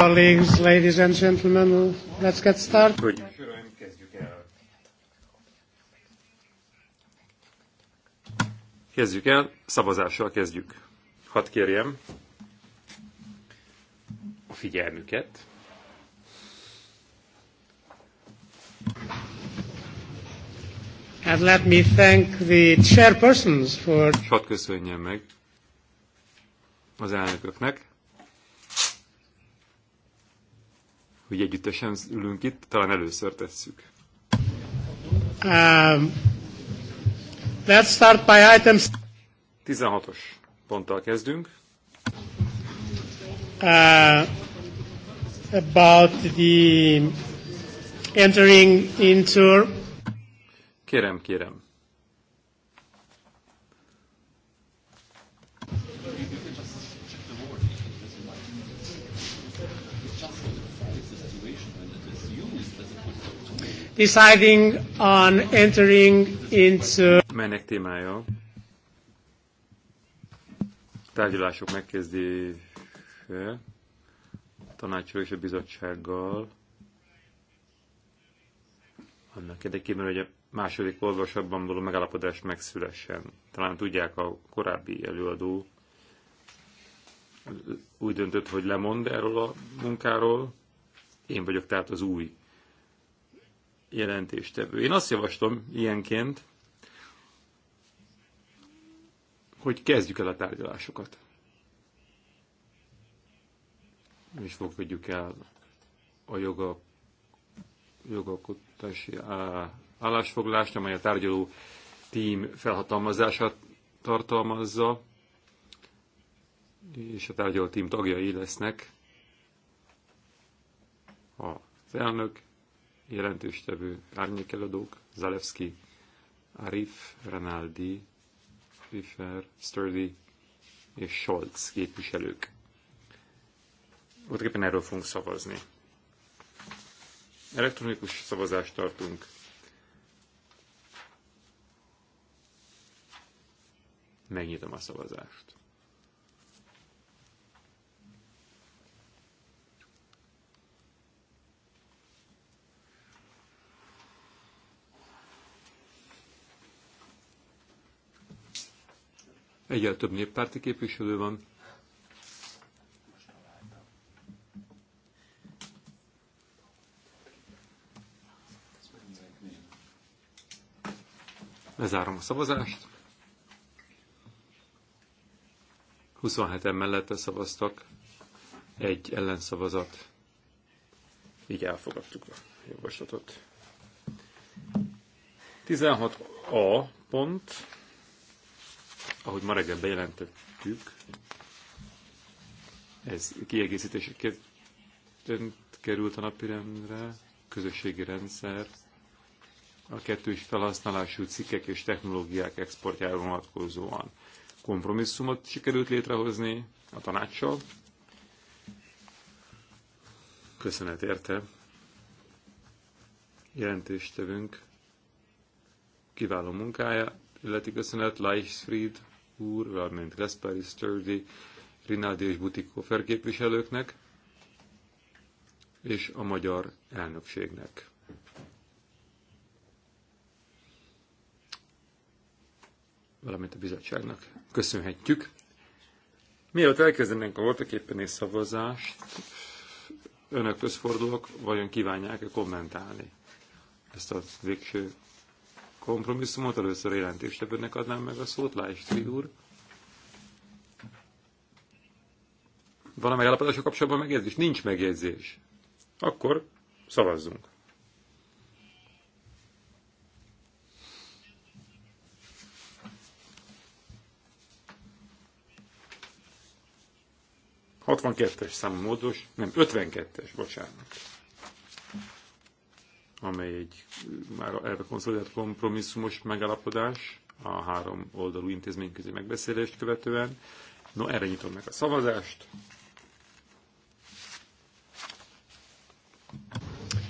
colleagues, ladies and gentlemen, let's get started. Hogy kezdjük el. Kezdjük el, szavazással kezdjük. Hadd kérjem a figyelmüket. And let me thank the chairpersons for... Hadd köszönjem meg az elnököknek, hogy együttesen ülünk itt, talán először tesszük. Um, let's start by items. 16-os ponttal kezdünk. Uh, about the entering into... Kérem, kérem. deciding on entering into... Melynek témája? Tárgyalások megkezdése tanácsról és a bizottsággal annak érdekében, hogy a második olvasatban való megállapodás megszülessen. Talán tudják, a korábbi előadó úgy döntött, hogy lemond erről a munkáról. Én vagyok tehát az új jelentéstevő. Én azt javaslom ilyenként, hogy kezdjük el a tárgyalásokat. És fogadjuk el a joga, jogalkotási állásfoglalást, amely a tárgyaló tím felhatalmazását tartalmazza, és a tárgyaló tím tagjai lesznek az elnök, jelentőstevő árnyékeladók, Zalewski, Arif, Ranaldi, Pfeffer, Sturdy és Scholz képviselők. Voltaképpen erről fogunk szavazni. Elektronikus szavazást tartunk. Megnyitom a szavazást. Egyel több néppárti képviselő van. Lezárom a szavazást. 27-en mellette szavaztak, egy ellenszavazat. Így elfogadtuk a javaslatot. 16a pont ahogy ma reggel bejelentettük, ez kiegészítéseként került a napirendre, közösségi rendszer, a kettős felhasználású cikkek és technológiák exportjára vonatkozóan kompromisszumot sikerült létrehozni a tanácssal. Köszönet érte. Jelentéstevünk kiváló munkája, illeti köszönet Leichfried úr, valamint Gaspari, Sturdy, Rinaldi és Butikó felképviselőknek, és a magyar elnökségnek. valamint a bizottságnak köszönhetjük. Mielőtt elkezdenénk a voltaképpen és szavazást, önök közfordulok, vajon kívánják-e kommentálni ezt a végső kompromisszumot. Először jelentéstevőnek adnám meg a szót, Leichtfried úr. Van a megállapodása kapcsolatban megjegyzés? Nincs megjegyzés. Akkor szavazzunk. Hatvankettes számú módos, nem, ötvenkettes bocsánat amely egy már elve konszolidált kompromisszumos megállapodás a három oldalú intézményközi megbeszélést követően. No, erre nyitom meg a szavazást.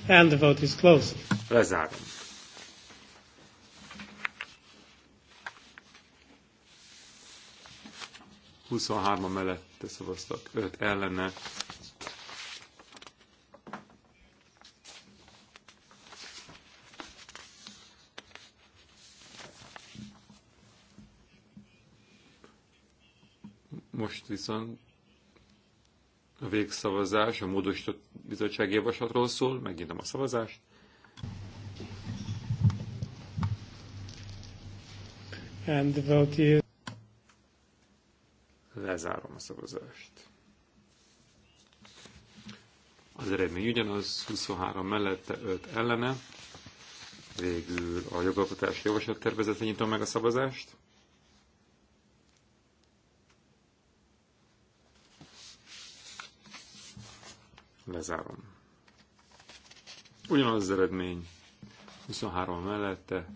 And the vote is closed. Lezárom. Huszonhárma mellette szavaztak, öt ellene, Most viszont a végszavazás a módosított bizottsági javaslatról szól, megnyitom a szavazást. And the vote is... Lezárom a szavazást. Az eredmény ugyanaz, 23 mellette, 5 ellene. Végül a jogalkotási javaslat tervezetre nyitom meg a szavazást. Lezárom. Ugyanaz az eredmény. 23 mellette,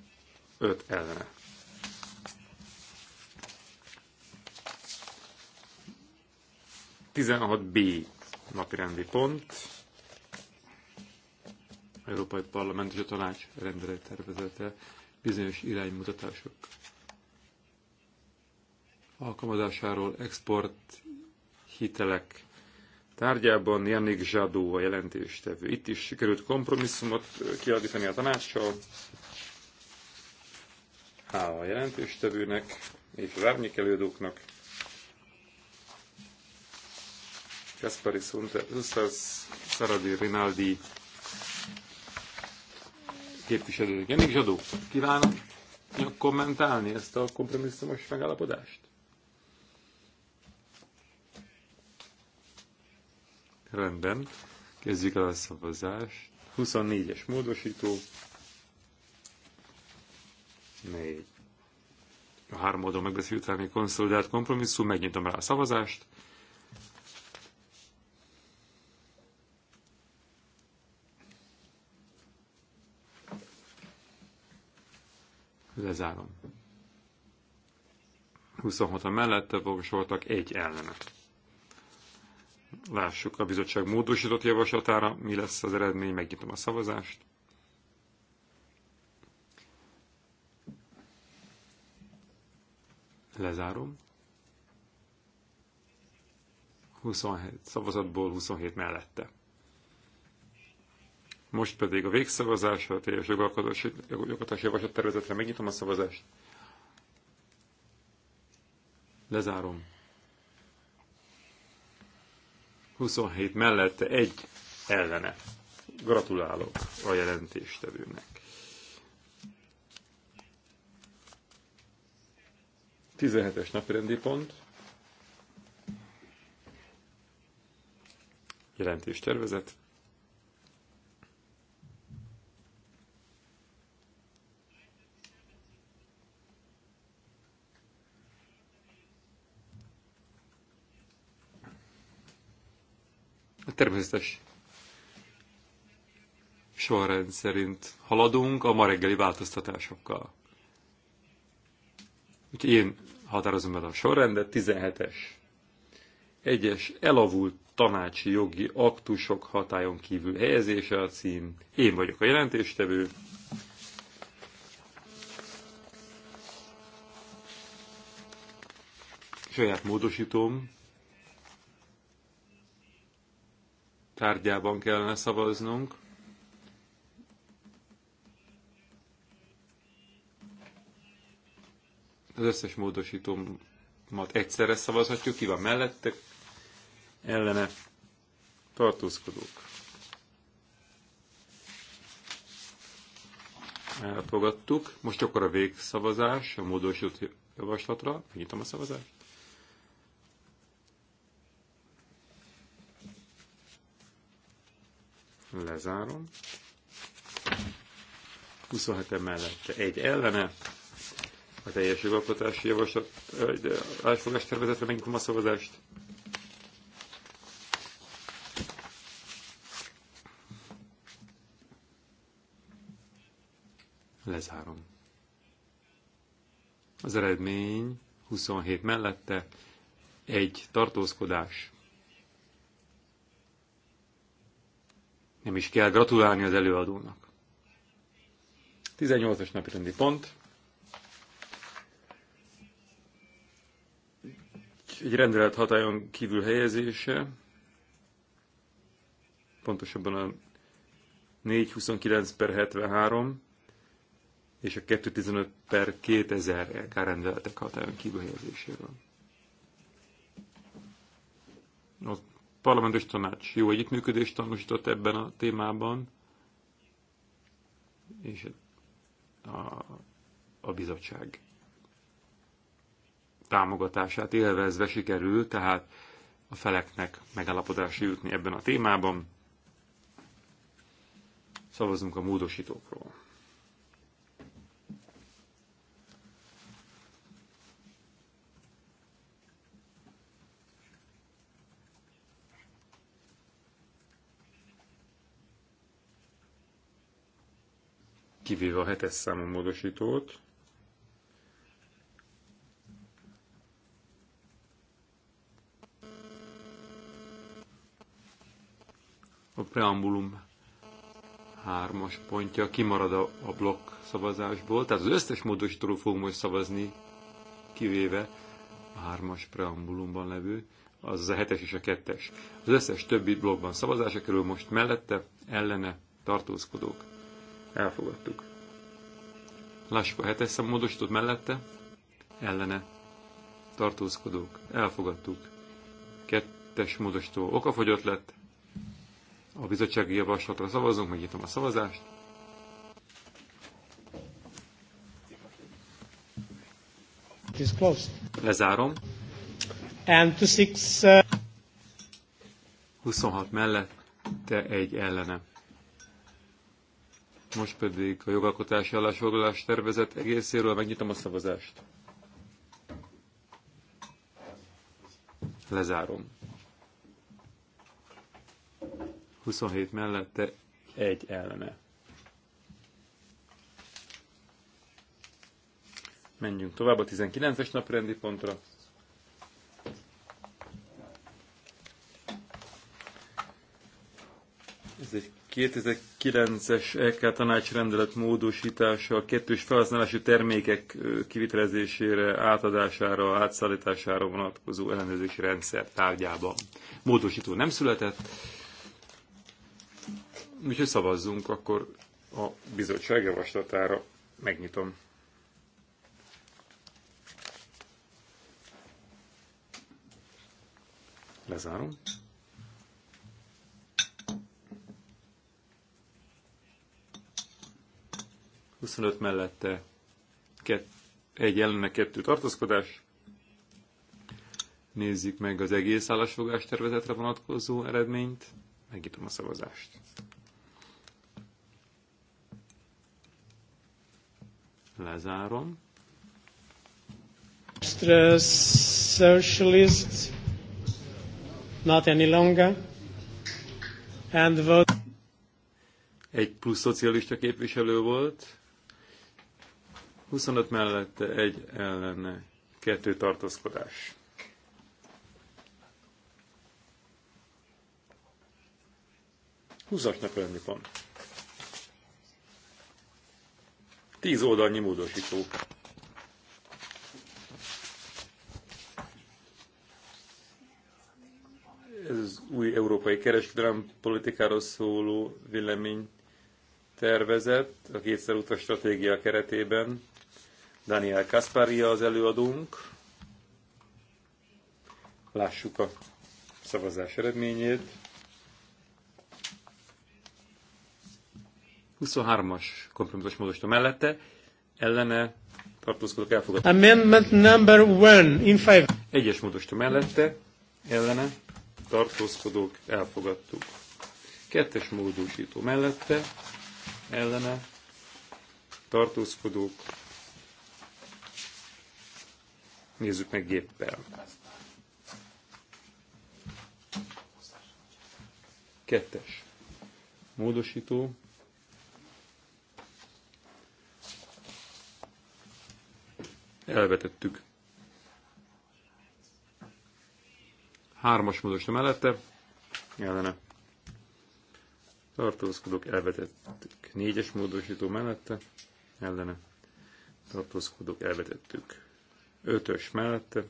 5 ellene. Tizenhat B napirendi pont. Európai Parlament és a Tanács tervezete bizonyos iránymutatások alkalmazásáról export hitelek tárgyában Jannik Zsadó a jelentéstevő. Itt is sikerült kompromisszumot kialakítani a tanácssal. Hála a jelentéstevőnek és az árnyékelődőknek. Kaspari Szuszász, Szaradi Rinaldi képviselőnek. Jannik Zsadó, kívánok kommentálni ezt a kompromisszumos megállapodást? Rendben, kezdjük el a szavazást. 24-es módosító. 4. A három oldalon megbeszélt utáni konszolidált kompromisszum, megnyitom rá a szavazást. Lezárom. 26-a mellette voltak, egy ellenet. Lássuk a bizottság módosított javaslatára, mi lesz az eredmény, megnyitom a szavazást. Lezárom. 27 szavazatból 27 mellette. Most pedig a végszavazásra, a teljes jogalkotási, javaslat tervezetre megnyitom a szavazást. Lezárom. 27 mellette egy ellene. Gratulálok a jelentéstevőnek. 17-es napirendi pont. Jelentés tervezet. Hát természetes sorrend szerint haladunk a ma reggeli változtatásokkal. Úgyhogy én határozom el a sorrendet, 17-es. Egyes elavult tanácsi jogi aktusok hatályon kívül helyezése a cím. Én vagyok a jelentéstevő. Saját módosítom tárgyában kellene szavaznunk. Az összes módosítómat egyszerre szavazhatjuk, ki van mellette, ellene tartózkodók. Elfogadtuk. Most akkor a végszavazás a módosított javaslatra. Nyitom a szavazást. Lezárom. 27 mellette egy ellene. A teljes jogalkotási javaslat átfogás tervezetre megnyitom a szavazást. Lezárom. Az eredmény 27 mellette egy tartózkodás. Nem is kell gratulálni az előadónak. 18-as rendi pont. Egy rendelet hatályon kívül helyezése, pontosabban a 429 per 73 és a 215 per 2000 LK rendeletek hatályon kívül helyezéséről. Ott parlamentos tanács jó együttműködést tanúsított ebben a témában, és a, a bizottság támogatását élvezve sikerül, tehát a feleknek megállapodásra jutni ebben a témában. Szavazunk a módosítókról. kivéve a hetes számú módosítót. A preambulum hármas pontja kimarad a, a blokk szavazásból, tehát az összes módosítóról fogunk most szavazni, kivéve a hármas preambulumban levő, az a hetes és a kettes. Az összes többi blokkban szavazása kerül most mellette, ellene tartózkodók Elfogadtuk. Lássuk a hetes szám módosított mellette. Ellene. Tartózkodók. Elfogadtuk. Kettes módosító okafogyott lett. A bizottsági javaslatra szavazunk, megnyitom a szavazást. is closed. Lezárom. And to six, uh... 26 mellette egy ellene. Most pedig a jogalkotási állásfoglalás tervezet egészéről megnyitom a szavazást. Lezárom. 27 mellette, egy ellene. Menjünk tovább a 19-es naprendi pontra. 2009-es EK tanácsrendelet módosítása a kettős felhasználási termékek kivitelezésére, átadására, átszállítására vonatkozó ellenőrzési rendszer tárgyában. Módosító nem született, úgyhogy szavazzunk akkor a bizottság javaslatára. Megnyitom. Lezárom. 25 mellette kett, egy ellene kettő tartózkodás. Nézzük meg az egész állásfogás tervezetre vonatkozó eredményt. Megítom a szavazást. Lezárom. Extra socialist, not any longer, and vote. Egy plusz szocialista képviselő volt. 25 mellette egy ellene kettő tartózkodás. Húzasnak lenni pont. Tíz oldalnyi módosító. Ez az új európai kereskedelem politikáról szóló vélemény tervezett a kétszer utas stratégia keretében Daniel Kasparia az előadónk. Lássuk a szavazás eredményét. 23-as kompromisszos módosító mellette, ellene tartózkodok elfogadó. Amendment number one in five. Egyes módosító mellette, ellene tartózkodók elfogadtuk. Kettes módosító mellette, ellene tartózkodók Nézzük meg géppel. Kettes. Módosító. Elvetettük. Hármas módosító mellette. Ellene. Tartózkodok. elvetettük. Négyes módosító mellette. Ellene. Tartózkodok. elvetettük Ötös mellette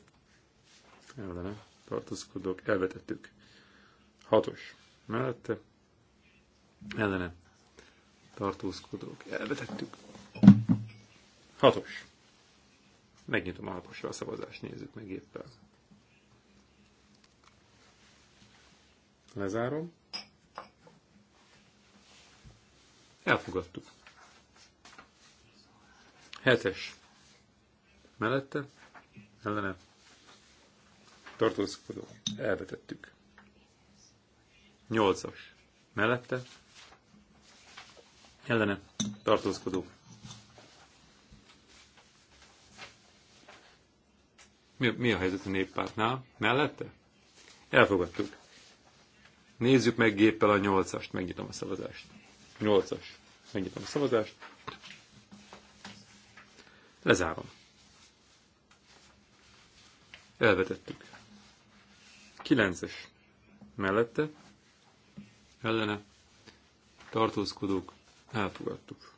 ellene tartózkodók elvetettük. Hatos mellette ellene tartózkodók elvetettük. Hatos. Megnyitom a hatosra a szavazást, nézzük meg éppen. Lezárom. Elfogadtuk. Hetes. Mellette ellene tartózkodó elvetettük. Nyolcas. mellette ellene tartózkodó Mi, mi a helyzet a néppártnál? Mellette? Elfogadtuk. Nézzük meg géppel a nyolcast, megnyitom a szavazást. Nyolcas. Megnyitom a szavazást. Lezárom. Elvetettük. Kilences. mellette ellene tartózkodók elfogadtuk.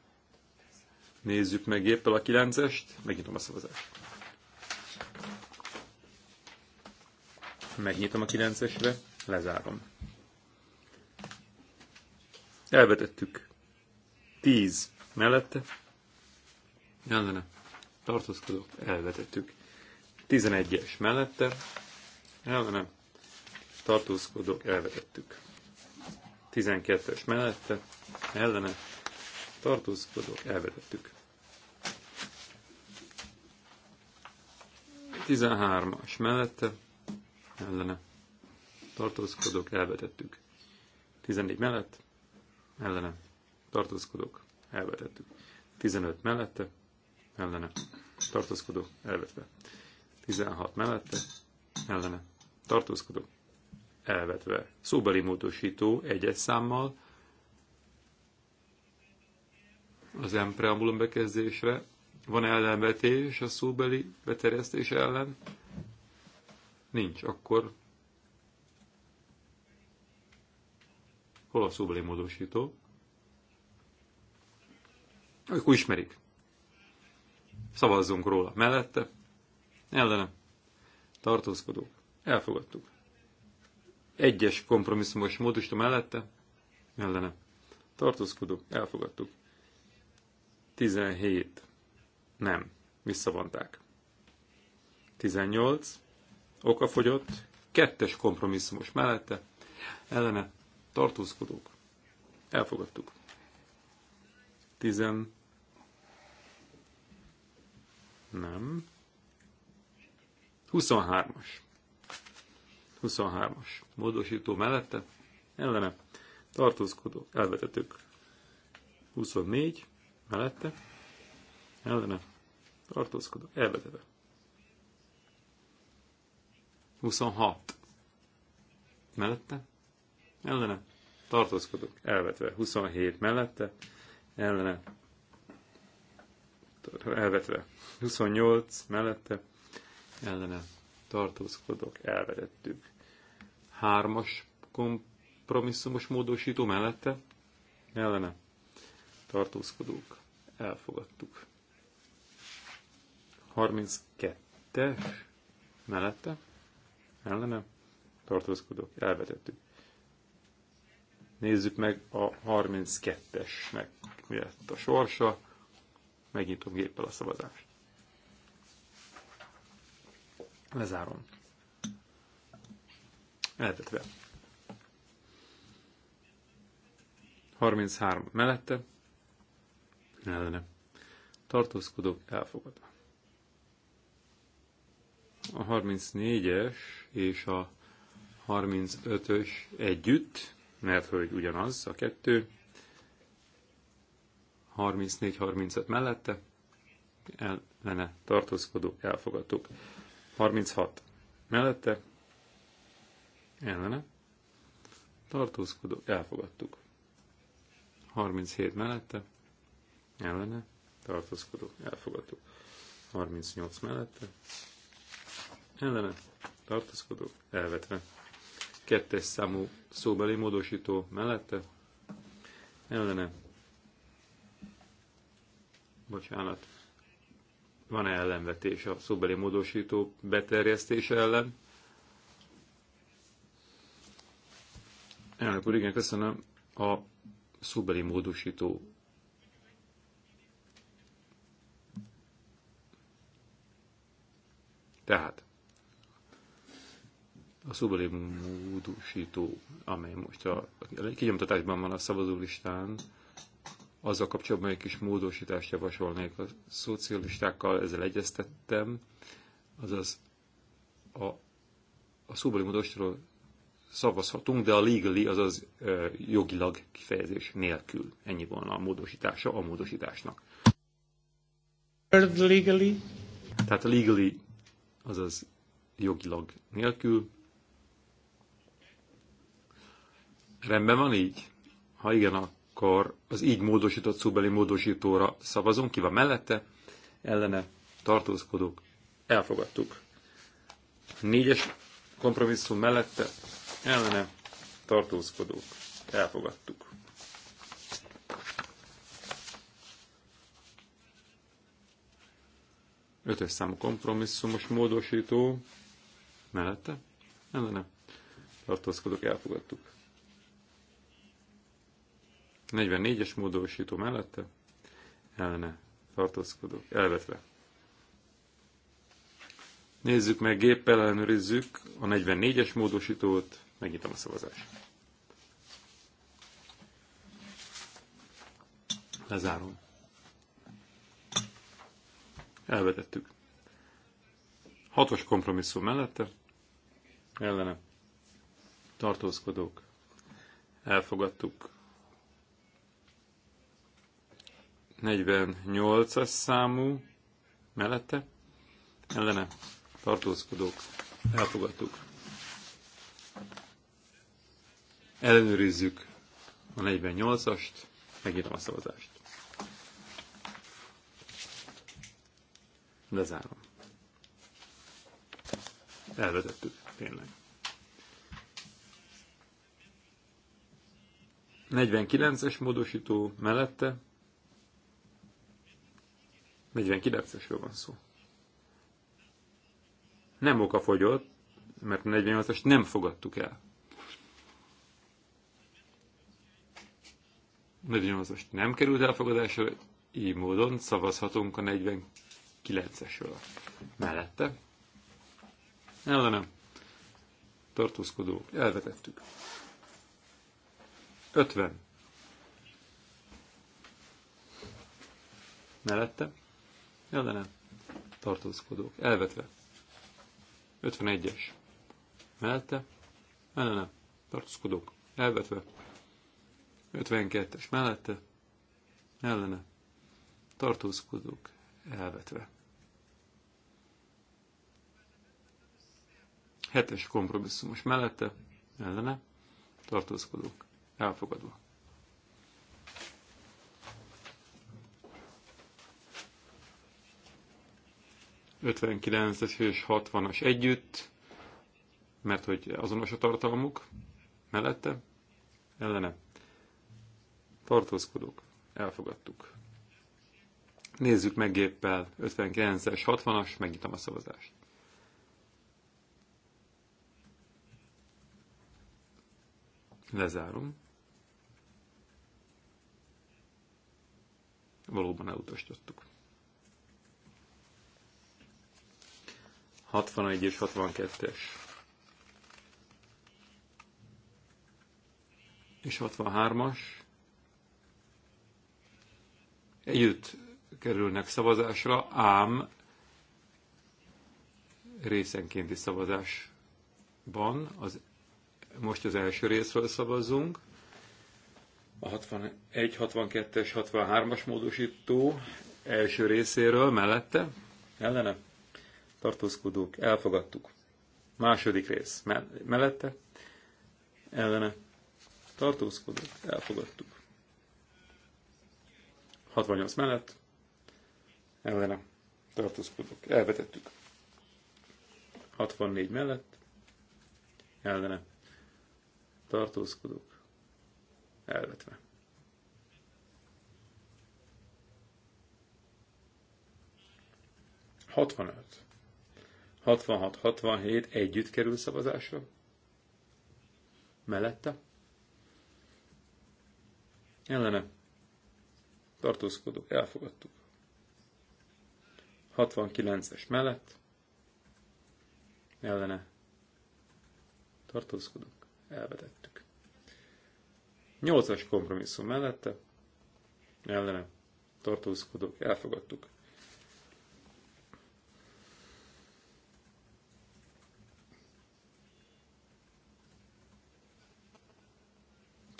Nézzük meg éppel a kilencest. megnyitom a szavazást. Megnyitom a kilencesre, lezárom. Elvetettük. Tíz mellette ellene tartózkodók elvetettük. 11-es mellette, ellene, tartózkodók elvetettük. 12-es mellette, ellene, tartózkodók elvetettük. 13-as mellette, ellene, tartózkodók elvetettük. 14 mellett, ellene, tartózkodók elvetettük. 15 mellette, ellene, tartózkodók elvetettük. 16 mellette, ellene, tartózkodó, elvetve. Szóbeli módosító egyes számmal az empreambulum bekezdésre. Van ellenvetés a szóbeli beterjesztés ellen? Nincs, akkor hol a szóbeli módosító? Akkor ismerik. Szavazzunk róla mellette, ellene tartózkodók elfogadtuk. Egyes kompromisszumos módosító mellette ellene tartózkodók elfogadtuk. 17 nem, visszavonták. 18 okafogyott, kettes kompromisszumos mellette ellene tartózkodók elfogadtuk. 10 nem, 23-as. 23-as. Módosító mellette, ellene, tartózkodó, elvetettük. 24 mellette, ellene, tartózkodó, elvetető. 26 mellette, ellene, tartózkodó, elvetve. 27 mellette, ellene, elvetve. 28 mellette, ellene tartózkodok, elvedettük. Hármas kompromisszumos módosító mellette, ellene tartózkodók, elfogadtuk. 32-es mellette, ellene tartózkodók, elvetettük. Nézzük meg a 32-esnek, mi lett a sorsa. Megnyitom géppel a szavazást. Lezárom. Elvetve. 33 mellette, ellene. Tartózkodók elfogadva. A 34-es és a 35-ös együtt, mert hogy ugyanaz a kettő, 34-35 mellette, ellene tartózkodók elfogadtuk. 36. Mellette ellene Tartózkodó? elfogadtuk. 37 mellette ellene Tartózkodó? elfogadtuk. 38 mellette ellene Tartózkodó? elvetve. Kettes számú szóbeli módosító mellette ellene bocsánat, van-e ellenvetés a szóbeli módosító beterjesztése ellen? Elnök úr, igen, köszönöm. A szóbeli módosító Tehát a szóbeli módosító, amely most a, kinyomtatásban van a szavazólistán, listán, az a kapcsolatban egy kis módosítást javasolnék. A szocialistákkal ezzel egyeztettem, azaz a, a szóbeli módosítról szavazhatunk, de a legally, azaz e, jogilag kifejezés nélkül. Ennyi volna a módosítása a módosításnak. Legally. Tehát a legally, azaz jogilag nélkül. Rendben van így? Ha igen, akkor akkor az így módosított szóbeli módosítóra szavazunk. Ki van mellette? Ellene tartózkodók. Elfogadtuk. A négyes kompromisszum mellette ellene tartózkodók. Elfogadtuk. Ötös számú kompromisszumos módosító mellette ellene tartózkodók. Elfogadtuk. 44-es módosító mellette ellene tartózkodók elvetve. Nézzük meg, géppel ellenőrizzük a 44-es módosítót, megnyitom a szavazást. Lezárom. Elvetettük. Hatos kompromisszum mellette, ellene tartózkodók. Elfogadtuk. 48-as számú mellette ellene tartózkodók elfogadtuk. Ellenőrizzük a 48-ast, megírom a szavazást. Lezárom. Elvezettük, tényleg. 49-es módosító mellette 49-esről van szó. Nem oka fogyott, mert a 48-as nem fogadtuk el. 48 ast nem került elfogadásra, így módon szavazhatunk a 49-esről. Mellette. Ellenem. Tartózkodók. Elvetettük. 50. Mellette nem. tartózkodók elvetve. 51-es mellette ellene tartózkodók elvetve. 52-es mellette ellene tartózkodók elvetve. 7-es kompromisszumos mellette ellene tartózkodók elfogadva. 59-es és 60-as együtt, mert hogy azonos a tartalmuk, mellette, ellene. Tartózkodók, elfogadtuk. Nézzük meg géppel 59-es, 60-as, megnyitom a szavazást. Lezárom. Valóban elutasítottuk. 61 és 62-es. És 63-as. Együtt kerülnek szavazásra, ám részenkénti szavazásban az, most az első részről szavazzunk. A 61, 62-es, 63-as módosító első részéről mellette. Ellene? tartózkodók, elfogadtuk. Második rész mellette, ellene, tartózkodók, elfogadtuk. 68 mellett, ellene, tartózkodók, elvetettük. 64 mellett, ellene, tartózkodók, elvetve. Hatvanöt. 66-67 együtt kerül szavazásra. Mellette. Ellene. Tartózkodok, elfogadtuk. 69-es mellett. Ellene. Tartózkodok, elvetettük. 8-as kompromisszum mellette. Ellene. Tartózkodok, elfogadtuk.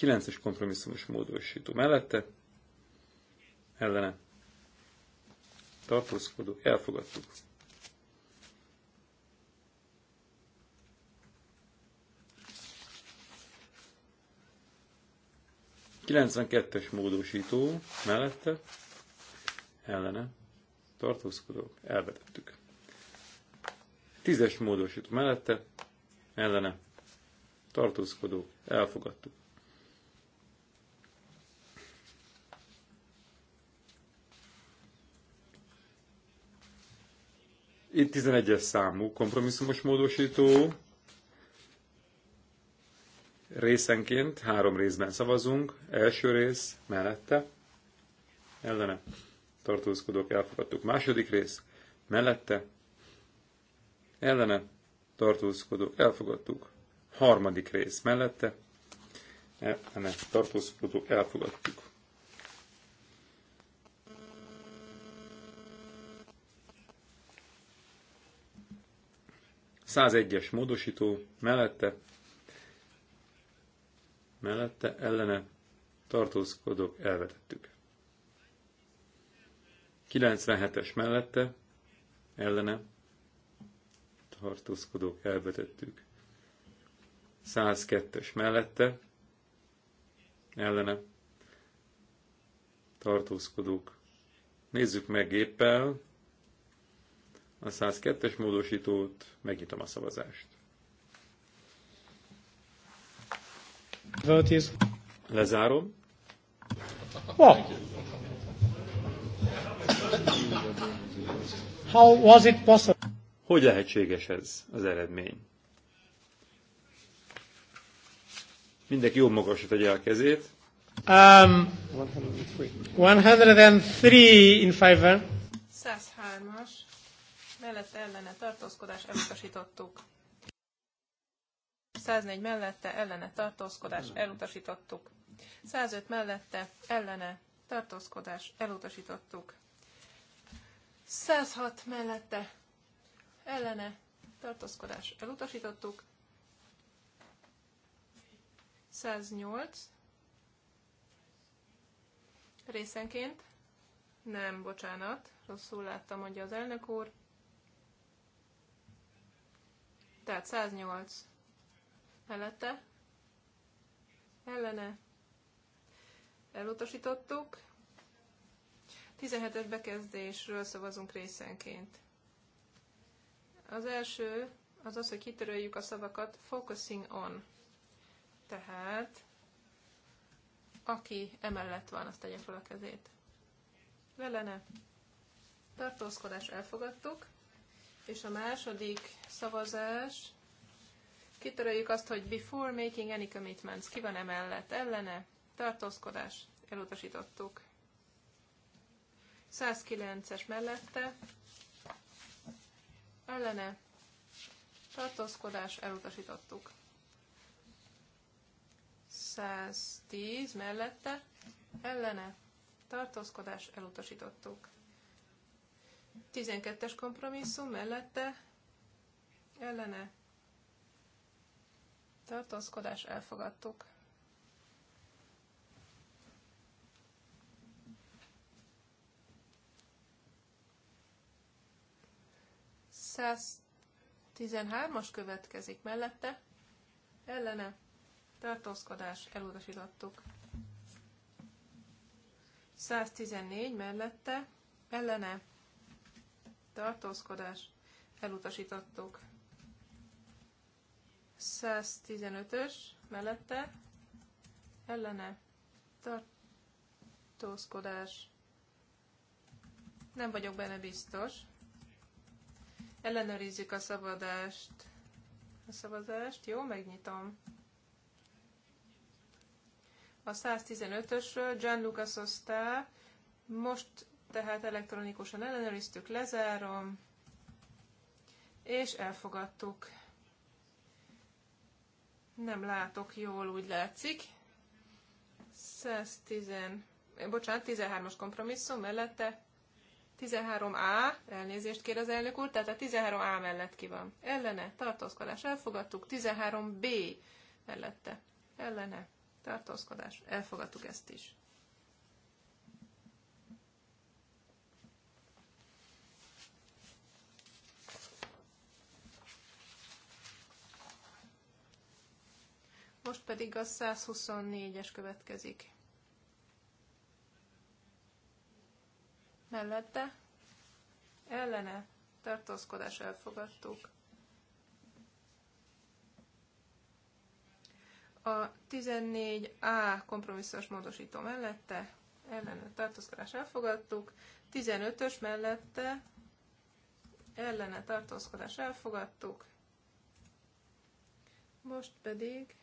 9-es kompromisszumos módosító mellette, ellene tartózkodó, elfogadtuk. 92-es módosító mellette, ellene, tartózkodók, elvetettük. es módosító mellette, ellene, tartózkodók, elfogadtuk. Itt 11-es számú kompromisszumos módosító. Részenként három részben szavazunk. Első rész mellette, ellene tartózkodók elfogadtuk. Második rész mellette, ellene tartózkodók elfogadtuk. Harmadik rész mellette, ellene tartózkodók elfogadtuk. 101-es módosító mellette, mellette ellene tartózkodók elvetettük. 97-es mellette ellene tartózkodók elvetettük. 102-es mellette ellene tartózkodók. Nézzük meg géppel, a 102-es módosítót, megnyitom a szavazást. Lezárom. Oh. How was it possible? Hogy lehetséges ez az eredmény? Mindenki jó magasra tegye a kezét. Um, 103. 103 in favor. 103-as mellette ellene tartózkodás elutasítottuk. 104 mellette ellene tartózkodás elutasítottuk. 105 mellette ellene tartózkodás elutasítottuk. 106 mellette ellene tartózkodás elutasítottuk. 108 részenként. Nem, bocsánat, rosszul láttam, mondja az elnök úr. Tehát 108 mellette, ellene, elutasítottuk. 17-es bekezdésről szavazunk részenként. Az első az az, hogy kitöröljük a szavakat focusing on. Tehát, aki emellett van, azt tegye fel a kezét. Velene. Tartózkodás elfogadtuk. És a második szavazás, kitöröljük azt, hogy before making any commitments, ki van emellett, ellene, tartózkodás, elutasítottuk. 109-es mellette, ellene, tartózkodás, elutasítottuk. 110 mellette, ellene, tartózkodás, elutasítottuk. 12-es kompromisszum mellette ellene tartózkodás elfogadtuk. Száz 13-as következik mellette, ellene tartózkodás elutasítottuk. 114 mellette, ellene tartózkodás, elutasítottuk. 115-ös mellette ellene tartózkodás. Nem vagyok benne biztos. Ellenőrizzük a szabadást A szabadást jó, megnyitom. A 115-ösről Gianluca Sosta most tehát elektronikusan ellenőriztük, lezárom, és elfogadtuk. Nem látok jól, úgy látszik. 110, bocsánat, 13-as kompromisszum mellette 13A, elnézést kér az elnök úr, tehát a 13A mellett ki van. Ellene, tartózkodás, elfogadtuk. 13B mellette, ellene, tartózkodás, elfogadtuk ezt is. Most pedig a 124-es következik. Mellette ellene tartózkodás elfogadtuk. A 14A kompromisszós módosító mellette ellene tartózkodás elfogadtuk, 15-ös mellette ellene tartózkodás elfogadtuk, most pedig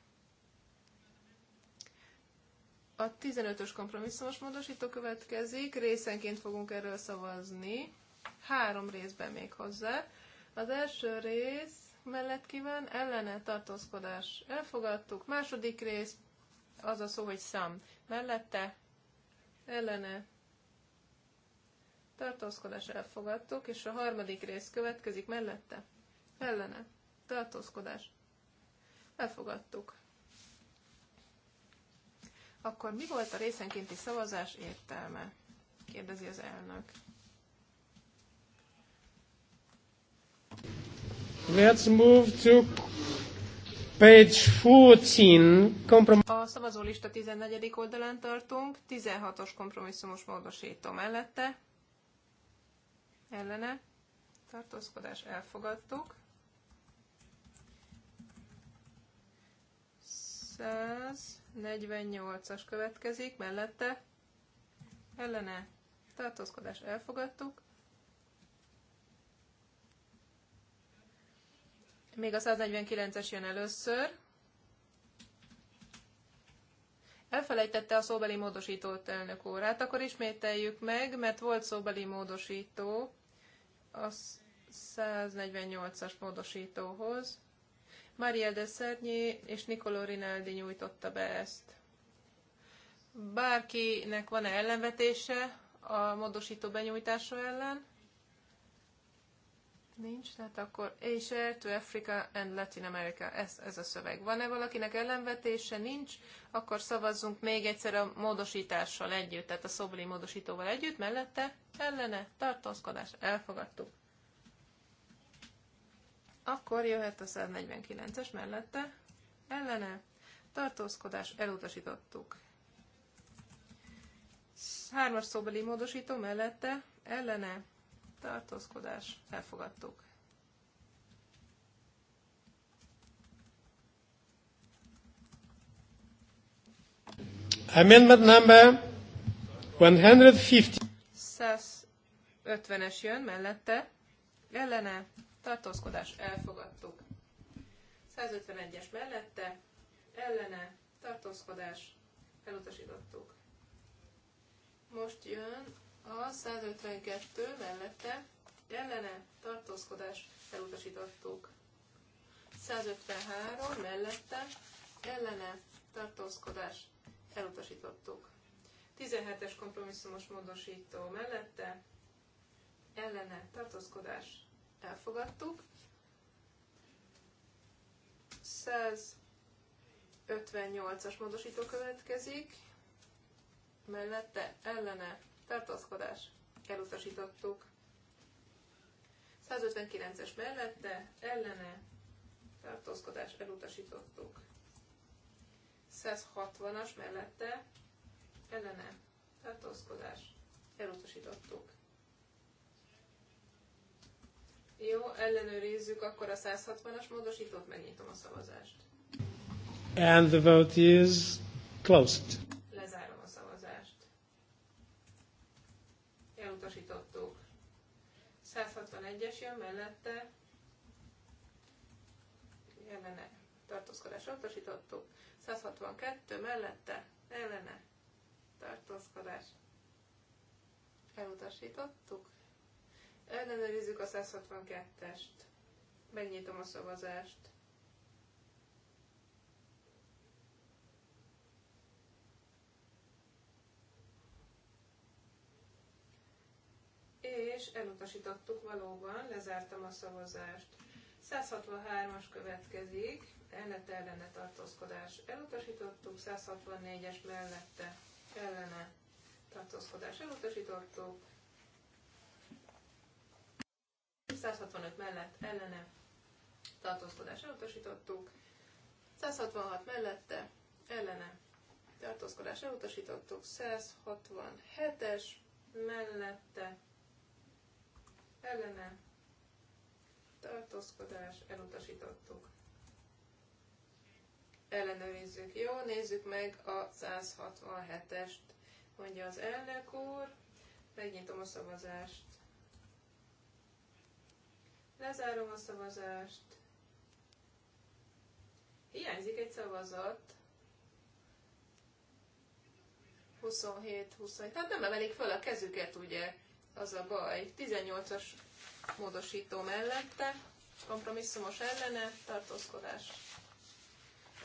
a 15-ös kompromisszumos módosító következik, részenként fogunk erről szavazni, három részben még hozzá. Az első rész mellett kíván ellene tartózkodás elfogadtuk, második rész az a szó, hogy szám mellette ellene tartózkodás elfogadtuk, és a harmadik rész következik mellette ellene tartózkodás elfogadtuk. Akkor mi volt a részenkénti szavazás értelme? Kérdezi az elnök. Let's move to page 14. Comprom- a szavazólista 14. oldalán tartunk, 16-os kompromisszumos módosító mellette. Ellene. Tartózkodás elfogadtuk. 100. 48-as következik, mellette ellene tartózkodás elfogadtuk. Még a 149-es jön először. Elfelejtette a szóbeli módosítót elnök órát, akkor ismételjük meg, mert volt szóbeli módosító a 148-as módosítóhoz. Maria de Szernyi és Nicolò Rinaldi nyújtotta be ezt. Bárkinek van-e ellenvetése a módosító benyújtása ellen? Nincs, tehát akkor Asia to Africa and Latin America, ez, ez a szöveg. Van-e valakinek ellenvetése? Nincs, akkor szavazzunk még egyszer a módosítással együtt, tehát a szobli módosítóval együtt, mellette, ellene, tartózkodás, elfogadtuk. Akkor jöhet a 149-es mellette, ellene, tartózkodás, elutasítottuk. Hármas szóbeli módosító mellette, ellene, tartózkodás, elfogadtuk. Amendment number 150. 150-es jön mellette, ellene, tartózkodás elfogadtuk. 151-es mellette, ellene, tartózkodás elutasítottuk. Most jön a 152 mellette, ellene, tartózkodás elutasítottuk. 153 mellette, ellene, tartózkodás elutasítottuk. 17-es kompromisszumos módosító mellette, ellene, tartózkodás elfogadtuk. 158-as módosító következik, mellette ellene tartózkodás elutasítottuk. 159-es mellette ellene tartózkodás elutasítottuk. 160-as mellette ellene tartózkodás elutasítottuk. Jó, ellenőrizzük akkor a 160-as módosítót, megnyitom a szavazást. And the vote is closed. Lezárom a szavazást. Elutasítottuk. 161-es jön mellette. Ellene. Tartózkodás utasítottuk. 162 mellette. Ellene. Tartózkodás. Elutasítottuk. Ellenőrizzük a 162-est. Megnyitom a szavazást. És elutasítottuk valóban, lezártam a szavazást. 163-as következik, ellete ellene tartózkodás elutasítottuk, 164-es mellette ellene tartózkodás elutasítottuk, 165 mellett ellene tartózkodás elutasítottuk, 166 mellette ellene tartózkodás elutasítottuk, 167-es mellette ellene tartózkodás elutasítottuk. Ellenőrizzük. Jó, nézzük meg a 167-est, mondja az elnök úr. Megnyitom a szavazást. Lezárom a szavazást. Hiányzik egy szavazat. 27 27. Tehát nem emelik föl a kezüket, ugye? Az a baj. 18-as módosító mellette, kompromisszumos ellene, tartózkodás.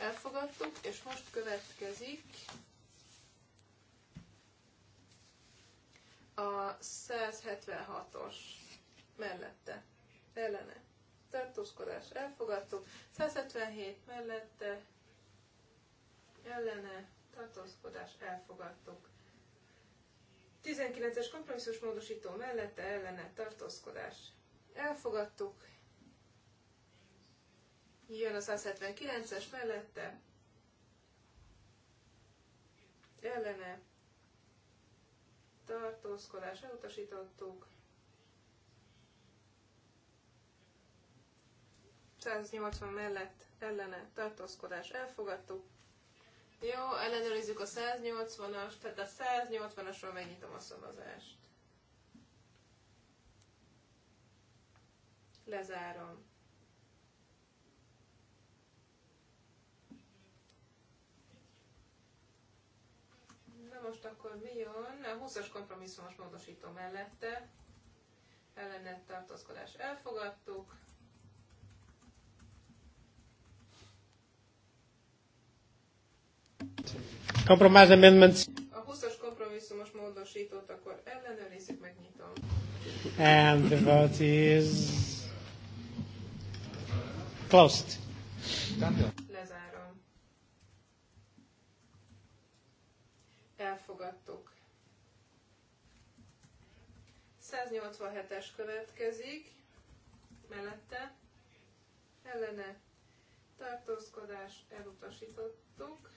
Elfogadtuk, és most következik a 176-os mellette ellene tartózkodás elfogadtuk, 177 mellette ellene tartózkodás elfogadtuk. 19-es kompromisszus módosító mellette ellene tartózkodás elfogadtuk. Jön a 179-es mellette ellene tartózkodás elutasítottuk. 180 mellett ellene tartózkodás elfogadtuk. Jó, ellenőrizzük a 180-as, tehát a 180-asról megnyitom a szavazást. Lezárom. Na most akkor mi jön? A 20-as kompromisszumos módosító mellette ellenet tartózkodás elfogadtuk. Compromise amendments. A 20-as kompromisszumos módosítót akkor ellenőrizzük, megnyitom. And the vote is closed. Lezárom. Elfogadtuk. 187-es következik, mellette, ellene tartózkodás elutasítottuk.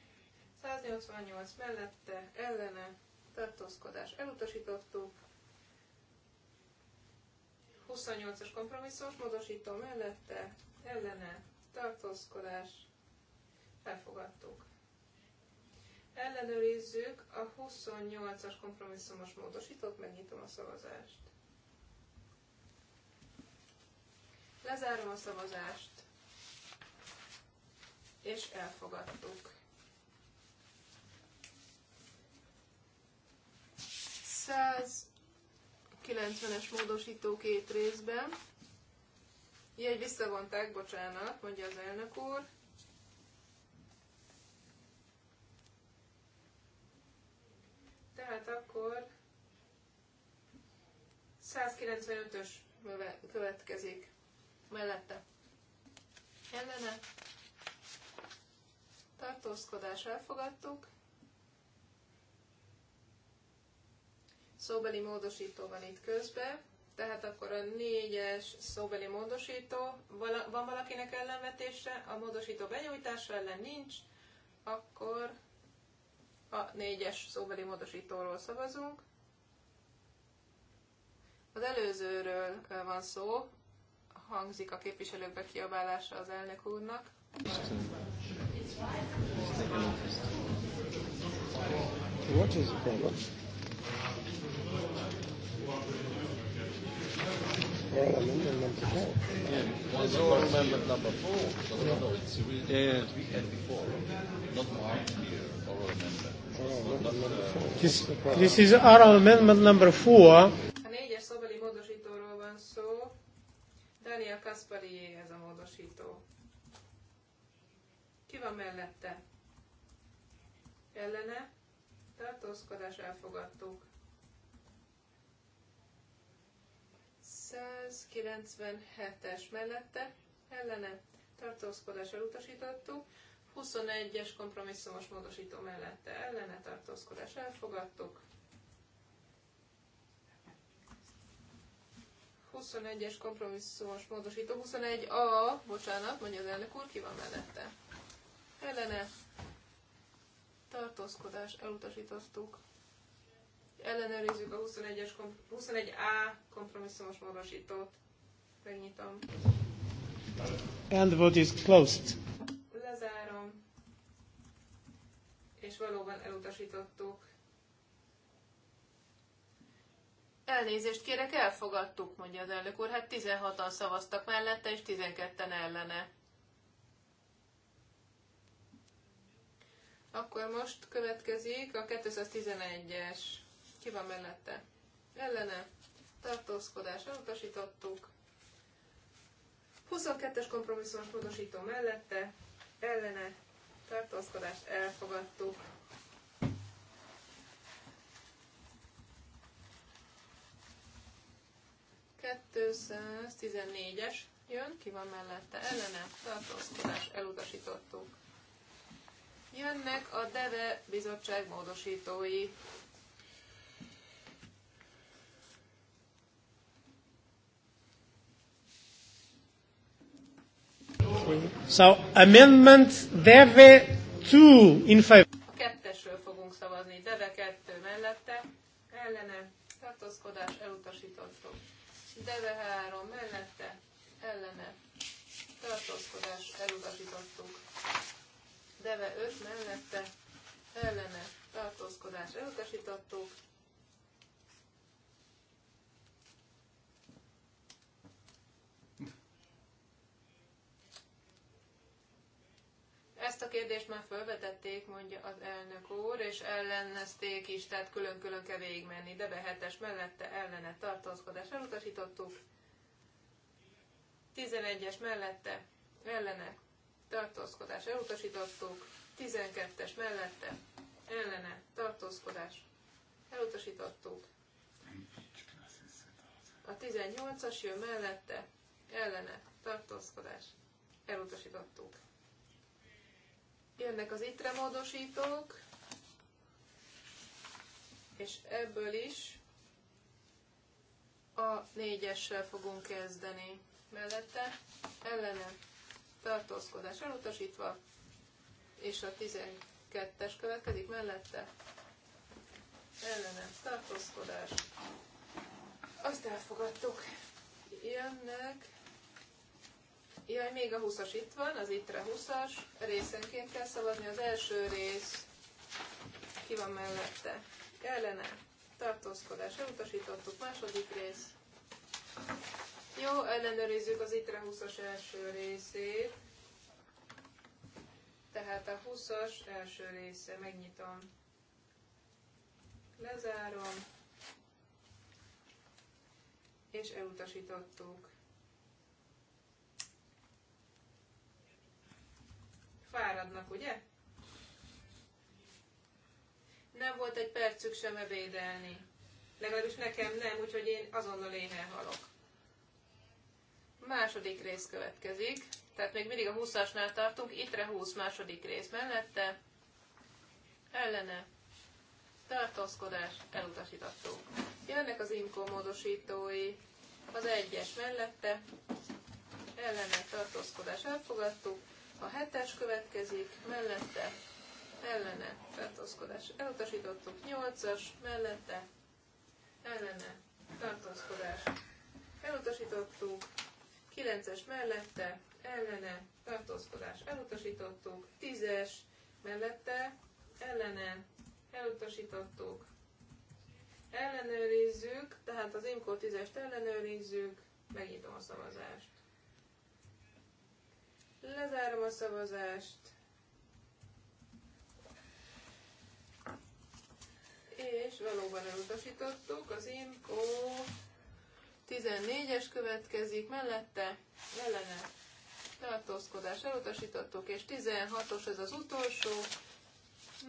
188 mellette, ellene, tartózkodás elutasítottuk. 28-as kompromisszós módosító mellette, ellene, tartózkodás elfogadtuk. Ellenőrizzük a 28-as kompromisszumos módosítót, megnyitom a szavazást. Lezárom a szavazást, és elfogadtuk. 190-es módosító két részben. Jegy visszavonták, bocsánat, mondja az elnök úr. Tehát akkor 195-ös következik mellette. Ellene tartózkodás elfogadtuk. szóbeli van itt közbe, tehát akkor a négyes szóbeli módosító, van valakinek ellenvetése, a módosító benyújtása ellen nincs, akkor a négyes szóbeli módosítóról szavazunk. Az előzőről van szó, hangzik a képviselők bekiabálása az elnök úrnak. What is the problem? This, is oral amendment number four. A négyes módosítóról van szó. Daniel a módosító. Ki van mellette? Ellene? Tartózkodás elfogadtuk. 197-es mellette ellene tartózkodás elutasítottuk, 21-es kompromisszumos módosító mellette ellene tartózkodás elfogadtuk, 21-es kompromisszumos módosító, 21A, bocsánat, mondja az elnök úr, ki van mellette? Ellene tartózkodás elutasítottuk ellenőrizzük a 21-es, 21A kompromisszumos módosítót. Megnyitom. And the vote is closed. Lezárom. És valóban elutasítottuk. Elnézést kérek, elfogadtuk, mondja az elnök úr. Hát 16-an szavaztak mellette, és 12-en ellene. Akkor most következik a 211-es ki van mellette, ellene, tartózkodás elutasítottuk, 22-es kompromisszumos módosító mellette, ellene, tartózkodást elfogadtuk, es jön, ki van mellette ellene, tartózkodás, elutasítottuk. Jönnek a DEVE bizottság módosítói Szóval, so, amendment deve 2 in favor. A kettesről fogunk szavazni. Deve 2 mellette, ellene, tartózkodás elutasítottuk. Deve három mellette, ellene, tartózkodás elutasítottuk. Deve öt mellette, ellene, tartózkodás elutasítottuk. Ezt a kérdést már felvetették, mondja az elnök úr, és ellenezték is, tehát külön-külön kell végigmenni. De behetes mellette ellene tartózkodás elutasítottuk. 11-es mellette ellene tartózkodás elutasítottuk. 12-es mellette ellene tartózkodás elutasítottuk. A 18-as jön mellette ellene tartózkodás elutasítottuk. Jönnek az ittre módosítók, és ebből is a négyessel fogunk kezdeni. Mellette ellene tartózkodás elutasítva, és a 12-es következik mellette ellene tartózkodás. Azt elfogadtuk. Jönnek Jaj, még a 20-as itt van, az ittre 20-as, részenként kell szavazni. Az első rész ki van mellette? Kellene? tartózkodás, elutasítottuk, második rész. Jó, ellenőrizzük az ittre 20-as első részét. Tehát a 20-as első része, megnyitom. Lezárom. És elutasítottuk. fáradnak, ugye? Nem volt egy percük sem ebédelni. Legalábbis nekem nem, úgyhogy én azonnal éhen halok. Második rész következik. Tehát még mindig a 20-asnál tartunk. Ittre 20 második rész mellette. Ellene. Tartózkodás. Elutasítató. Jönnek az IMCO módosítói. Az egyes mellette. Ellene. Tartózkodás. Elfogadtuk. A hetes következik, mellette, ellene, tartózkodás elutasítottuk. Nyolcas, mellette, ellene, tartózkodás elutasítottuk. Kilences mellette, ellene, tartózkodás elutasítottuk. Tízes mellette, ellene, elutasítottuk. Ellenőrizzük, tehát az inkor tízest ellenőrizzük, megnyitom a szavazást. Lezárom a szavazást. És valóban elutasítottuk. Az IMCO 14-es következik, mellette ellene tartózkodás elutasítottuk, és 16-os ez az utolsó,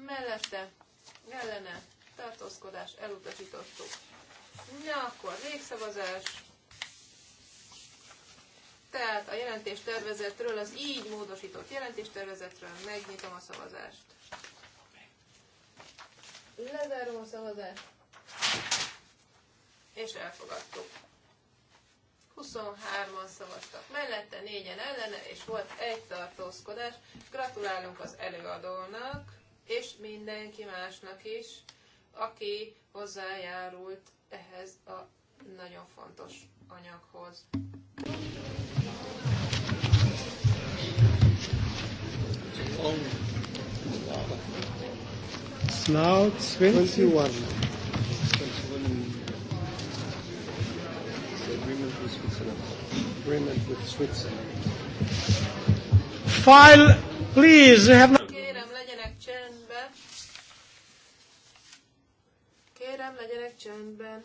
mellette ellene tartózkodás elutasítottuk. Na, akkor végszavazás. Tehát a jelentéstervezetről, az így módosított jelentéstervezetről megnyitom a szavazást. Lezárom a szavazást. És elfogadtuk. 23-an szavaztak mellette, 4-en ellene, és volt egy tartózkodás. Gratulálunk az előadónak, és mindenki másnak is, aki hozzájárult ehhez a nagyon fontos anyaghoz. Now 21. File, please. Have not... Kérem, legyenek csendben. Kérem, legyenek csendben.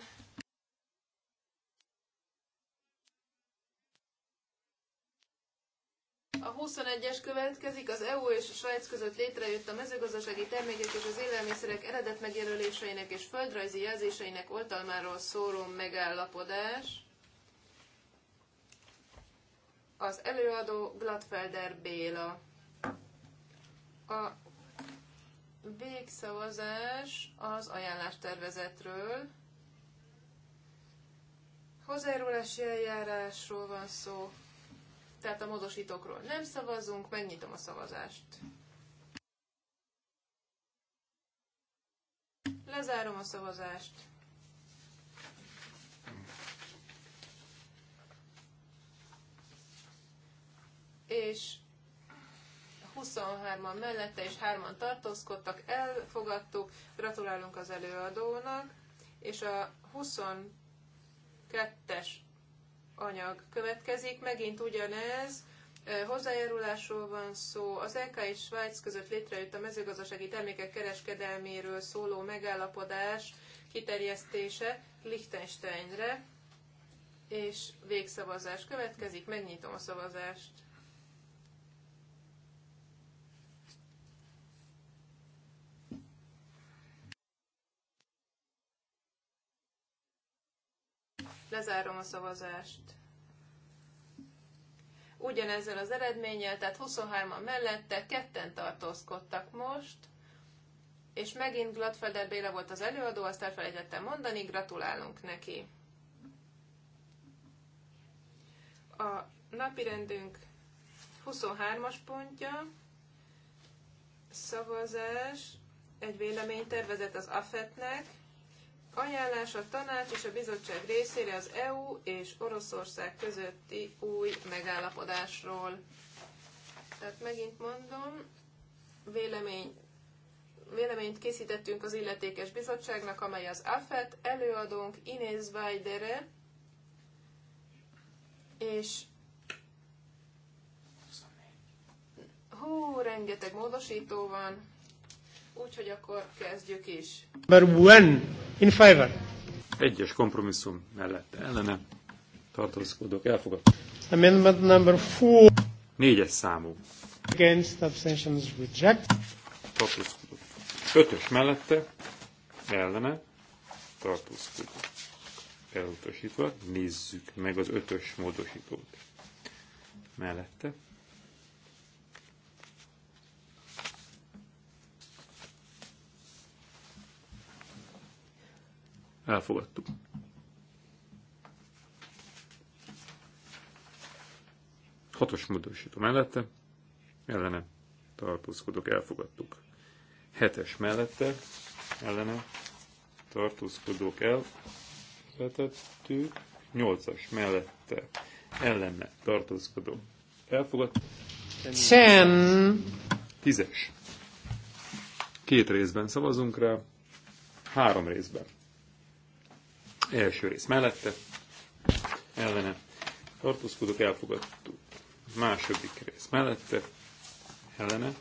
A 21-es következik, az EU és a Svájc között létrejött a mezőgazdasági termékek és az élelmiszerek eredet megjelöléseinek és földrajzi jelzéseinek oltalmáról szóló megállapodás. Az előadó Gladfelder Béla. A végszavazás az ajánlástervezetről. Hozzájárulási eljárásról van szó. Tehát a módosítókról nem szavazunk, megnyitom a szavazást. Lezárom a szavazást. És 23-an mellette és 3-an tartózkodtak, elfogadtuk, gratulálunk az előadónak, és a 22-es anyag következik. Megint ugyanez, hozzájárulásról van szó. Az EK és Svájc között létrejött a mezőgazdasági termékek kereskedelméről szóló megállapodás kiterjesztése Liechtensteinre, és végszavazás következik. Megnyitom a szavazást. lezárom a szavazást. Ugyanezzel az eredménnyel, tehát 23-an mellette, ketten tartózkodtak most, és megint Gladfelder Béla volt az előadó, azt elfelejtettem mondani, gratulálunk neki. A napirendünk 23-as pontja, szavazás, egy véleménytervezet az AFET-nek, Ajánlás a tanács és a bizottság részére az EU és Oroszország közötti új megállapodásról. Tehát megint mondom, vélemény, véleményt készítettünk az illetékes bizottságnak, amely az AFET, előadónk Inés Weidere, és hú, rengeteg módosító van, Úgyhogy akkor kezdjük is. Number one in favor. Egyes kompromisszum mellett ellene tartózkodok, elfogad. Amendment number four. Négyes számú. Against abstentions reject. Tartózkodok. Ötös mellette ellene tartózkodok. Elutasítva nézzük meg az ötös módosítót. Mellette Elfogadtuk. Hatos módosító mellette, ellene tartózkodok, elfogadtuk. Hetes mellette, ellene tartózkodok, elvetettük, Nyolcas as mellette ellene tartózkodó elfogadtuk. Sem. Tízes. Két részben szavazunk rá, három részben. Első rész mellette, ellene tartózkodok, elfogadtuk. Második rész mellette, ellene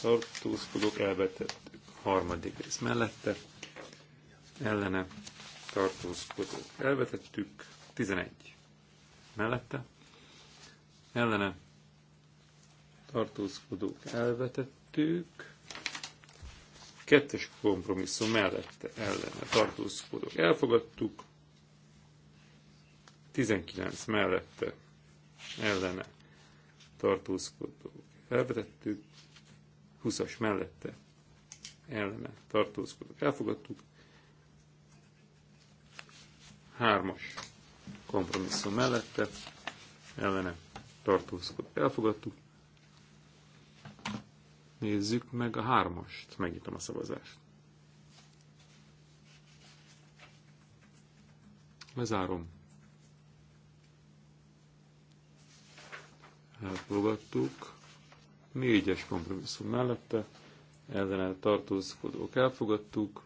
tartózkodok, elvetettük. Harmadik rész mellette, ellene tartózkodok, elvetettük. 11 mellette, ellene tartózkodók elvetettük. Kettes kompromisszum mellette ellene tartózkodók elfogadtuk. 19 mellette ellene tartózkodók elvetettük. 20-as mellette ellene tartózkodók elfogadtuk. 3-as kompromisszum mellette ellene tartózkodók elfogadtuk. Nézzük meg a hármast. Megnyitom a szavazást. Lezárom. Elfogadtuk. Négyes kompromisszum mellette. Ellene tartózkodók elfogadtuk.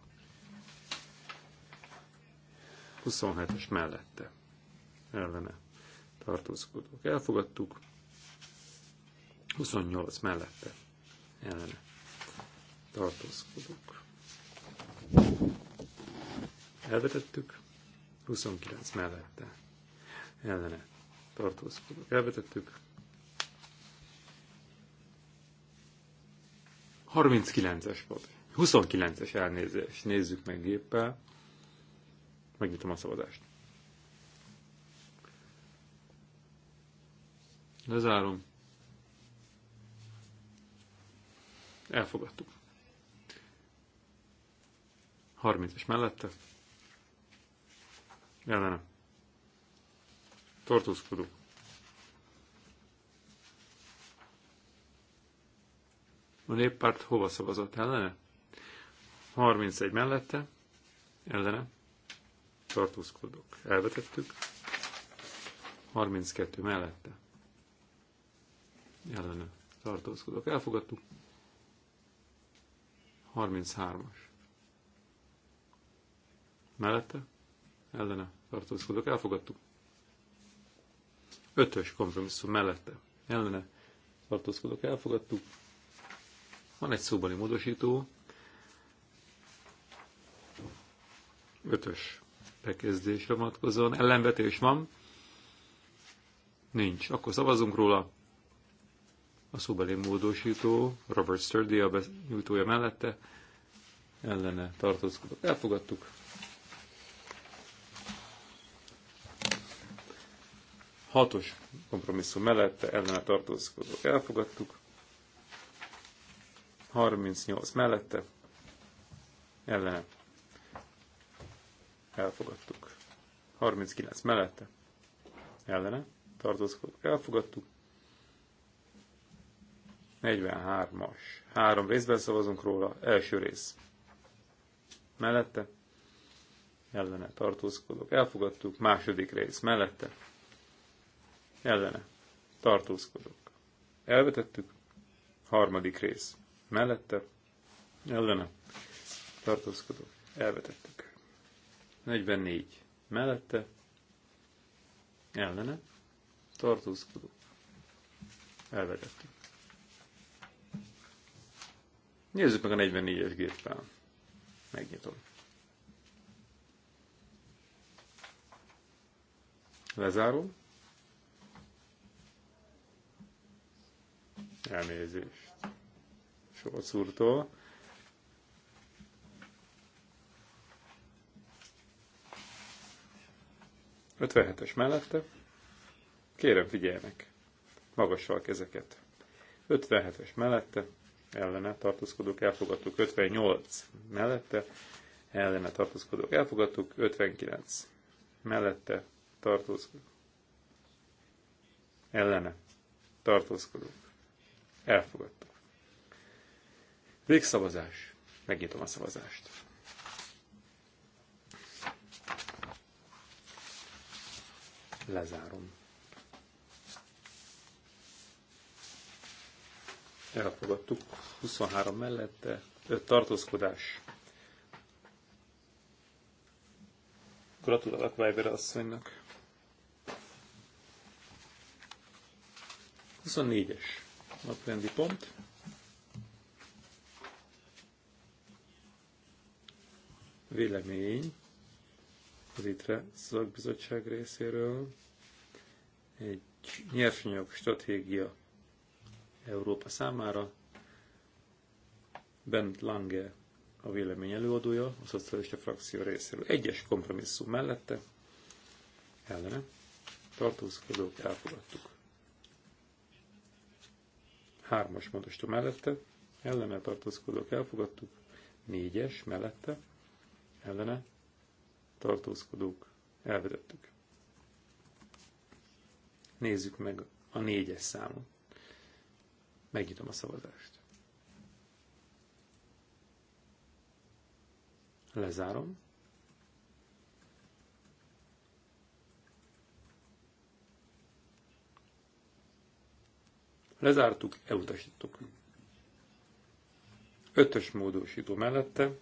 27-es mellette. Ellene tartózkodók elfogadtuk. 28 mellette ellene tartózkodunk. Elvetettük, 29 mellette ellene tartózkodunk. Elvetettük, 39-es volt. 29-es elnézés. Nézzük meg géppel. Megnyitom a szavazást. Lezárom. Elfogadtuk. 30 és mellette. Ellene. Tartózkodunk. A néppárt hova szavazott ellene? 31 mellette, ellene, tartózkodok. Elvetettük. 32 mellette, ellene, tartózkodok. Elfogadtuk. 33-as. Mellette? Ellene tartózkodok. elfogadtuk. 5-ös kompromisszum mellette. Ellene tartózkodok. elfogadtuk. Van egy szóbani módosító. 5-ös bekezdésre vonatkozóan. Ellenvetés van? Nincs. Akkor szavazunk róla a szóbeli módosító, Robert Sturdy a nyújtója mellette, ellene tartózkodott. Elfogadtuk. Hatos kompromisszum mellette, ellene tartózkodott. Elfogadtuk. 38 mellette, ellene elfogadtuk. 39 mellette, ellene tartózkodott. Elfogadtuk. 43-as. Három részben szavazunk róla. Első rész. Mellette. Ellene tartózkodok. Elfogadtuk. Második rész. Mellette. Ellene. Tartózkodok. Elvetettük. Harmadik rész. Mellette. Ellene. Tartózkodok. Elvetettük. 44. Mellette. Ellene. Tartózkodok. Elvetettük. Nézzük meg a 44-es géppel. Megnyitom. Lezárom. Elnézést. Sokat úrtól. es mellette. Kérem figyeljenek. Magassal kezeket. 57-es mellette ellene tartózkodók elfogadtuk, 58 mellette ellene tartózkodók elfogadtuk, 59 mellette tartózkodók ellene tartózkodók elfogadtuk. Végszavazás. Megnyitom a szavazást. Lezárom. elfogadtuk 23 mellette, 5 tartózkodás. Gratulálok Weiber asszonynak. 24-es naprendi pont. Vélemény az ITRE szakbizottság részéről egy nyersanyag stratégia Európa számára. Bent Lange a vélemény előadója, a szocialista frakció részéről. Egyes kompromisszum mellette, ellene, tartózkodók elfogadtuk. Hármas módosító mellette, ellene tartózkodók elfogadtuk. Négyes mellette, ellene tartózkodók elvetettük. Nézzük meg a négyes számot. Megnyitom a szavazást. Lezárom. Lezártuk, elutasítottuk. Ötös módosító mellette,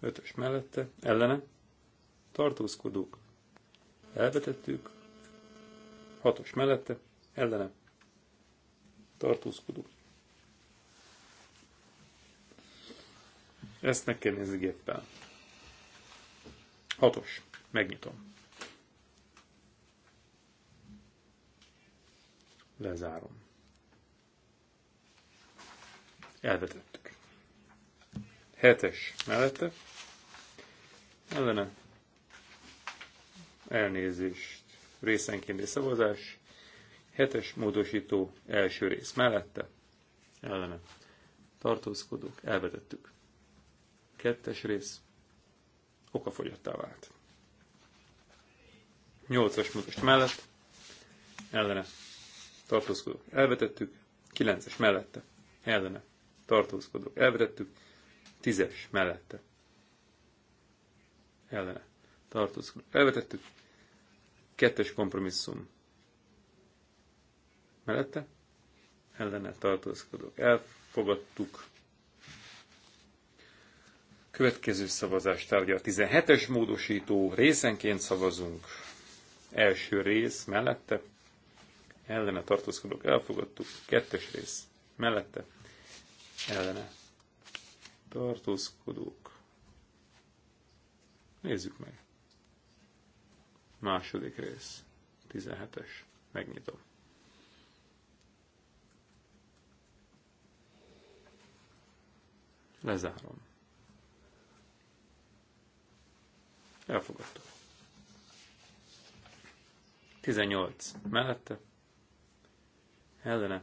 ötös mellette, ellene, tartózkodók, elvetettük, hatos mellette, ellene, tartózkodó. Ezt meg kell nézni géppel. Hatos. Megnyitom. Lezárom. Elvetettük. Hetes mellette. Ellene. Elnézést. Részenkénti szavazás. Hetes módosító első rész mellette, ellene. Tartózkodók, elvetettük. Kettes rész okafogyattá vált. Nyolcas módosító mellett, ellene. Tartózkodók, elvetettük. Kilences mellette, ellene. Tartózkodók, elvetettük. Tízes mellette, ellene. Tartózkodók, elvetettük. Kettes kompromisszum mellette ellene tartózkodók elfogadtuk. Következő szavazás tárgya a 17-es módosító, részenként szavazunk. Első rész mellette ellene tartózkodók elfogadtuk, kettes rész mellette ellene tartózkodók. Nézzük meg. Második rész, 17-es, megnyitom. Lezárom. Elfogadtuk. 18. Mellette. Ellene.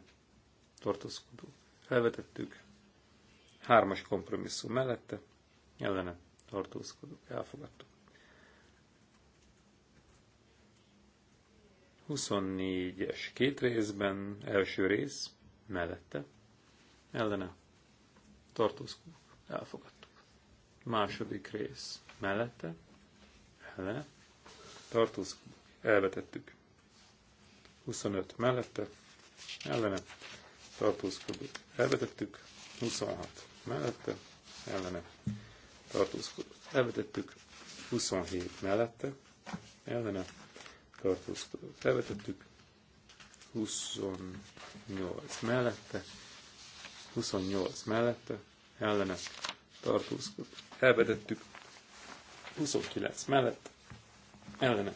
Tartózkodó. Elvetettük. Hármas kompromisszum mellette. Ellene. Tartózkodó. Elfogadtuk. 24-es két részben, első rész, mellette, ellene tartózkodunk, elfogadtuk. Második rész mellette, ellene, tartózkodunk, elvetettük. 25 mellette, ellene, tartózkodunk, elvetettük. 26 mellette, ellene, tartózkodunk, elvetettük. 27 mellette, ellene, tartózkodunk, elvetettük. 28 mellette, 28 mellette, ellene tartózkod. Elvedettük 29 mellett, ellene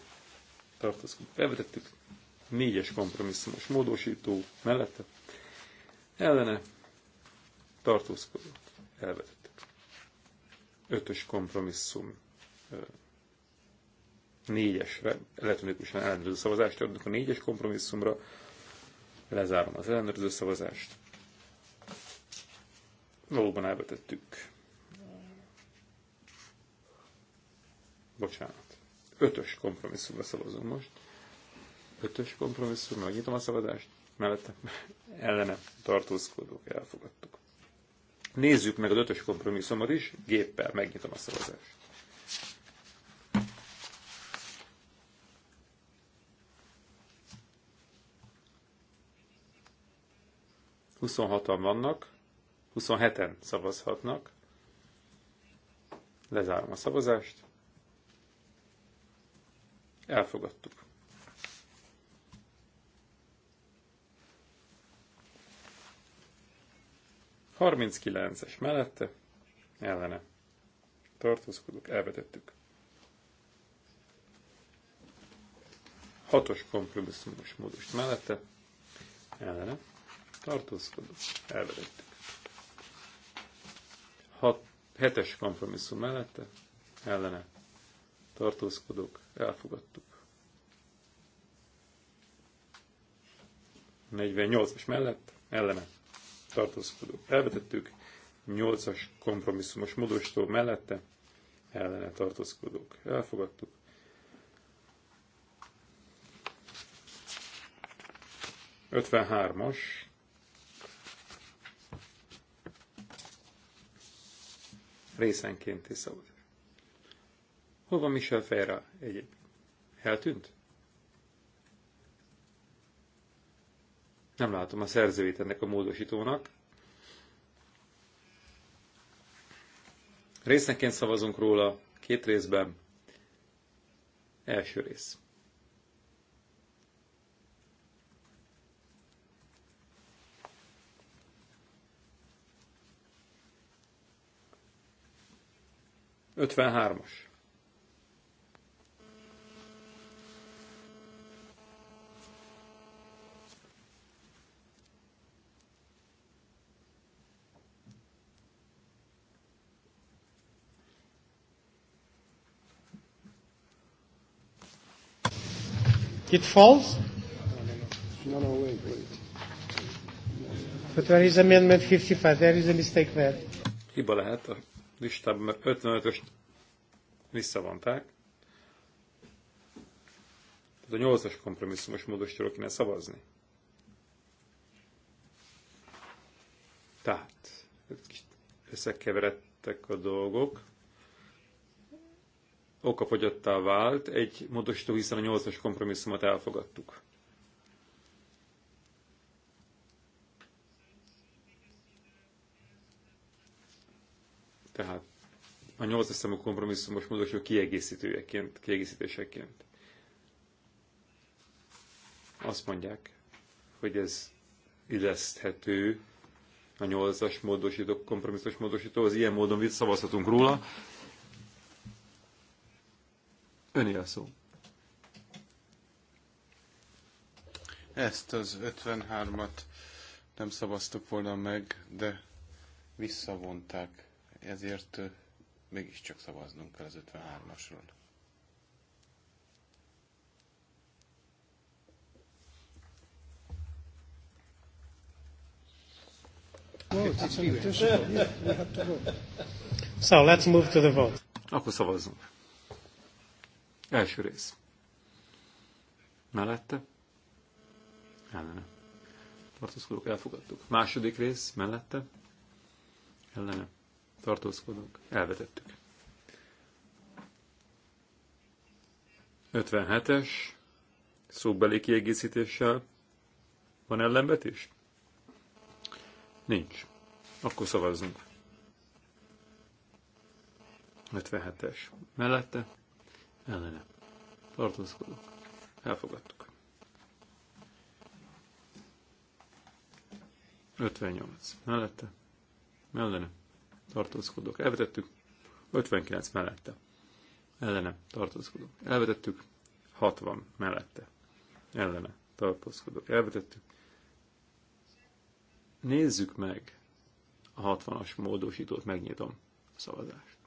tartózkod. Elvedettük 4-es kompromisszumos módosító mellette, ellene tartózkodott. Elvedettük. 5-ös kompromisszum 4-esre elektronikusan ellenőrző szavazást adnak a 4-es kompromisszumra, lezárom az ellenőrző szavazást. Valóban elvetettük. Bocsánat. Ötös kompromisszumra szavazom most. Ötös kompromisszum, megnyitom a szavazást. Mellette ellene tartózkodók elfogadtuk. Nézzük meg az ötös kompromisszumot is, géppel megnyitom a szavazást. Huszonhatan vannak, 27-en szavazhatnak. Lezárom a szavazást. Elfogadtuk. es mellette, ellene. Tartózkodok, elvetettük. Hatos kompromisszumos módust mellette, ellene. Tartózkodok, elvetettük hat hetes kompromisszum mellette ellene tartózkodók elfogadtuk. 48-as mellett ellene tartózkodók elvetettük, 8-as kompromisszumos módosító mellette ellene tartózkodók elfogadtuk. Ötvenhármas részenkénti szót. Hova Michel Ferra egyébként? Eltűnt? Nem látom a szerzőit ennek a módosítónak. Részenként szavazunk róla két részben. Első rész. 53-as. It falls? No, no, wait, wait. But where is amendment 55? There is a mistake there. Hiba lehet a listában 55 ös visszavonták. Tehát a 8-as kompromisszumos módosítóra kéne szavazni. Tehát összekeveredtek a dolgok. Okafogyottá vált, egy módosító, hiszen a 8-as kompromisszumot elfogadtuk. Tehát a nyolcas számú kompromisszumos módosító kiegészítőjeként, kiegészítéseként. Azt mondják, hogy ez illeszthető a nyolcas módosító, kompromisszos módosító, az ilyen módon szavazhatunk róla. Öné a szó. Ezt az 53-at nem szavaztuk volna meg, de visszavonták ezért mégiscsak szavaznunk kell az 53-asról. So let's move to the vote. Akkor szavazzunk. Első rész. Mellette? Ellene. Tartózkodók elfogadtuk. Második rész mellette? Ellene tartózkodunk, elvetettük. 57-es, szóbeli kiegészítéssel van ellenvetés? Nincs. Akkor szavazzunk. 57-es. Mellette? Ellene. Tartózkodunk. Elfogadtuk. 58. Mellette? Mellene tartózkodók, elvetettük. 59 mellette, ellene, tartózkodók, elvetettük. 60 mellette, ellene, tartózkodók, elvetettük. Nézzük meg a 60-as módosítót, megnyitom a szavazást.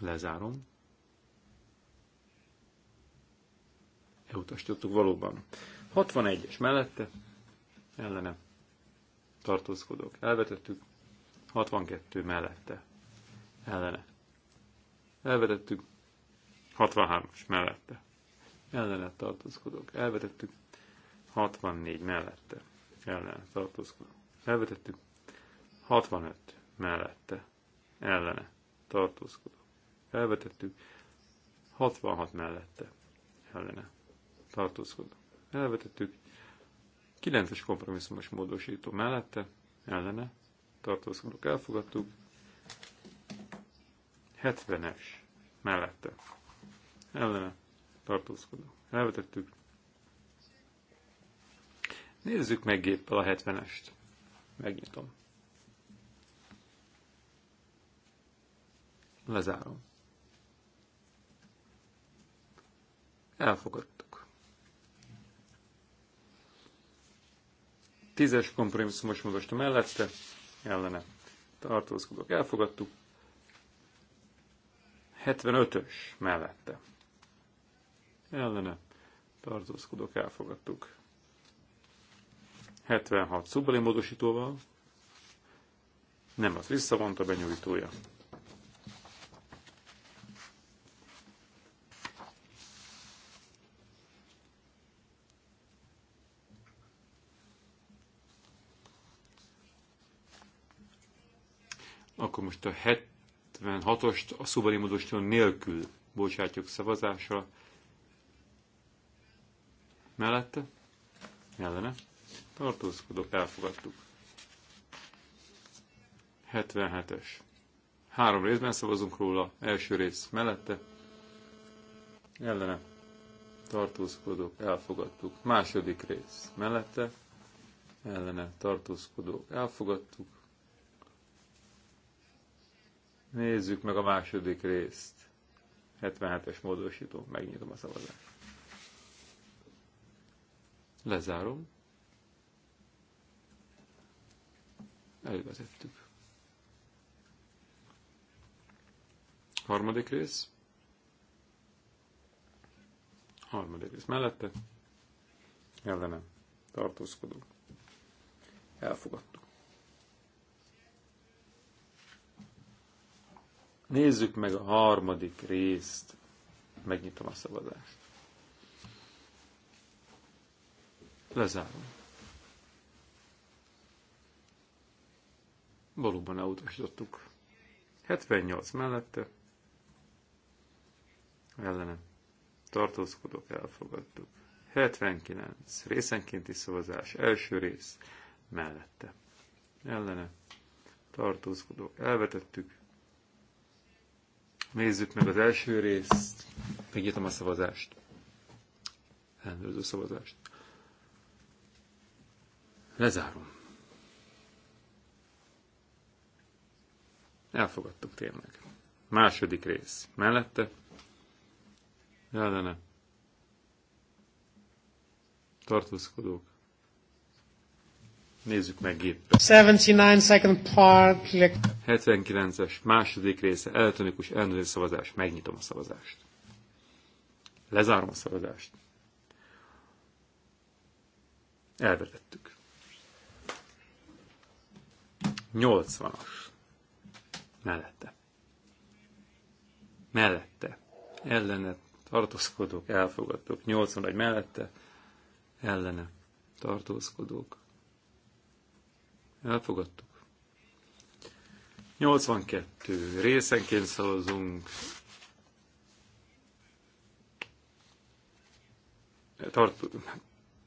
Lezárom. Elutasítottuk valóban. 61-es mellette, ellene tartózkodók. Elvetettük 62 mellette, ellene. Elvetettük 63-as mellette, ellene tartózkodók. Elvetettük 64 mellette, ellene tartózkodók. Elvetettük 65 mellette, ellene tartózkodók. Elvetettük 66 mellette, ellene tartózkodók. Elvetettük 9-es kompromisszumos módosító mellette, ellene, tartózkodók elfogadtuk. 70-es mellette, ellene, tartózkodók elvetettük. Nézzük meg géppel a 70-est. Megnyitom. Lezárom. Elfogad. Tízes kompromisszumos módosító mellette ellene tartózkodok, elfogadtuk. 75-ös mellette ellene tartózkodok, elfogadtuk. 76 szubali módosítóval, nem az visszavonta benyújtója. akkor most a 76-ost a szóbeli módosítón nélkül bocsátjuk szavazásra. Mellette? Ellene? Tartózkodok, elfogadtuk. 77-es. Három részben szavazunk róla. Első rész mellette. Ellene. Tartózkodok, elfogadtuk. Második rész mellette. Ellene. Tartózkodok, elfogadtuk Nézzük meg a második részt. 77-es módosító. Megnyitom a szavazást. Lezárom. Elővezettük. Harmadik rész. Harmadik rész mellette. Ellenem. Tartózkodunk. Elfogadtuk. Nézzük meg a harmadik részt. Megnyitom a szavazást. Lezárom. Valóban elutasítottuk. 78 mellette. Ellenem. Tartózkodok, elfogadtuk. 79. Részenkénti szavazás. Első rész. Mellette. Ellene. Tartózkodok. Elvetettük Nézzük meg az első részt. Megnyitom a szavazást. Elnőző szavazást. Lezárom. Elfogadtuk tényleg. Második rész. Mellette? Ellene. Tartózkodók. Nézzük meg géppel. 79 second part. 79-es második része, elektronikus elnöző szavazás. Megnyitom a szavazást. Lezárom a szavazást. Elvetettük. 80-as. Mellette. Mellette. Ellene tartózkodók, 80 81 mellette. Ellene tartózkodók Elfogadtuk. 82. Részenként szavazunk. Tart,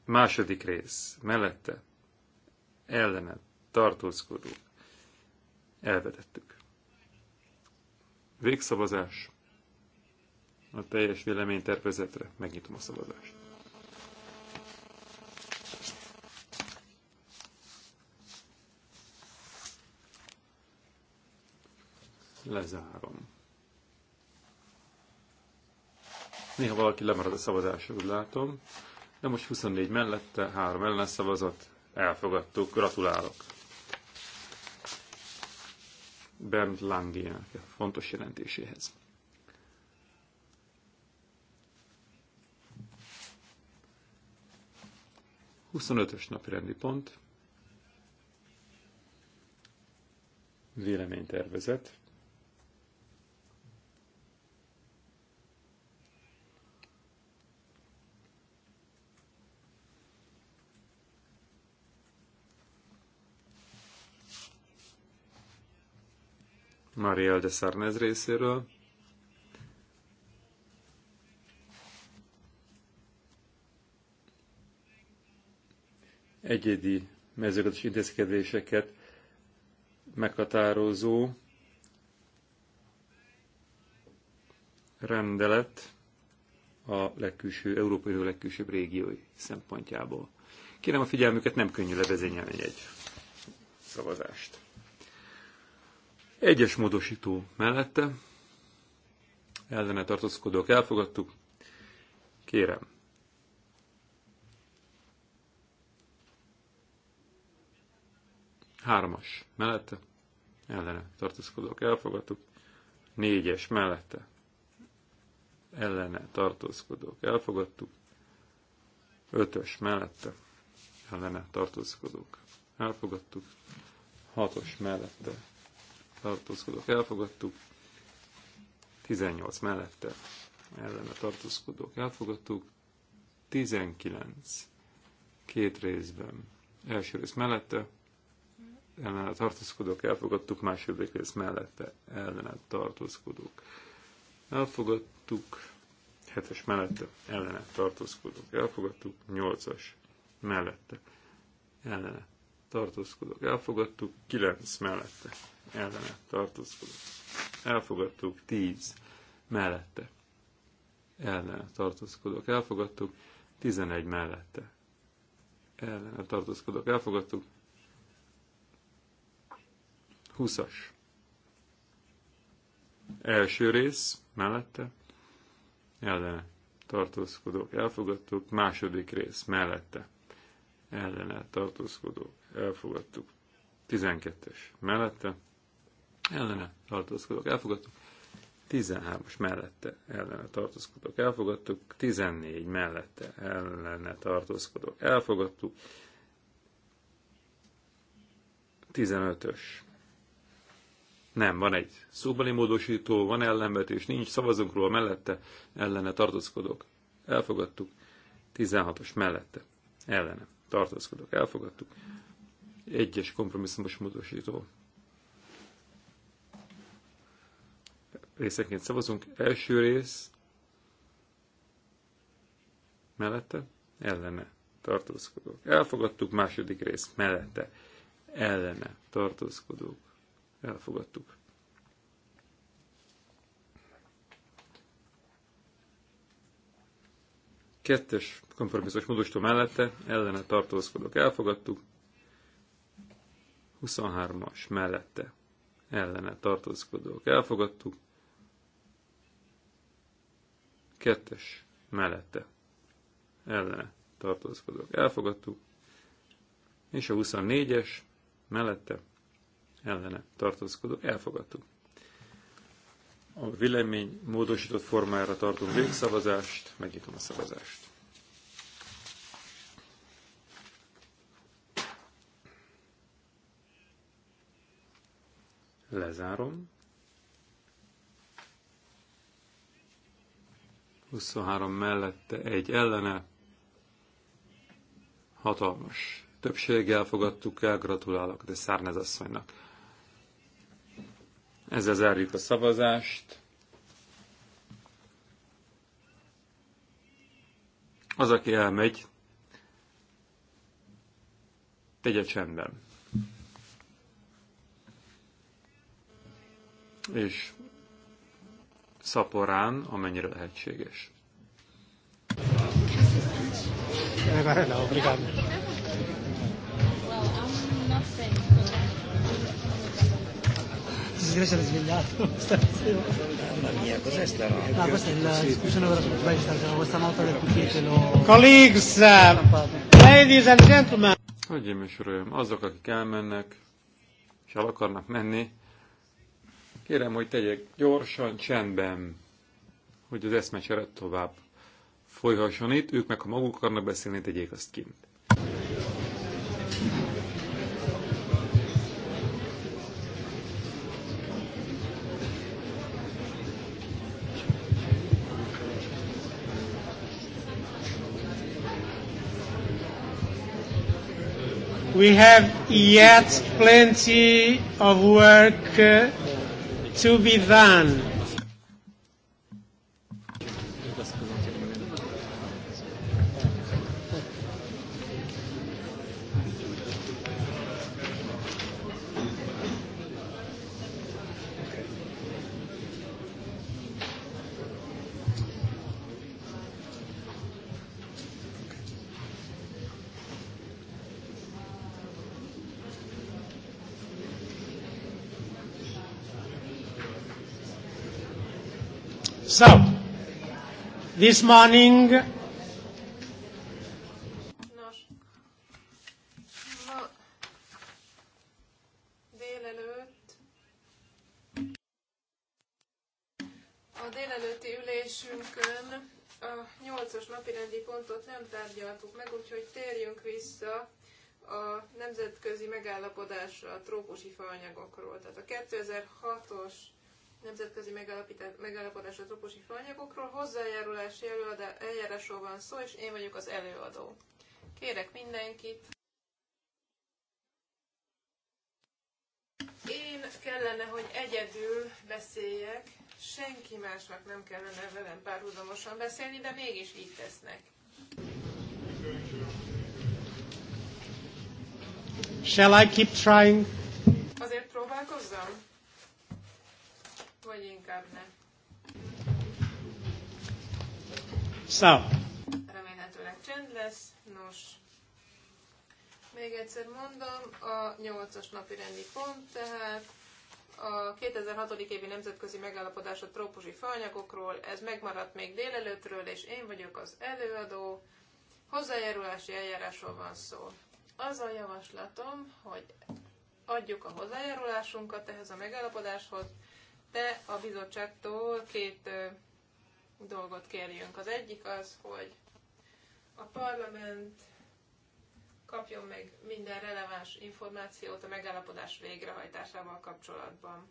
második rész. Mellette. Ellene. Tartózkodunk. Elvedettük. Végszavazás. A teljes véleménytervezetre megnyitom a szavazást. Lezárom. Néha valaki lemarad a szavazásról, úgy látom. De most 24 mellette, 3 ellen szavazott, Elfogadtuk. Gratulálok. Bernd Langének fontos jelentéséhez. Huszonötös napi rendi pont. Véleménytervezet. Mariel de Sarnez részéről. Egyedi mezőgazdasági intézkedéseket meghatározó rendelet a legkülső, Európai Unió legkülsőbb régiói szempontjából. Kérem a figyelmüket, nem könnyű levezényelni egy szavazást. Egyes módosító mellette ellene tartózkodók elfogadtuk. Kérem. Hármas mellette ellene tartózkodók elfogadtuk. Négyes mellette ellene tartózkodók elfogadtuk. Ötös mellette ellene tartózkodók elfogadtuk. Hatos mellette tartózkodók elfogadtuk, 18 mellette ellene tartózkodók elfogadtuk, 19 két részben. Első rész mellette ellene tartózkodók elfogadtuk, második rész mellette ellene tartózkodók elfogadtuk, hetes mellette ellene tartózkodók elfogadtuk, nyolcas mellette ellene tartózkodók elfogadtuk, kilenc mellette ellene tartózkodott. Elfogadtuk tíz mellette ellene tartózkodok. Elfogadtuk 11 mellette ellene tartózkodok. Elfogadtuk 20-as. Első rész mellette ellene tartózkodók elfogadtuk, második rész mellette ellene tartózkodók elfogadtuk, 12-es mellette ellene tartózkodok, elfogadtuk, 13-as mellette ellene tartózkodok, elfogadtuk, 14 mellette ellene tartózkodok, elfogadtuk, 15-ös. Nem, van egy szóbeli módosító, van ellenvetés, nincs, szavazunk róla mellette, ellene tartózkodok, elfogadtuk, 16-os mellette ellene tartózkodok, elfogadtuk, egyes kompromisszumos módosító részeként szavazunk. Első rész mellette, ellene tartózkodók. Elfogadtuk második rész mellette, ellene tartózkodók. Elfogadtuk. Kettes kompromisszos módosító mellette, ellene tartózkodók. Elfogadtuk. 23-as mellette, ellene tartózkodók. Elfogadtuk kettes mellette ellene tartózkodók elfogadtuk, és a 24-es mellette ellene tartózkodók elfogadtuk. A vélemény módosított formájára tartunk végszavazást, megnyitom a szavazást. Lezárom. 23 mellette, egy ellene. Hatalmas többséggel fogadtuk el, gratulálok de Szárnez asszonynak. Ezzel zárjuk a szavazást. Az, aki elmegy, tegye csendben. És szaporán, amennyire lehetséges. Grazie svegliato stasera. Mamma mia, cos'è sta roba? No, questa è la discussione vera per köszönöm. stava Colleagues, uh, ladies and gentlemen. Hölgyeim és uraim, azok, akik elmennek, és el akarnak menni, Kérem, hogy tegyek gyorsan, csendben, hogy az eszmecseret tovább folyhasson itt, ők meg, ha maguk akarnak beszélni, tegyék azt kint. We have yet plenty of work uh, to be done. So, this morning. Nos, a délelőtti ülésünkön a nyolcas napirendi pontot nem tárgyaltuk meg, úgyhogy térjünk vissza a nemzetközi megállapodásra a trópusi faanyagokról. Tehát a 2006-os nemzetközi megállapodás a trópusi faanyagokról, hozzájárulási eljárásról van szó, és én vagyok az előadó. Kérek mindenkit. Én kellene, hogy egyedül beszéljek, senki másnak nem kellene velem párhuzamosan beszélni, de mégis így tesznek. Shall I keep trying? Azért próbálkozzam? vagy inkább ne. So. Remélhetőleg csend lesz. Nos, még egyszer mondom, a 8-as napi rendi pont, tehát a 2006. évi nemzetközi megállapodás a trópusi faanyagokról, ez megmaradt még délelőttről, és én vagyok az előadó. Hozzájárulási eljárásról van szó. Az a javaslatom, hogy adjuk a hozzájárulásunkat ehhez a megállapodáshoz, de a bizottságtól két dolgot kérjünk. Az egyik az, hogy a parlament kapjon meg minden releváns információt a megállapodás végrehajtásával kapcsolatban,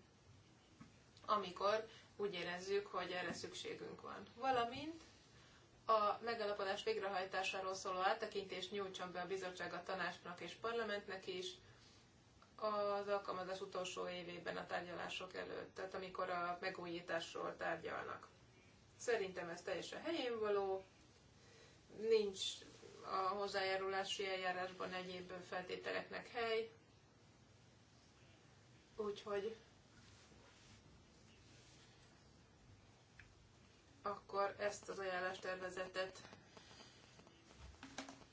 amikor úgy érezzük, hogy erre szükségünk van. Valamint a megállapodás végrehajtásáról szóló áttekintést nyújtson be a bizottság a tanácsnak és parlamentnek is, az alkalmazás utolsó évében a tárgyalások előtt, tehát amikor a megújításról tárgyalnak. Szerintem ez teljesen helyén való, nincs a hozzájárulási eljárásban egyéb feltételeknek hely, úgyhogy akkor ezt az ajánlástervezetet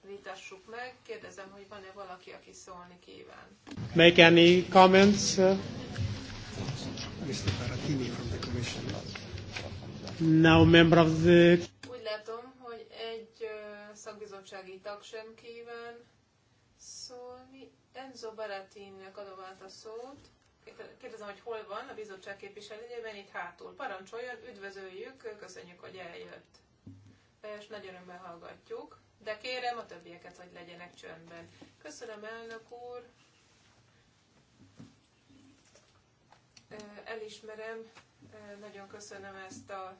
vitassuk meg. Kérdezem, hogy van-e valaki, aki szólni kíván. Make any comments? Mr. Paratini from the Commission. Now member of the... Úgy látom, hogy egy szakbizottsági tag sem kíván szólni. Enzo Baratinnek adom át a szót. Kérdezem, hogy hol van a bizottság képviselője, mert itt hátul. Parancsoljon, üdvözöljük, köszönjük, hogy eljött. És nagy örömmel hallgatjuk de kérem a többieket, hogy legyenek csöndben. Köszönöm, elnök úr. Elismerem, nagyon köszönöm ezt a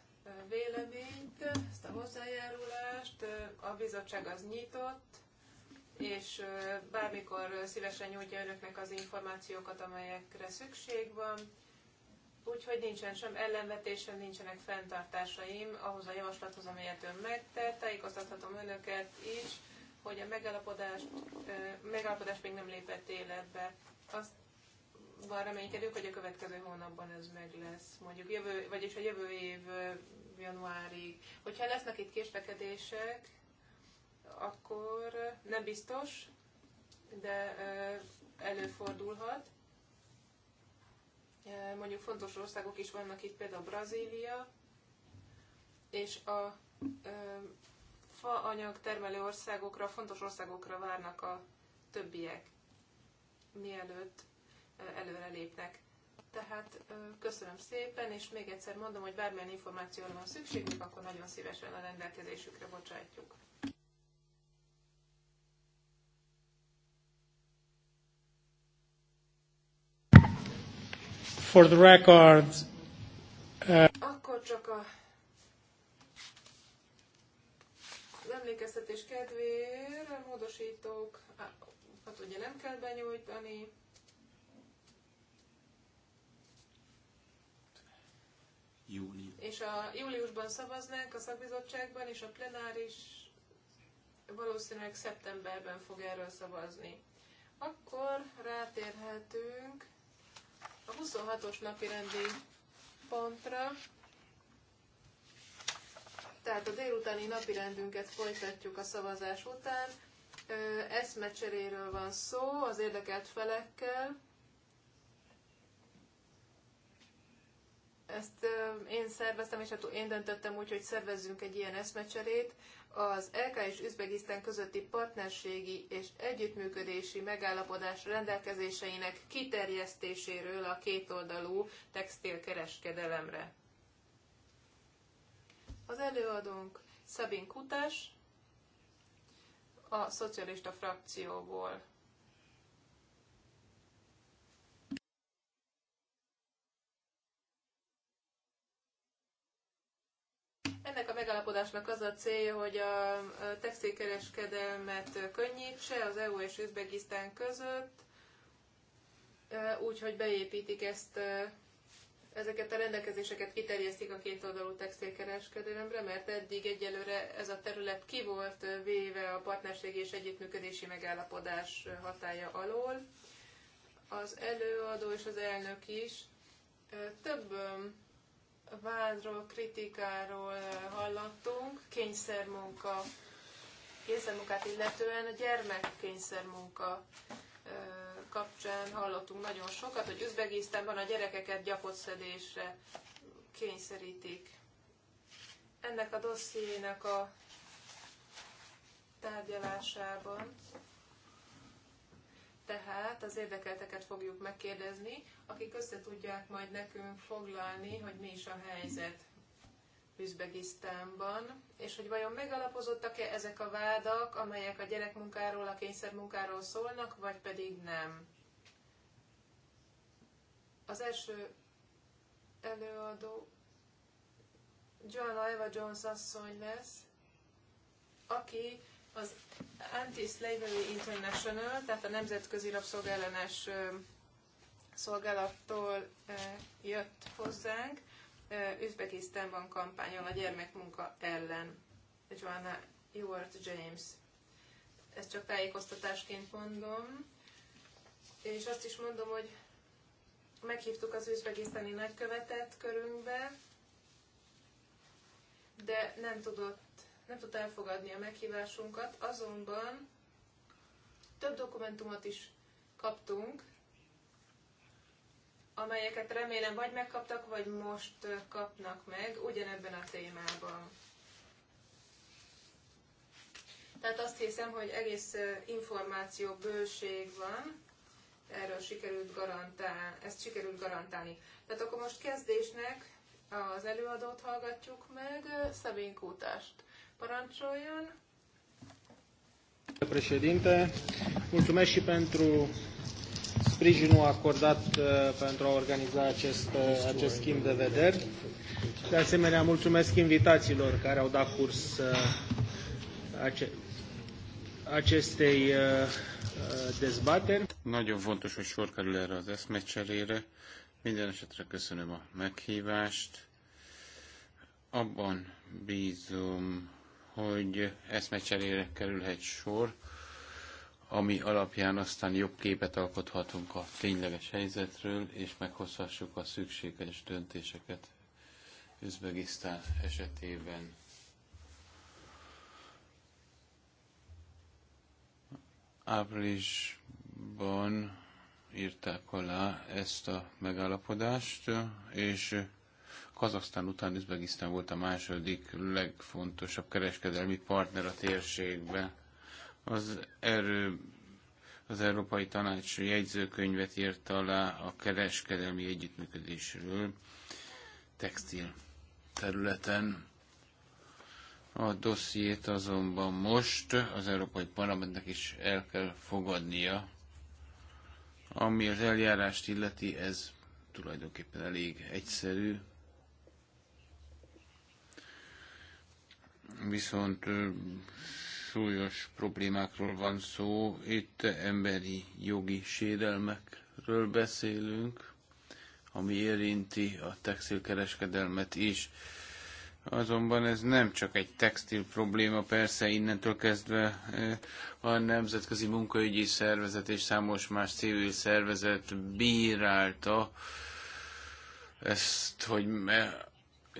véleményt, ezt a hozzájárulást. A bizottság az nyitott, és bármikor szívesen nyújtja önöknek az információkat, amelyekre szükség van Úgyhogy nincsen sem ellenvetésem, nincsenek fenntartásaim ahhoz a javaslathoz, amelyet ön megtett. Tájékoztathatom önöket is, hogy a megállapodást megállapodás még nem lépett életbe. Azt van reménykedünk, hogy a következő hónapban ez meg lesz, mondjuk jövő, vagyis a jövő év januárig. Hogyha lesznek itt késlekedések, akkor nem biztos, de előfordulhat mondjuk fontos országok is vannak itt, például Brazília, és a faanyag termelő országokra, fontos országokra várnak a többiek, mielőtt előre lépnek. Tehát köszönöm szépen, és még egyszer mondom, hogy bármilyen információra van szükségük, akkor nagyon szívesen a rendelkezésükre bocsátjuk. for the record. Uh... Akkor csak a emlékeztetés kedvére módosítok, módosítók, hát ugye nem kell benyújtani, Júli. És a júliusban szavaznánk a szakbizottságban, és a plenáris valószínűleg szeptemberben fog erről szavazni. Akkor rátérhetünk a 26-os napi rendi pontra, tehát a délutáni napi rendünket folytatjuk a szavazás után. Eszmecseréről van szó az érdekelt felekkel. Ezt én szerveztem, és hát én döntöttem úgy, hogy szervezzünk egy ilyen eszmecserét az LK és Üzbegisztán közötti partnerségi és együttműködési megállapodás rendelkezéseinek kiterjesztéséről a kétoldalú textilkereskedelemre. Az előadónk Szabin Kutás, a szocialista frakcióból. Ennek a megállapodásnak az a célja, hogy a textilkereskedelmet könnyítse az EU és Üzbegisztán között, úgyhogy beépítik ezt ezeket a rendelkezéseket kiterjesztik a két oldalú textilkereskedelemre, mert eddig egyelőre ez a terület ki volt véve a partnerségi és együttműködési megállapodás hatája alól. Az előadó és az elnök is több vádról, kritikáról hallottunk, kényszermunka, kényszermunkát illetően a gyermek kényszermunka kapcsán hallottunk nagyon sokat, hogy Üzbegisztánban a gyerekeket gyapotszedésre kényszerítik. Ennek a dossziének a tárgyalásában tehát az érdekelteket fogjuk megkérdezni, akik össze tudják majd nekünk foglalni, hogy mi is a helyzet Üzbegisztánban, és hogy vajon megalapozottak-e ezek a vádak, amelyek a gyerekmunkáról, a kényszermunkáról szólnak, vagy pedig nem. Az első előadó Joanna Eva Jones asszony lesz, aki az Anti-Slavery International, tehát a Nemzetközi Rabszolgállanás Szolgálattól jött hozzánk, Üzbekisztánban kampányol a gyermekmunka ellen. Joanna Ewart James. Ezt csak tájékoztatásként mondom. És azt is mondom, hogy meghívtuk az üzbegisztáni nagykövetet körünkbe, de nem tudott nem tudta elfogadni a meghívásunkat, azonban több dokumentumot is kaptunk, amelyeket remélem vagy megkaptak, vagy most kapnak meg ugyanebben a témában. Tehát azt hiszem, hogy egész információ bőség van, erről sikerült garantálni, ezt sikerült garantálni. Tehát akkor most kezdésnek az előadót hallgatjuk meg, Szabin Kútást. Parancsoljon! Președinte, mulțumesc și pentru sprijinul acordat uh, pentru a organiza acest, uh, acest schimb de vederi. De asemenea, mulțumesc invitațiilor care au dat curs uh, ace acestei dezbateri. Nagyon fontos, hogy sor kerül erre az eszmecserére. Minden esetre köszönöm a meghívást. Abban bízom, hogy eszmecserére kerülhet sor, ami alapján aztán jobb képet alkothatunk a tényleges helyzetről, és meghozhassuk a szükséges döntéseket Üzbegisztán esetében. Áprilisban írták alá ezt a megállapodást, és Kazasztán után Üzbegisztán volt a második legfontosabb kereskedelmi partner a térségben. Az erő az Európai Tanács jegyzőkönyvet írt alá a kereskedelmi együttműködésről textil területen. A dossziét azonban most az Európai Parlamentnek is el kell fogadnia. Ami az eljárást illeti, ez tulajdonképpen elég egyszerű. viszont súlyos problémákról van szó, itt emberi jogi sérelmekről beszélünk, ami érinti a textilkereskedelmet is. Azonban ez nem csak egy textil probléma, persze innentől kezdve a Nemzetközi Munkaügyi Szervezet és számos más civil szervezet bírálta ezt, hogy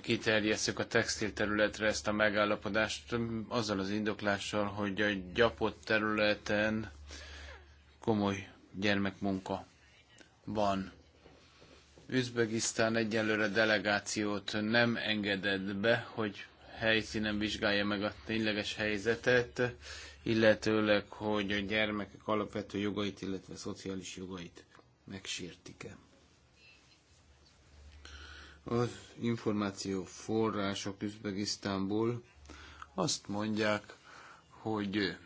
kiterjesszük a textil területre ezt a megállapodást azzal az indoklással, hogy a gyapott területen komoly gyermekmunka van. Üzbegisztán egyelőre delegációt nem engedett be, hogy helyszínen vizsgálja meg a tényleges helyzetet, illetőleg, hogy a gyermekek alapvető jogait, illetve a szociális jogait megsértik-e az információ források Üzbegisztánból azt mondják, hogy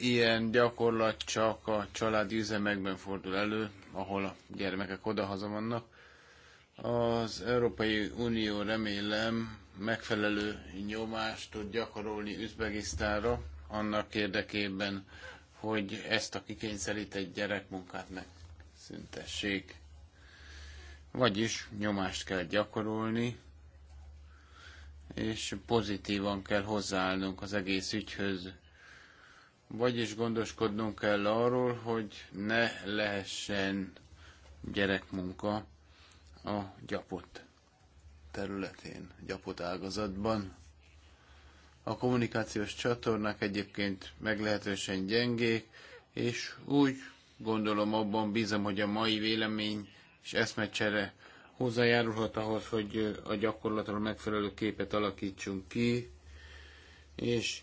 ilyen gyakorlat csak a családi üzemekben fordul elő, ahol a gyermekek odahaza vannak. Az Európai Unió remélem megfelelő nyomást tud gyakorolni Üzbegisztánra annak érdekében, hogy ezt a kikényszerített gyerekmunkát meg szüntessék. Vagyis nyomást kell gyakorolni, és pozitívan kell hozzáállnunk az egész ügyhöz. Vagyis gondoskodnunk kell arról, hogy ne lehessen gyerekmunka a gyapot területén, gyapot ágazatban. A kommunikációs csatornák egyébként meglehetősen gyengék, és úgy Gondolom abban bízom, hogy a mai vélemény és eszmecsere hozzájárulhat ahhoz, hogy a gyakorlatról megfelelő képet alakítsunk ki, és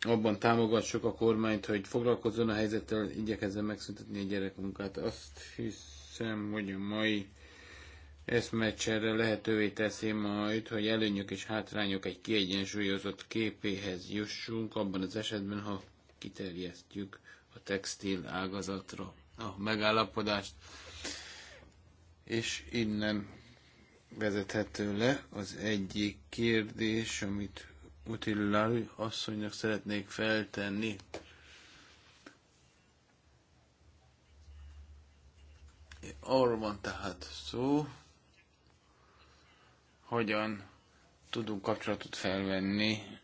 abban támogassuk a kormányt, hogy foglalkozzon a helyzettel, igyekezzen megszüntetni a gyerekmunkát. Azt hiszem, hogy a mai eszmecsere lehetővé teszi majd, hogy előnyök és hátrányok egy kiegyensúlyozott képéhez jussunk, abban az esetben, ha kiterjesztjük a textil ágazatra a megállapodást, és innen vezethető le az egyik kérdés, amit Utillari asszonynak szeretnék feltenni. Arról van tehát szó, hogyan tudunk kapcsolatot felvenni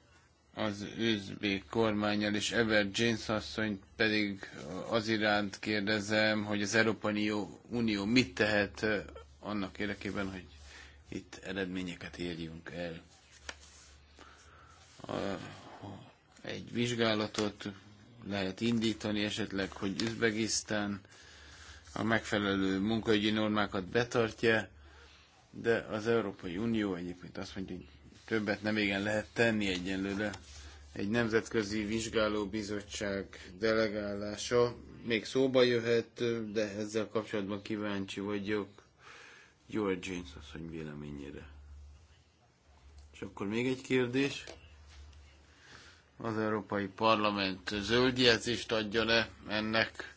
az őzbék kormányjal, és Ever James asszony pedig az iránt kérdezem, hogy az Európai Unió mit tehet eh, annak érdekében, hogy itt eredményeket érjünk el. egy vizsgálatot lehet indítani esetleg, hogy Üzbegisztán a megfelelő munkaügyi normákat betartja, de az Európai Unió egyébként azt mondja, hogy Többet nem igen lehet tenni egyenlőre. Egy nemzetközi vizsgálóbizottság delegálása még szóba jöhet, de ezzel kapcsolatban kíváncsi vagyok George James asszony véleményére. És akkor még egy kérdés. Az Európai Parlament zöld jelzést adja le ennek,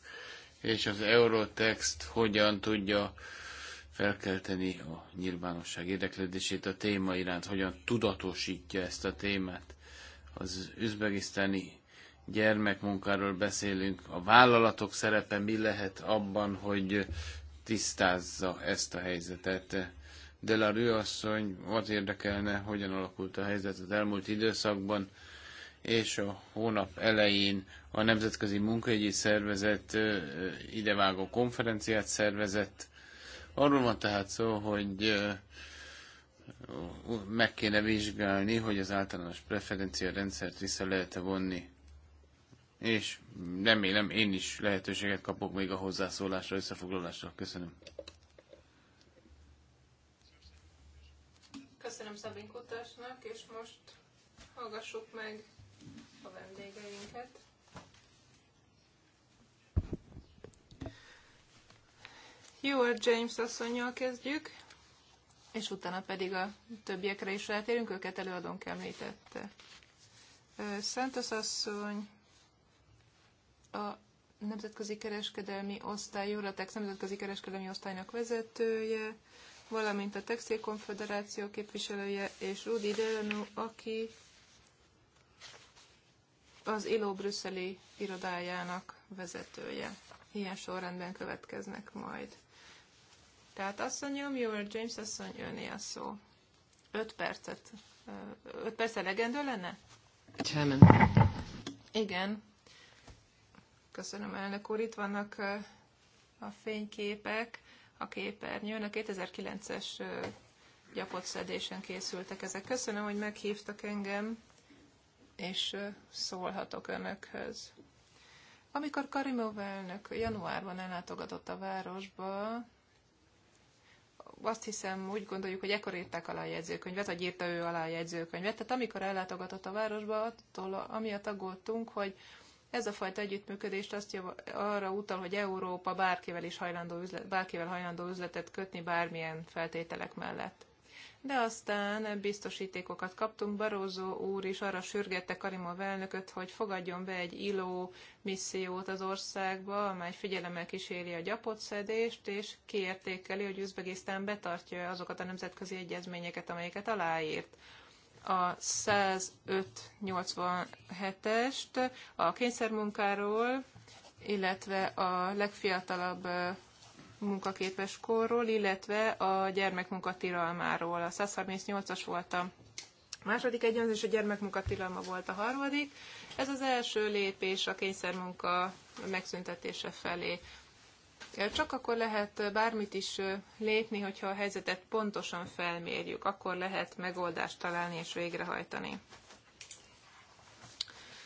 és az Eurotext hogyan tudja felkelteni a nyilvánosság érdeklődését a téma iránt, hogyan tudatosítja ezt a témát. Az üzbegisztáni gyermekmunkáról beszélünk, a vállalatok szerepe mi lehet abban, hogy tisztázza ezt a helyzetet. De a Rue asszony, az érdekelne, hogyan alakult a helyzet az elmúlt időszakban, és a hónap elején a Nemzetközi Munkaügyi Szervezet idevágó konferenciát szervezett, Arról van tehát szó, hogy meg kéne vizsgálni, hogy az általános preferencia rendszert vissza lehet-e vonni. És remélem én is lehetőséget kapok még a hozzászólásra, összefoglalásra. Köszönöm. Köszönöm Szabin Kutasnak, és most hallgassuk meg a vendégeinket. Jó, a James asszonynal kezdjük, és utána pedig a többiekre is rátérünk, őket előadónk említette. Szentos asszony a Nemzetközi Kereskedelmi Osztály, Juratex Nemzetközi Kereskedelmi Osztálynak vezetője, valamint a Textil Konfederáció képviselője, és Rudi Delenu, aki az ILO brüsszeli irodájának vezetője. Ilyen sorrendben következnek majd. Tehát asszonyom, Joel James asszony, jönné a szó. Öt percet. Öt perc elegendő lenne? Chairman. Igen. Köszönöm, elnök úr. Itt vannak a fényképek a képernyőn. A 2009-es gyapott szedésen készültek ezek. Köszönöm, hogy meghívtak engem, és szólhatok önökhöz. Amikor Karimov elnök januárban ellátogatott a városba, azt hiszem, úgy gondoljuk, hogy ekkor írták alá a jegyzőkönyvet, vagy írta ő alá a jegyzőkönyvet. Tehát amikor ellátogatott a városba, attól amiatt aggódtunk, hogy ez a fajta együttműködést azt jav, arra utal, hogy Európa bárkivel is hajlandó üzlet, bárkivel hajlandó üzletet kötni bármilyen feltételek mellett de aztán biztosítékokat kaptunk. Barózó úr is arra sürgette Karimov elnököt, hogy fogadjon be egy ILO missziót az országba, amely figyelemmel kíséri a gyapotszedést, és kiértékeli, hogy Üzbegisztán betartja azokat a nemzetközi egyezményeket, amelyeket aláírt a 105-87-est a kényszermunkáról, illetve a legfiatalabb munkaképes korról, illetve a gyermekmunka A 138-as volt a második egyezés, a gyermekmunka volt a harmadik. Ez az első lépés a kényszermunka megszüntetése felé. Csak akkor lehet bármit is lépni, hogyha a helyzetet pontosan felmérjük, akkor lehet megoldást találni és végrehajtani.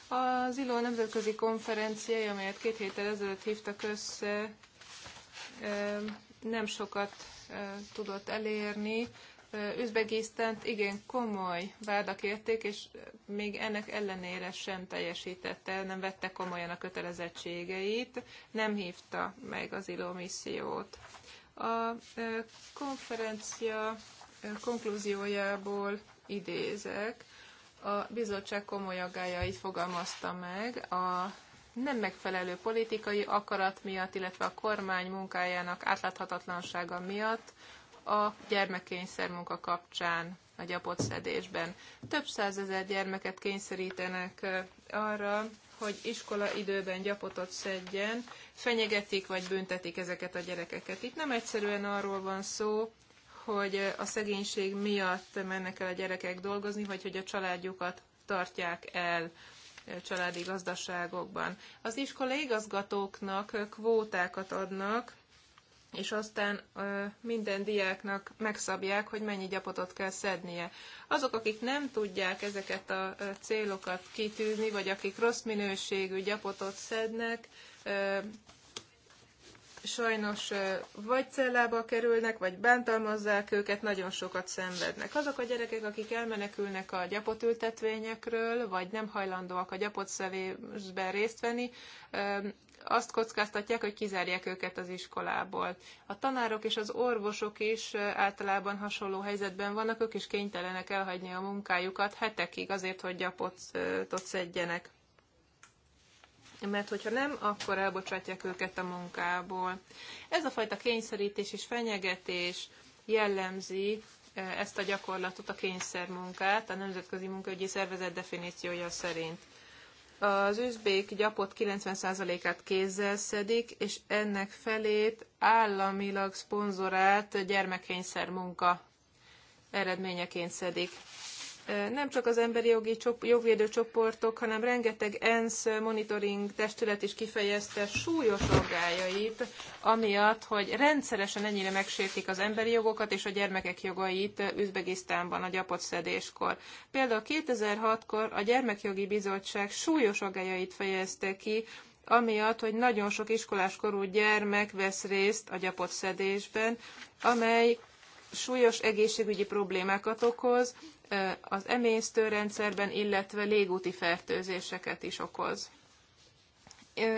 Az ILO nemzetközi konferenciája, amelyet két héttel ezelőtt hívtak össze nem sokat tudott elérni. Üzbegisztánt igen komoly vádak érték, és még ennek ellenére sem teljesítette, nem vette komolyan a kötelezettségeit, nem hívta meg az ILO missziót. A konferencia konklúziójából idézek. A bizottság komoly aggájait fogalmazta meg a nem megfelelő politikai akarat miatt, illetve a kormány munkájának átláthatatlansága miatt a gyermekkényszer munka kapcsán a gyapott szedésben. Több százezer gyermeket kényszerítenek arra, hogy iskola időben gyapotot szedjen, fenyegetik vagy büntetik ezeket a gyerekeket. Itt nem egyszerűen arról van szó, hogy a szegénység miatt mennek el a gyerekek dolgozni, vagy hogy a családjukat tartják el családi gazdaságokban. Az iskola igazgatóknak kvótákat adnak, és aztán ö, minden diáknak megszabják, hogy mennyi gyapotot kell szednie. Azok, akik nem tudják ezeket a ö, célokat kitűzni, vagy akik rossz minőségű gyapotot szednek, ö, sajnos vagy cellába kerülnek, vagy bántalmazzák őket, nagyon sokat szenvednek. Azok a gyerekek, akik elmenekülnek a gyapotültetvényekről, ültetvényekről, vagy nem hajlandóak a gyapot szevésben részt venni, azt kockáztatják, hogy kizárják őket az iskolából. A tanárok és az orvosok is általában hasonló helyzetben vannak, ők is kénytelenek elhagyni a munkájukat hetekig azért, hogy gyapotot szedjenek mert hogyha nem, akkor elbocsátják őket a munkából. Ez a fajta kényszerítés és fenyegetés jellemzi eh, ezt a gyakorlatot, a kényszermunkát, a Nemzetközi Munkaügyi Szervezet definíciója szerint. Az üzbék gyapot 90%-át kézzel szedik, és ennek felét államilag szponzorált gyermekkényszer munka eredményeként szedik nem csak az emberi jogi jogvédő csoportok, hanem rengeteg ENSZ monitoring testület is kifejezte súlyos aggájait, amiatt, hogy rendszeresen ennyire megsértik az emberi jogokat és a gyermekek jogait Üzbegisztánban a gyapot szedéskor. Például 2006-kor a Gyermekjogi Bizottság súlyos aggájait fejezte ki, amiatt, hogy nagyon sok iskoláskorú gyermek vesz részt a gyapot szedésben, amely súlyos egészségügyi problémákat okoz, az emésztőrendszerben, illetve légúti fertőzéseket is okoz.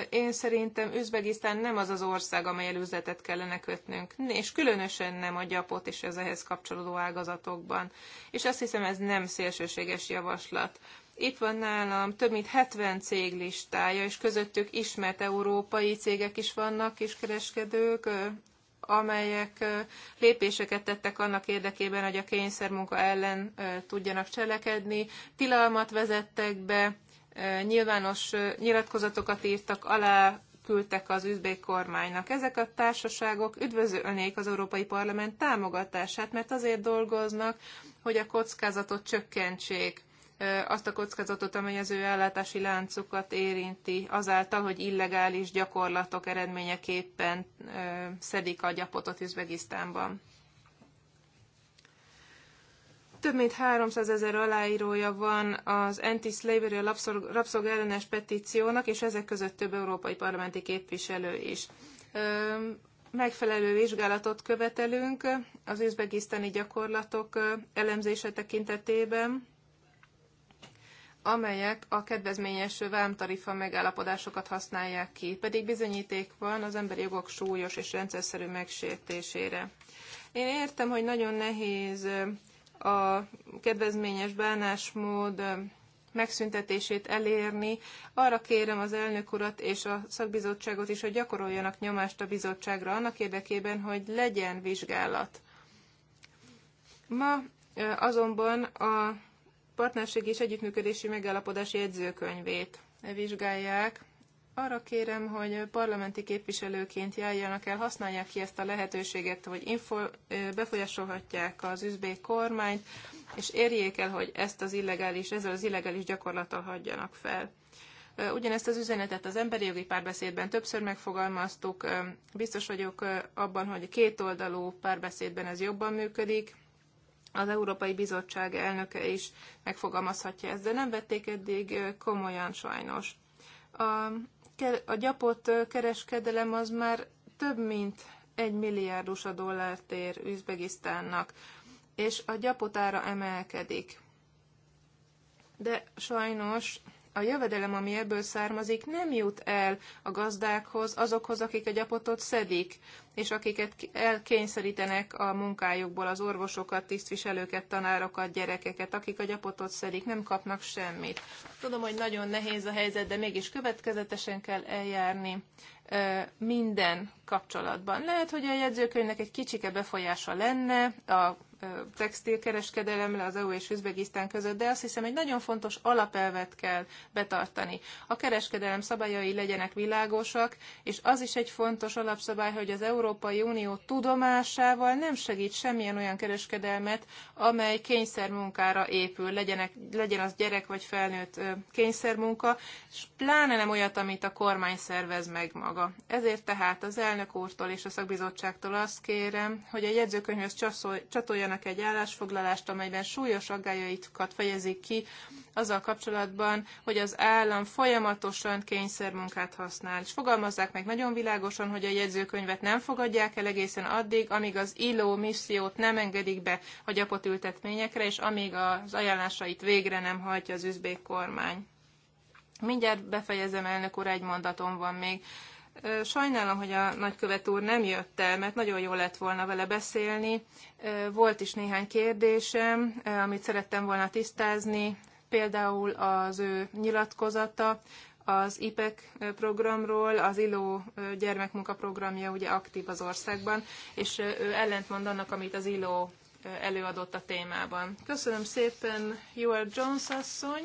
Én szerintem Üzbegisztán nem az az ország, amely üzletet kellene kötnünk, és különösen nem a gyapot és az ehhez kapcsolódó ágazatokban. És azt hiszem, ez nem szélsőséges javaslat. Itt van nálam több mint 70 cég listája, és közöttük ismert európai cégek is vannak, kiskereskedők, amelyek lépéseket tettek annak érdekében, hogy a kényszermunka ellen tudjanak cselekedni, tilalmat vezettek be, nyilvános nyilatkozatokat írtak alá, küldtek az üzbék kormánynak. Ezek a társaságok üdvözölnék az Európai Parlament támogatását, mert azért dolgoznak, hogy a kockázatot csökkentsék azt a kockázatot, amely az ő ellátási láncukat érinti, azáltal, hogy illegális gyakorlatok eredményeképpen szedik a gyapotot Üzbegisztánban. Több mint 300 ezer aláírója van az anti-slavery, a rabszolg ellenes petíciónak, és ezek között több európai parlamenti képviselő is megfelelő vizsgálatot követelünk az üzbegisztáni gyakorlatok elemzése tekintetében, amelyek a kedvezményes vámtarifa megállapodásokat használják ki, pedig bizonyíték van az emberi jogok súlyos és rendszerszerű megsértésére. Én értem, hogy nagyon nehéz a kedvezményes bánásmód megszüntetését elérni. Arra kérem az elnök urat és a szakbizottságot is, hogy gyakoroljanak nyomást a bizottságra annak érdekében, hogy legyen vizsgálat. Ma azonban a partnerségi és együttműködési megállapodás jegyzőkönyvét vizsgálják. Arra kérem, hogy parlamenti képviselőként járjanak el, használják ki ezt a lehetőséget, hogy info, befolyásolhatják az üzbék kormányt, és érjék el, hogy ezt az illegális, ezzel az illegális gyakorlattal hagyjanak fel. Ugyanezt az üzenetet az emberi jogi párbeszédben többször megfogalmaztuk. Biztos vagyok abban, hogy kétoldalú párbeszédben ez jobban működik, az Európai Bizottság elnöke is megfogalmazhatja ezt, de nem vették eddig komolyan sajnos. A, a gyapott kereskedelem az már több mint egy milliárdos a dollárt ér Üzbegisztánnak, és a gyapotára emelkedik. De sajnos a jövedelem, ami ebből származik, nem jut el a gazdákhoz, azokhoz, akik a gyapotot szedik, és akiket elkényszerítenek a munkájukból, az orvosokat, tisztviselőket, tanárokat, gyerekeket, akik a gyapotot szedik, nem kapnak semmit. Tudom, hogy nagyon nehéz a helyzet, de mégis következetesen kell eljárni minden kapcsolatban. Lehet, hogy a jegyzőkönyvnek egy kicsike befolyása lenne a textilkereskedelemre az EU és Üzbegisztán között, de azt hiszem egy nagyon fontos alapelvet kell betartani. A kereskedelem szabályai legyenek világosak, és az is egy fontos alapszabály, hogy az Európai Unió tudomásával nem segít semmilyen olyan kereskedelmet, amely kényszermunkára épül, legyenek, legyen az gyerek vagy felnőtt kényszermunka, és pláne nem olyat, amit a kormány szervez meg maga. Ezért tehát az elnök úrtól és a szakbizottságtól azt kérem, hogy a jegyzőkönyvhöz csatoljanak készítenek egy állásfoglalást, amelyben súlyos aggájaikat fejezik ki azzal kapcsolatban, hogy az állam folyamatosan kényszermunkát használ. És fogalmazzák meg nagyon világosan, hogy a jegyzőkönyvet nem fogadják el egészen addig, amíg az illó missziót nem engedik be a gyapot ültetményekre, és amíg az ajánlásait végre nem hajtja az üzbék kormány. Mindjárt befejezem, elnök úr, egy mondatom van még. Sajnálom, hogy a nagykövet úr nem jött el, mert nagyon jó lett volna vele beszélni. Volt is néhány kérdésem, amit szerettem volna tisztázni, például az ő nyilatkozata az IPEC programról, az ILO gyermekmunkaprogramja ugye aktív az országban, és ő ellentmond annak, amit az ILO előadott a témában. Köszönöm szépen, Joel Jones asszony.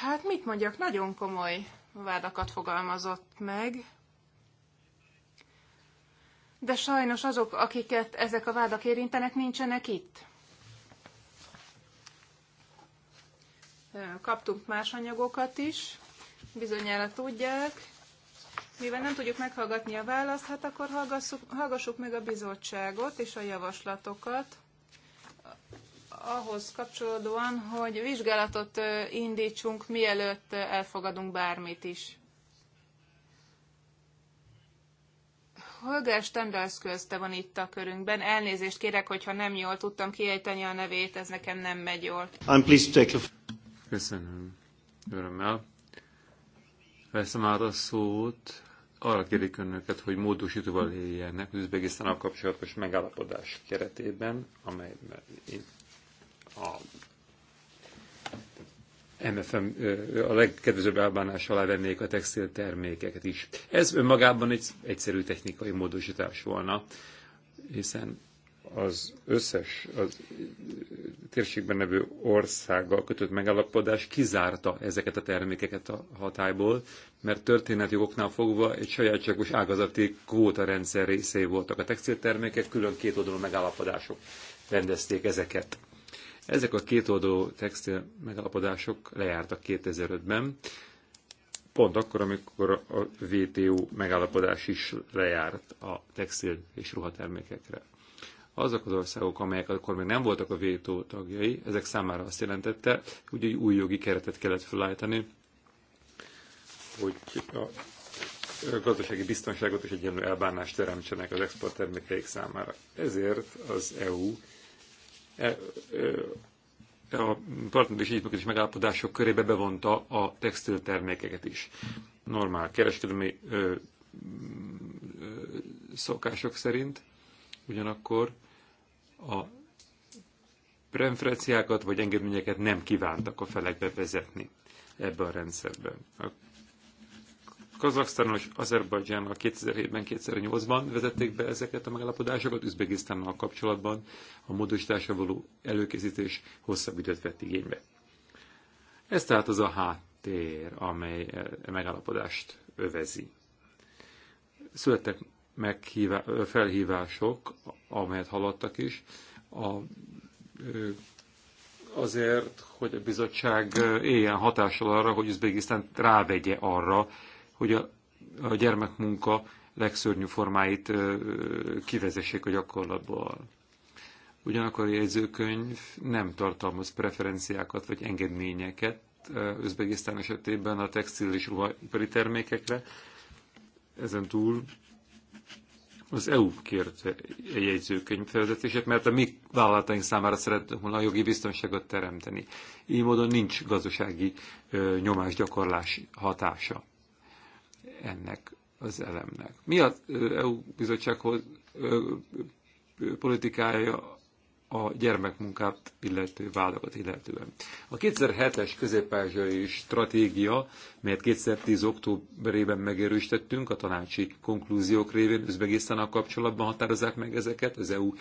Hát mit mondjak, nagyon komoly vádakat fogalmazott meg. De sajnos azok, akiket ezek a vádak érintenek, nincsenek itt. Kaptunk más anyagokat is, bizonyára tudják. Mivel nem tudjuk meghallgatni a választ, hát akkor hallgassuk, hallgassuk meg a bizottságot és a javaslatokat ahhoz kapcsolódóan, hogy vizsgálatot indítsunk, mielőtt elfogadunk bármit is. Holger Stendals közte van itt a körünkben. Elnézést kérek, hogyha nem jól tudtam kiejteni a nevét, ez nekem nem megy jól. I'm pleased to take a... Köszönöm. Örömmel. Veszem át a szót. Arra kérik önöket, hogy módosítóval éljenek az a kapcsolatos megállapodás keretében, amely a MFM a legkedvezőbb elbánás alá vennék a textil termékeket is. Ez önmagában egy egyszerű technikai módosítás volna, hiszen az összes az térségben nevő országgal kötött megállapodás kizárta ezeket a termékeket a hatályból, mert történeti oknál fogva egy sajátságos ágazati kvóta rendszer részé voltak a textiltermékek, külön két oldalú megállapodások rendezték ezeket. Ezek a kétoldalú textil megalapodások lejártak 2005-ben, pont akkor, amikor a WTO megállapodás is lejárt a textil és ruhatermékekre. Azok az országok, amelyek akkor még nem voltak a WTO tagjai, ezek számára azt jelentette, hogy egy új jogi keretet kellett felállítani, hogy a gazdasági biztonságot és egyenlő elbánást teremtsenek az exporttermékeik számára. Ezért az EU E, e, a partner és együttműködés megállapodások körébe bevonta a textiltermékeket is. Normál kereskedelmi ö, ö, szokások szerint, ugyanakkor a preferenciákat vagy engedményeket nem kívántak a felek bevezetni ebbe a rendszerbe. A Kazaksztánnal és Azerbajdzsánnal 2007-ben, 2008-ban vezették be ezeket a megállapodásokat, Üzbegisztánnal kapcsolatban a módosításra való előkészítés hosszabb időt vett igénybe. Ez tehát az a háttér, amely a e, e megállapodást övezi. Születtek meghívá, felhívások, amelyet hallottak is, a, azért, hogy a bizottság éljen hatással arra, hogy Üzbegisztán rávegye arra, hogy a, a gyermekmunka legszörnyű formáit kivezessék a gyakorlatból. Ugyanakkor a jegyzőkönyv nem tartalmaz preferenciákat vagy engedményeket Özbegisztán esetében a textil és ruhaipari termékekre. Ezen túl az EU kért a jegyzőkönyv felvezetését, mert a mi vállalataink számára szeretnénk volna a jogi biztonságot teremteni. Így módon nincs gazdasági nyomásgyakorlás hatása ennek az elemnek. Mi az EU bizottsághoz politikája a gyermekmunkát illető vádakat illetően. A 2007-es közép stratégia, melyet 2010. októberében megerősítettünk, a tanácsi konklúziók révén Özbegisztánnal kapcsolatban határozzák meg ezeket, az EU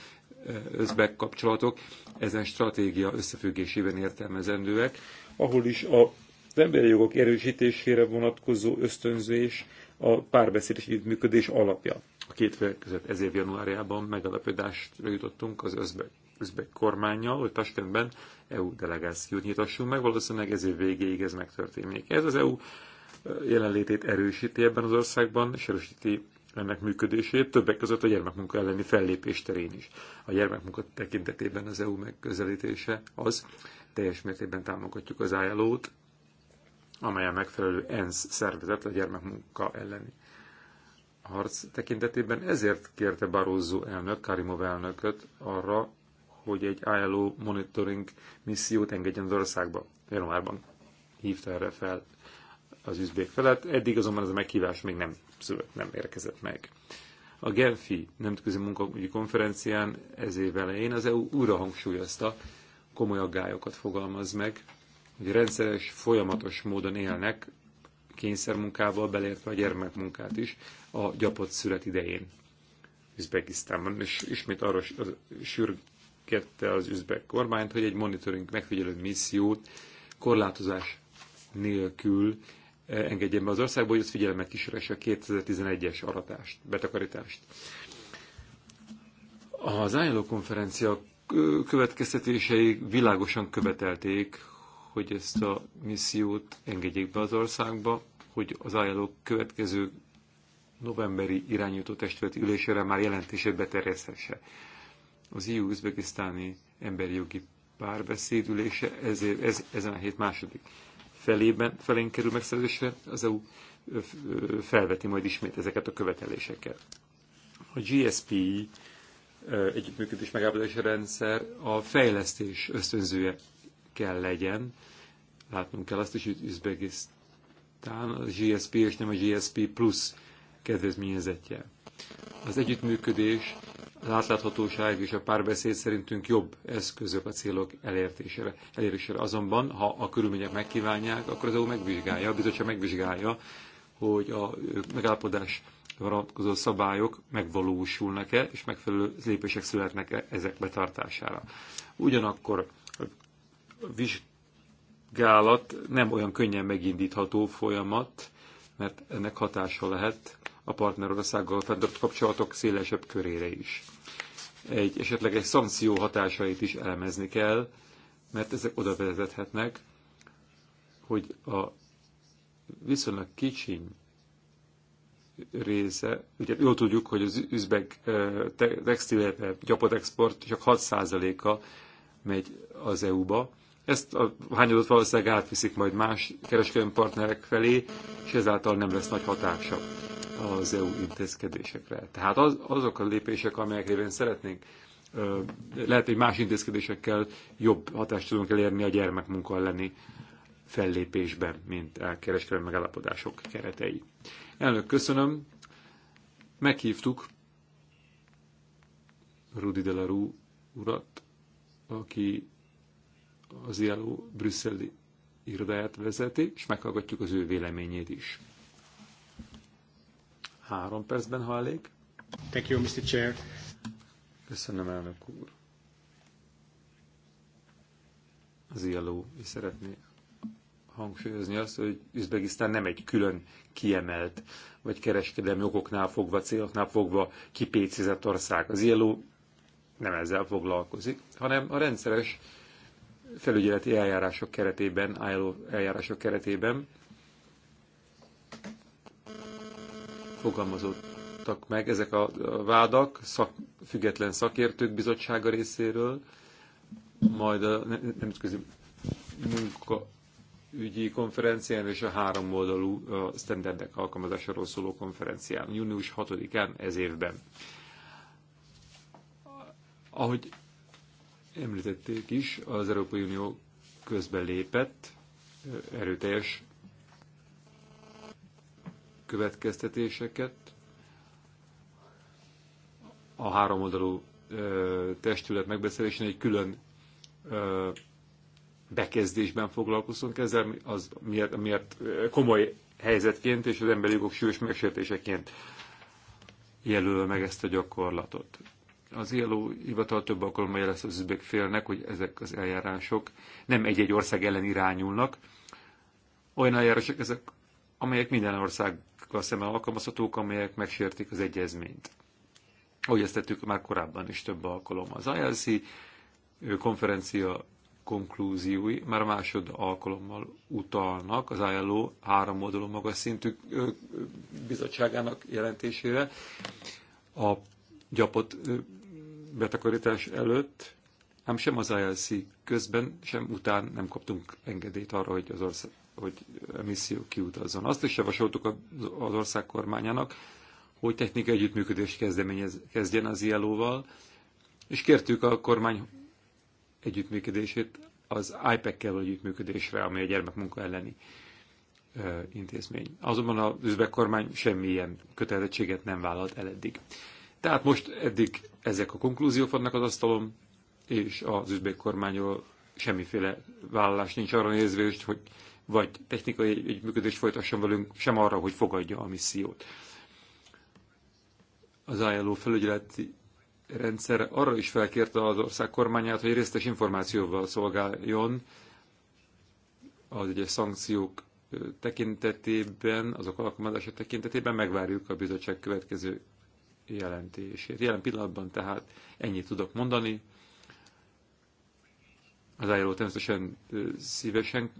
özbek kapcsolatok ezen stratégia összefüggésében értelmezendőek, ahol is a az emberi jogok erősítésére vonatkozó ösztönzés a párbeszéd és együttműködés alapja. A két fél között ez év januárjában megalapodást jutottunk az özbek, özbek kormányjal, hogy Taskentben EU delegációt nyitassunk meg, valószínűleg ez év végéig ez megtörténik. Ez az EU jelenlétét erősíti ebben az országban, és erősíti ennek működését, többek között a gyermekmunka elleni fellépés terén is. A gyermekmunka tekintetében az EU megközelítése az, teljes mértékben támogatjuk az ájálót, amely a megfelelő ENSZ szervezet a gyermekmunka elleni harc tekintetében. Ezért kérte Barroso elnök, Karimov elnököt arra, hogy egy ILO monitoring missziót engedjen az országba. Januárban hívta erre fel az üzbék felett. Eddig azonban ez a meghívás még nem szület, nem érkezett meg. A Genfi Nemzetközi Munkaügyi Konferencián ez év elején az EU újra hangsúlyozta, komoly aggályokat fogalmaz meg hogy rendszeres, folyamatos módon élnek kényszermunkával, beleértve a gyermekmunkát is a gyapott szület idején Üzbekisztánban. És ismét arra sürgette az üzbek kormányt, hogy egy monitoring megfigyelő missziót korlátozás nélkül eh, engedjen be az országba, hogy az figyelemmel kíséresse a 2011-es aratást, betakarítást. Az álló konferencia eh, következtetései világosan követelték, hogy ezt a missziót engedjék be az országba, hogy az ajánlók következő novemberi irányító testület ülésére már jelentését beterjeszthesse. Az EU-Üzbekisztáni emberi jogi párbeszéd ülése ez, ez, ezen a hét második felében, felén kerül megszerzésre, az EU felveti majd ismét ezeket a követeléseket. A GSP együttműködés megállapodási rendszer a fejlesztés ösztönzője kell legyen. Látnunk kell azt is, hogy Üzbegisztán a GSP és nem a GSP plusz kedvezményezetje. Az együttműködés, az átláthatóság és a párbeszéd szerintünk jobb eszközök a célok elértésére. elérésére. Azonban, ha a körülmények megkívánják, akkor az EU megvizsgálja, a bizottság megvizsgálja, hogy a megállapodás vonatkozó szabályok megvalósulnak-e, és megfelelő lépések születnek-e ezek betartására. Ugyanakkor vizsgálat nem olyan könnyen megindítható folyamat, mert ennek hatása lehet a partnerországgal fenntartott kapcsolatok szélesebb körére is. Egy esetleges szankció hatásait is elemezni kell, mert ezek oda vezethetnek, hogy a viszonylag kicsiny része, ugye jól tudjuk, hogy az üzbek eh, textil, gyapotexport csak 6%-a megy az EU-ba, ezt a hányadot valószínűleg átviszik majd más kereskedelmi partnerek felé, és ezáltal nem lesz nagy hatása az EU intézkedésekre. Tehát az, azok a lépések, amelyek révén szeretnénk, lehet, hogy más intézkedésekkel jobb hatást tudunk elérni a gyermekmunka elleni fellépésben, mint a kereskedelmi megállapodások keretei. Elnök, köszönöm. Meghívtuk Rudi Delarú urat, aki az ILO brüsszeli irodáját vezeti, és meghallgatjuk az ő véleményét is. Három percben, ha elég. Thank you, Mr. Chair. Köszönöm, elnök úr. Az ILO is szeretné hangsúlyozni azt, hogy Üzbegisztán nem egy külön kiemelt, vagy kereskedelmi okoknál fogva, céloknál fogva kipécézett ország. Az ILO nem ezzel foglalkozik, hanem a rendszeres felügyeleti eljárások keretében, álló eljárások keretében fogalmazottak meg ezek a vádak szak, független szakértők bizottsága részéről, majd a Nemzetközi Munkaügyi Konferencián és a három oldalú standardek alkalmazásáról szóló konferencián, június 6-án ez évben. Ahogy említették is, az Európai Unió lépett erőteljes következtetéseket a háromoldalú testület megbeszélésén egy külön bekezdésben foglalkozunk ezzel, az miért, miért komoly helyzetként és az emberi jogok súlyos megsértéseként jelöl meg ezt a gyakorlatot. Az ILO hivatal több alkalommal jelezte az üzbek félnek, hogy ezek az eljárások nem egy-egy ország ellen irányulnak. Olyan eljárások ezek, amelyek minden országgal szemben alkalmazhatók, amelyek megsértik az egyezményt. Ahogy ezt tettük már korábban is több alkalommal. Az ILC konferencia konklúziói már másod alkalommal utalnak az ILO három oldalú magas szintű bizottságának jelentésére. A gyapot betakarítás előtt, ám sem az ILC közben, sem után nem kaptunk engedélyt arra, hogy az ország, hogy emisszió kiutazzon. Azt is javasoltuk az ország kormányának, hogy technikai együttműködést kezdeményez, kezdjen az ILO-val, és kértük a kormány együttműködését az IPEC-kel együttműködésre, ami a gyermekmunka elleni ö, intézmény. Azonban az üzbek kormány semmilyen kötelezettséget nem vállalt el eddig. Tehát most eddig ezek a konklúziók vannak az asztalon, és az üzbék kormányról semmiféle vállalás nincs arra nézvést, hogy vagy technikai együttműködést folytasson velünk, sem arra, hogy fogadja a missziót. Az ILO felügyeleti rendszer arra is felkérte az ország kormányát, hogy részletes információval szolgáljon az egyes szankciók tekintetében, azok alkalmazása tekintetében megvárjuk a bizottság következő jelentését. Jelen pillanatban tehát ennyit tudok mondani. Az ILO természetesen szívesen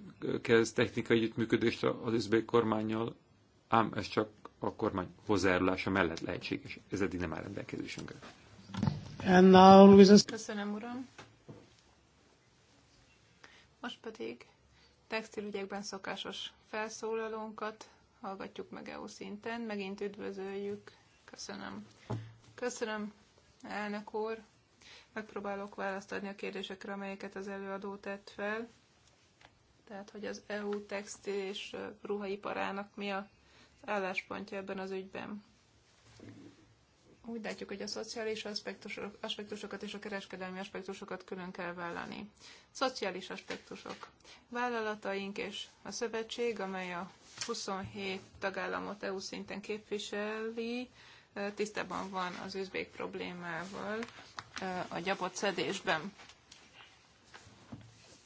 kezd technikai együttműködést az üzbék kormányjal, ám ez csak a kormány hozzájárulása mellett lehetséges. Ez eddig nem áll rendelkezésünkre. Köszönöm, uram. Most pedig textilügyekben szokásos felszólalónkat hallgatjuk meg EU szinten. Megint üdvözöljük Köszönöm. Köszönöm, elnök úr. Megpróbálok választ adni a kérdésekre, amelyeket az előadó tett fel. Tehát, hogy az EU textil és ruhaiparának mi az álláspontja ebben az ügyben. Úgy látjuk, hogy a szociális aspektusok, aspektusokat és a kereskedelmi aspektusokat külön kell vállalni. Szociális aspektusok. Vállalataink és a szövetség, amely a 27 tagállamot EU szinten képviseli, tisztában van az üzbék problémával a gyapott szedésben.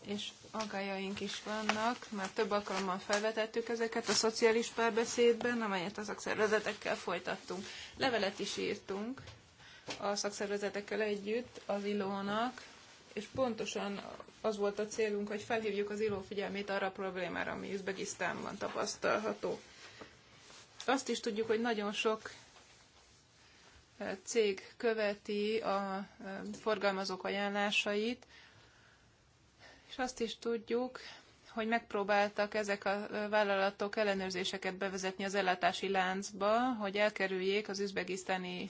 És agájaink is vannak, mert több alkalommal felvetettük ezeket a szociális párbeszédben, amelyet a szakszervezetekkel folytattunk. Levelet is írtunk a szakszervezetekkel együtt az ilónak, és pontosan az volt a célunk, hogy felhívjuk az ILO figyelmét arra a problémára, ami Üzbegisztánban tapasztalható. Azt is tudjuk, hogy nagyon sok cég követi a forgalmazók ajánlásait, és azt is tudjuk, hogy megpróbáltak ezek a vállalatok ellenőrzéseket bevezetni az ellátási láncba, hogy elkerüljék az üzbegisztáni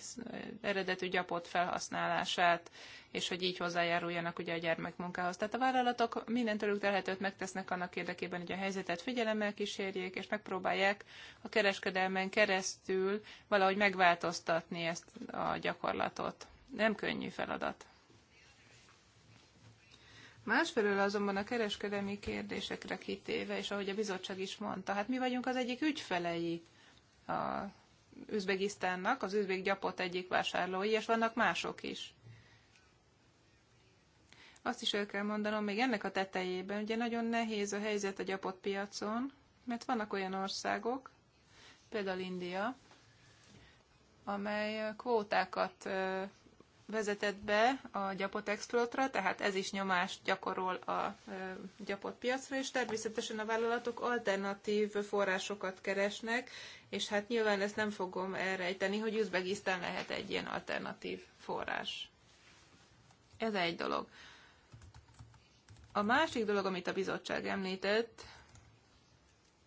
eredetű gyapot felhasználását, és hogy így hozzájáruljanak ugye a gyermekmunkához. Tehát a vállalatok minden tőlük telhetőt megtesznek annak érdekében, hogy a helyzetet figyelemmel kísérjék, és megpróbálják a kereskedelmen keresztül valahogy megváltoztatni ezt a gyakorlatot. Nem könnyű feladat. Másfelől azonban a kereskedelmi kérdésekre kitéve, és ahogy a bizottság is mondta, hát mi vagyunk az egyik ügyfelei a Üzbegisztánnak, az üzbeg gyapot egyik vásárlói, és vannak mások is. Azt is el kell mondanom, még ennek a tetejében, ugye nagyon nehéz a helyzet a gyapot piacon, mert vannak olyan országok, például India, amely kvótákat vezetett be a gyapot exportra, tehát ez is nyomást gyakorol a gyapot piacra, és természetesen a vállalatok alternatív forrásokat keresnek, és hát nyilván ezt nem fogom elrejteni, hogy Üzbegisztán lehet egy ilyen alternatív forrás. Ez egy dolog. A másik dolog, amit a bizottság említett,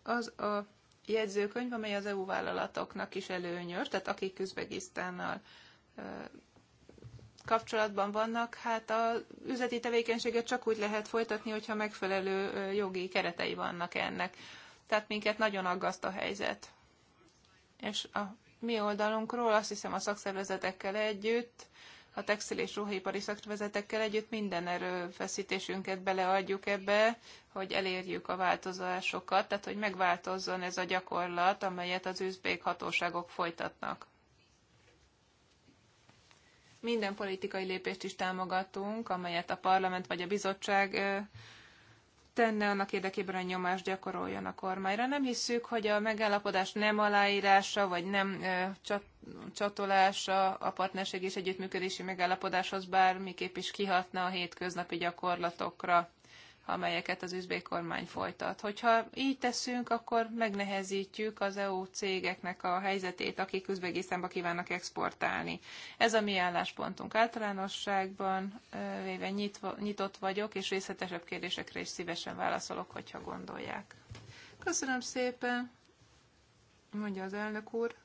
az a jegyzőkönyv, amely az EU vállalatoknak is előnyös, tehát akik Üzbegisztánnal kapcsolatban vannak, hát a üzleti tevékenységet csak úgy lehet folytatni, hogyha megfelelő jogi keretei vannak ennek. Tehát minket nagyon aggaszt a helyzet. És a mi oldalunkról azt hiszem a szakszervezetekkel együtt, a textil és ruhaipari szakszervezetekkel együtt minden erőfeszítésünket beleadjuk ebbe, hogy elérjük a változásokat, tehát hogy megváltozzon ez a gyakorlat, amelyet az üzbék hatóságok folytatnak minden politikai lépést is támogatunk, amelyet a parlament vagy a bizottság tenne annak érdekében, hogy nyomást gyakoroljon a kormányra. Nem hiszük, hogy a megállapodás nem aláírása, vagy nem csatolása a partnerség és együttműködési megállapodáshoz bármiképp is kihatna a hétköznapi gyakorlatokra amelyeket az üzbék kormány folytat. Hogyha így teszünk, akkor megnehezítjük az EU cégeknek a helyzetét, akik Üzbegisztánba kívánnak exportálni. Ez a mi álláspontunk általánosságban, véve nyitva, nyitott vagyok, és részletesebb kérdésekre is szívesen válaszolok, hogyha gondolják. Köszönöm szépen, mondja az elnök úr.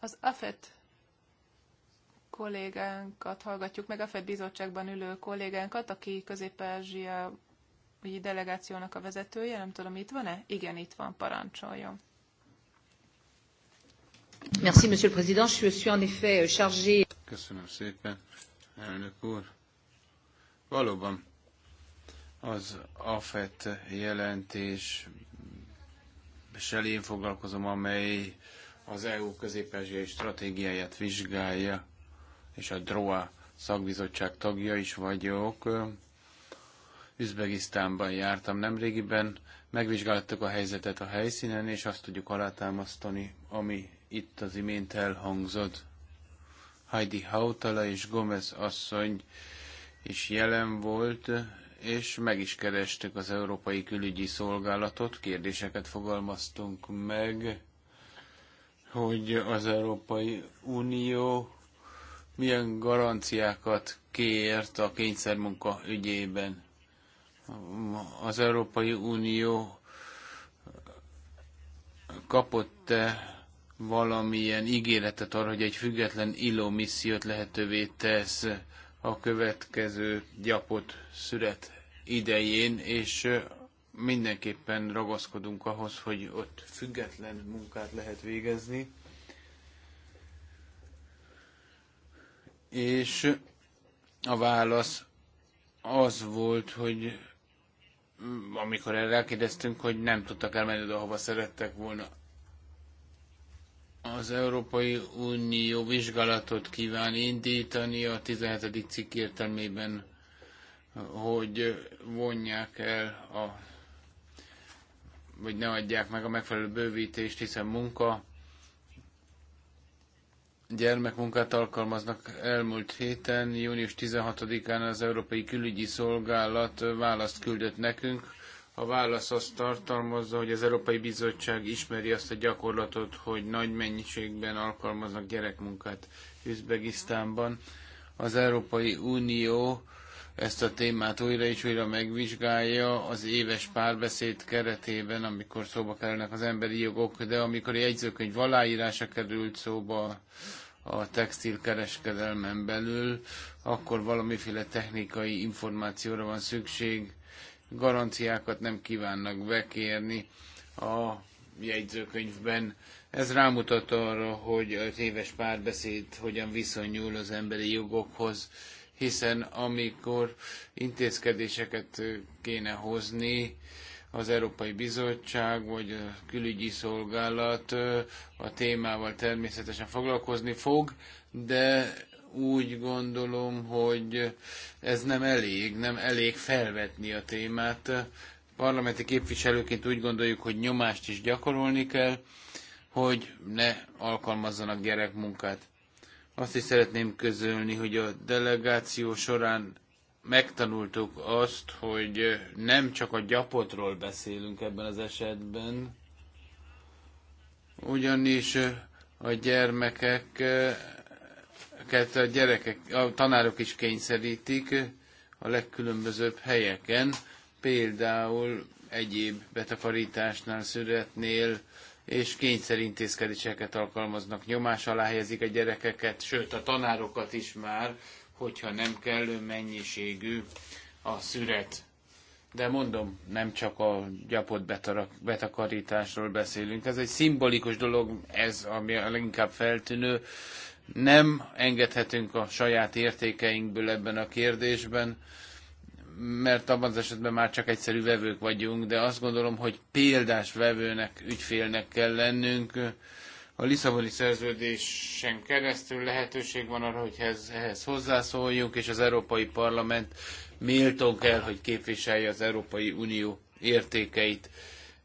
Az AFET kollégánkat hallgatjuk meg, a FED bizottságban ülő kollégánkat, aki közép-ázsiai delegációnak a vezetője, nem tudom, itt van-e? Igen, itt van, parancsoljon. Merci, Monsieur le Président. Je suis en effet euh, chargé. Köszönöm szépen, elnök úr. Valóban az AFET jelentés, és én foglalkozom, amely az EU közép stratégiáját vizsgálja és a DROA szakbizottság tagja is vagyok. Üzbegisztánban jártam nemrégiben, megvizsgáltuk a helyzetet a helyszínen, és azt tudjuk alátámasztani, ami itt az imént elhangzott. Heidi Hautala és Gomez asszony is jelen volt, és meg is kerestük az Európai Külügyi Szolgálatot, kérdéseket fogalmaztunk meg, hogy az Európai Unió milyen garanciákat kért a kényszermunka ügyében. Az Európai Unió kapott-e valamilyen ígéretet arra, hogy egy független ILO missziót lehetővé tesz a következő gyapot szület idején, és mindenképpen ragaszkodunk ahhoz, hogy ott független munkát lehet végezni. és a válasz az volt, hogy amikor erre elkérdeztünk, hogy nem tudtak elmenni oda, ahova szerettek volna. Az Európai Unió vizsgálatot kíván indítani a 17. cikk értelmében, hogy vonják el a, vagy ne adják meg a megfelelő bővítést, hiszen munka gyermekmunkát alkalmaznak. Elmúlt héten, június 16-án az Európai Külügyi Szolgálat választ küldött nekünk. A válasz azt tartalmazza, hogy az Európai Bizottság ismeri azt a gyakorlatot, hogy nagy mennyiségben alkalmaznak gyerekmunkát Üzbegisztánban. Az Európai Unió ezt a témát újra és újra megvizsgálja az éves párbeszéd keretében, amikor szóba kerülnek az emberi jogok, de amikor a jegyzőkönyv aláírása került szóba a textilkereskedelmen belül, akkor valamiféle technikai információra van szükség, garanciákat nem kívánnak bekérni a jegyzőkönyvben. Ez rámutat arra, hogy az éves párbeszéd hogyan viszonyul az emberi jogokhoz, hiszen amikor intézkedéseket kéne hozni, az Európai Bizottság vagy a külügyi szolgálat a témával természetesen foglalkozni fog, de úgy gondolom, hogy ez nem elég, nem elég felvetni a témát. Parlamenti képviselőként úgy gondoljuk, hogy nyomást is gyakorolni kell, hogy ne alkalmazzanak gyerekmunkát. Azt is szeretném közölni, hogy a delegáció során megtanultuk azt, hogy nem csak a gyapotról beszélünk ebben az esetben, ugyanis a gyermekeket, a gyerekek, a tanárok is kényszerítik a legkülönbözőbb helyeken, például egyéb betakarításnál, születnél, és kényszerintézkedéseket alkalmaznak, nyomás alá helyezik a gyerekeket, sőt a tanárokat is már, hogyha nem kellő mennyiségű a szüret. De mondom, nem csak a gyapott betarak, betakarításról beszélünk. Ez egy szimbolikus dolog, ez ami a leginkább feltűnő. Nem engedhetünk a saját értékeinkből ebben a kérdésben mert abban az esetben már csak egyszerű vevők vagyunk, de azt gondolom, hogy példás vevőnek, ügyfélnek kell lennünk. A Lisszaboni szerződésen keresztül lehetőség van arra, hogy ehhez, ehhez hozzászóljunk, és az Európai Parlament méltó kell, hogy képviselje az Európai Unió értékeit.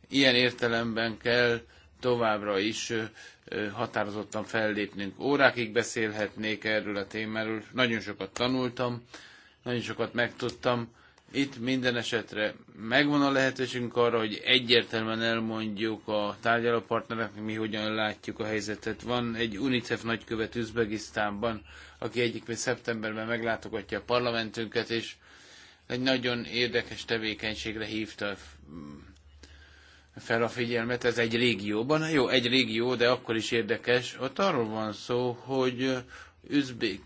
Ilyen értelemben kell továbbra is határozottan fellépnünk. Órákig beszélhetnék erről a témáról, nagyon sokat tanultam, nagyon sokat megtudtam, itt minden esetre megvan a lehetőségünk arra, hogy egyértelműen elmondjuk a tárgyalópartnereknek, mi hogyan látjuk a helyzetet. Van egy UNICEF nagykövet Üzbegisztánban, aki egyik szeptemberben meglátogatja a parlamentünket, és egy nagyon érdekes tevékenységre hívta fel a figyelmet, ez egy régióban, jó, egy régió, de akkor is érdekes. Ott arról van szó, hogy üzbék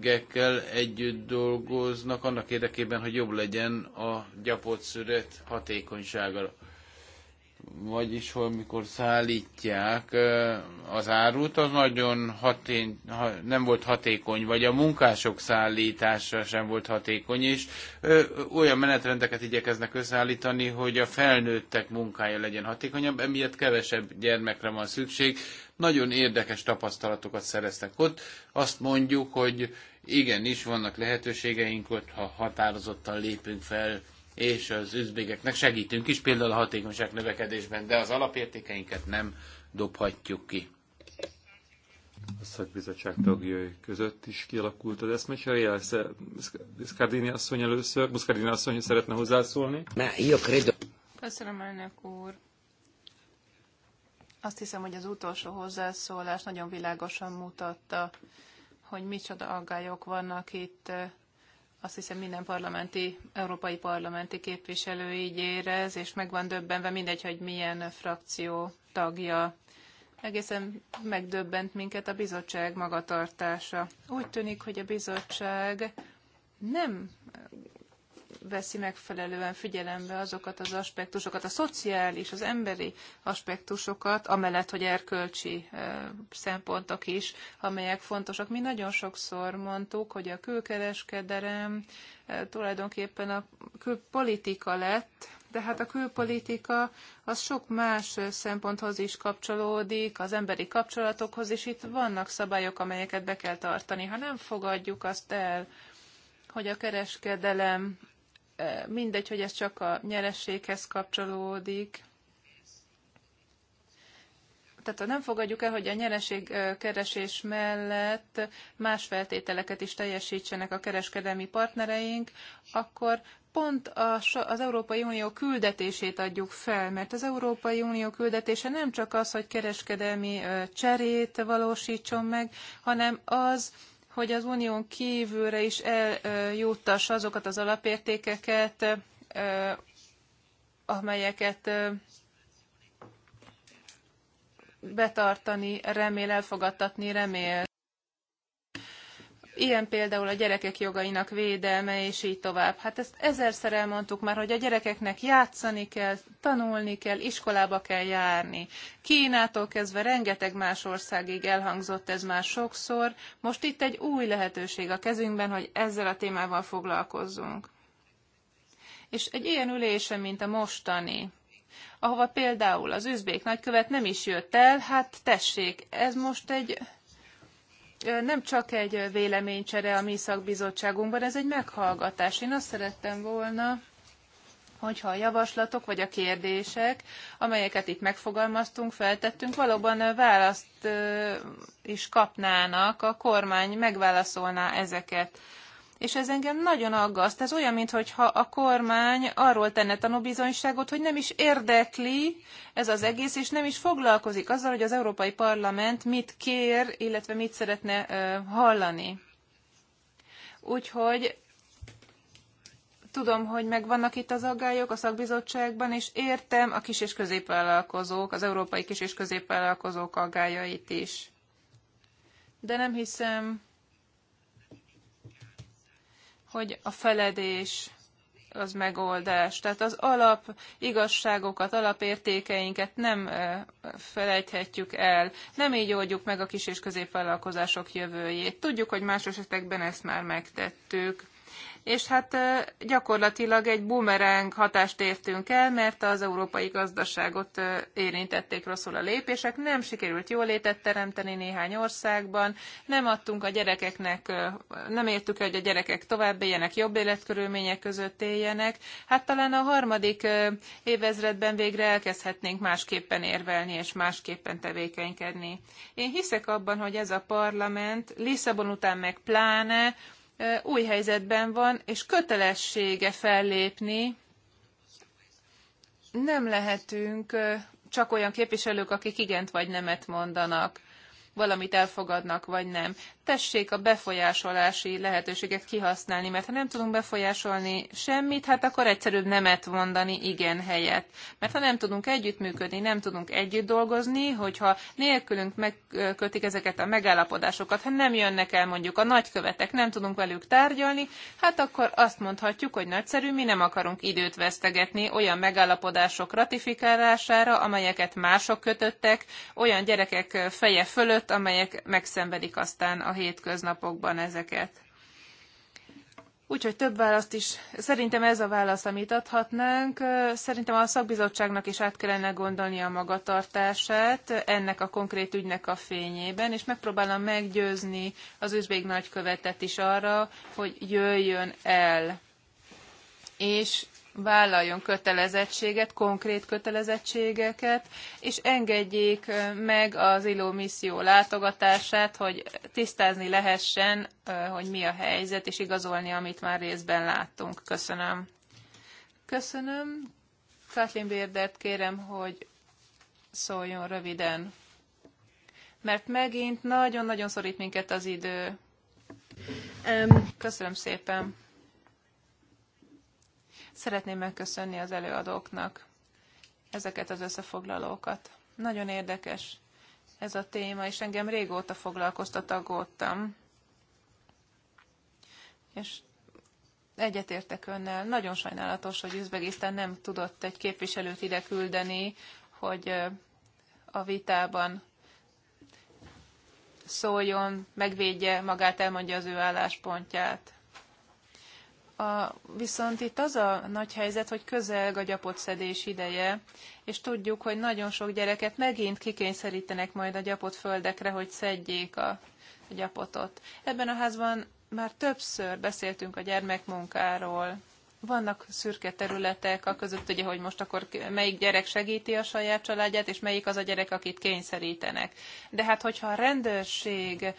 cégekkel együtt dolgoznak annak érdekében, hogy jobb legyen a gyapott szüret hatékonysága vagyis hogy mikor szállítják az árut, az nagyon hatény, nem volt hatékony, vagy a munkások szállítása sem volt hatékony, és olyan menetrendeket igyekeznek összeállítani, hogy a felnőttek munkája legyen hatékonyabb, emiatt kevesebb gyermekre van szükség. Nagyon érdekes tapasztalatokat szereztek ott. Azt mondjuk, hogy igenis vannak lehetőségeink, ha határozottan lépünk fel és az üzbégeknek segítünk is, például a hatékonyság növekedésben, de az alapértékeinket nem dobhatjuk ki. A szakbizottság tagjai között is kialakult az eszmecsere, Muscardini asszony először, Muscardini asszony szeretne hozzászólni. Köszönöm, elnök úr. Azt hiszem, hogy az utolsó hozzászólás nagyon világosan mutatta, hogy micsoda aggályok vannak itt azt hiszem minden parlamenti, európai parlamenti képviselő így érez, és meg van döbbenve mindegy, hogy milyen frakció tagja. Egészen megdöbbent minket a bizottság magatartása. Úgy tűnik, hogy a bizottság nem veszi megfelelően figyelembe azokat az aspektusokat, a szociális, az emberi aspektusokat, amellett, hogy erkölcsi szempontok is, amelyek fontosak. Mi nagyon sokszor mondtuk, hogy a külkereskedelem tulajdonképpen a külpolitika lett, de hát a külpolitika az sok más szemponthoz is kapcsolódik, az emberi kapcsolatokhoz, is. itt vannak szabályok, amelyeket be kell tartani. Ha nem fogadjuk azt el, hogy a kereskedelem mindegy, hogy ez csak a nyerességhez kapcsolódik, tehát ha nem fogadjuk el, hogy a nyereségkeresés mellett más feltételeket is teljesítsenek a kereskedelmi partnereink, akkor pont az Európai Unió küldetését adjuk fel, mert az Európai Unió küldetése nem csak az, hogy kereskedelmi cserét valósítson meg, hanem az, hogy az unión kívülre is eljuttassa azokat az alapértékeket, amelyeket betartani remél, elfogadtatni remél. Ilyen például a gyerekek jogainak védelme, és így tovább. Hát ezt ezerszer elmondtuk már, hogy a gyerekeknek játszani kell, tanulni kell, iskolába kell járni. Kínától kezdve rengeteg más országig elhangzott ez már sokszor. Most itt egy új lehetőség a kezünkben, hogy ezzel a témával foglalkozzunk. És egy ilyen ülése, mint a mostani, ahova például az üzbék nagykövet nem is jött el, hát tessék, ez most egy nem csak egy véleménycsere a mi szakbizottságunkban, ez egy meghallgatás. Én azt szerettem volna, hogyha a javaslatok vagy a kérdések, amelyeket itt megfogalmaztunk, feltettünk, valóban választ is kapnának, a kormány megválaszolná ezeket és ez engem nagyon aggaszt. Ez olyan, mintha a kormány arról tenne tanúbizonyságot, hogy nem is érdekli ez az egész, és nem is foglalkozik azzal, hogy az Európai Parlament mit kér, illetve mit szeretne hallani. Úgyhogy tudom, hogy megvannak itt az aggályok a szakbizottságban, és értem a kis- és középvállalkozók, az európai kis- és középvállalkozók aggályait is. De nem hiszem, hogy a feledés az megoldás. Tehát az alap igazságokat, alapértékeinket nem felejthetjük el. Nem így oldjuk meg a kis és középvállalkozások jövőjét. Tudjuk, hogy más esetekben ezt már megtettük és hát gyakorlatilag egy bumerang hatást értünk el, mert az európai gazdaságot érintették rosszul a lépések, nem sikerült jól létet teremteni néhány országban, nem adtunk a gyerekeknek, nem értük el, hogy a gyerekek tovább éljenek, jobb életkörülmények között éljenek. Hát talán a harmadik évezredben végre elkezdhetnénk másképpen érvelni és másképpen tevékenykedni. Én hiszek abban, hogy ez a parlament Lisszabon után meg pláne, új helyzetben van, és kötelessége fellépni. Nem lehetünk csak olyan képviselők, akik igent vagy nemet mondanak, valamit elfogadnak vagy nem tessék a befolyásolási lehetőséget kihasználni, mert ha nem tudunk befolyásolni semmit, hát akkor egyszerűbb nemet mondani igen helyett. Mert ha nem tudunk együttműködni, nem tudunk együtt dolgozni, hogyha nélkülünk megkötik ezeket a megállapodásokat, ha nem jönnek el mondjuk a nagykövetek, nem tudunk velük tárgyalni, hát akkor azt mondhatjuk, hogy nagyszerű, mi nem akarunk időt vesztegetni olyan megállapodások ratifikálására, amelyeket mások kötöttek, olyan gyerekek feje fölött, amelyek megszenvedik aztán a hétköznapokban ezeket. Úgyhogy több választ is, szerintem ez a válasz, amit adhatnánk. Szerintem a szakbizottságnak is át kellene gondolnia a magatartását ennek a konkrét ügynek a fényében, és megpróbálom meggyőzni az üzbék nagykövetet is arra, hogy jöjjön el. És vállaljon kötelezettséget, konkrét kötelezettségeket, és engedjék meg az ILO misszió látogatását, hogy tisztázni lehessen, hogy mi a helyzet, és igazolni, amit már részben láttunk. Köszönöm. Köszönöm. Kathleen Bérdet kérem, hogy szóljon röviden, mert megint nagyon-nagyon szorít minket az idő. Köszönöm szépen. Szeretném megköszönni az előadóknak ezeket az összefoglalókat. Nagyon érdekes ez a téma, és engem régóta foglalkoztat, aggódtam. És egyetértek önnel. Nagyon sajnálatos, hogy Üzbegisztán nem tudott egy képviselőt ide küldeni, hogy a vitában szóljon, megvédje magát, elmondja az ő álláspontját. A, viszont itt az a nagy helyzet, hogy közel a gyapotszedés ideje, és tudjuk, hogy nagyon sok gyereket megint kikényszerítenek majd a gyapott földekre, hogy szedjék a gyapotot. Ebben a házban már többször beszéltünk a gyermekmunkáról. Vannak szürke területek, a között ugye, hogy most akkor melyik gyerek segíti a saját családját, és melyik az a gyerek, akit kényszerítenek. De hát, hogyha a rendőrség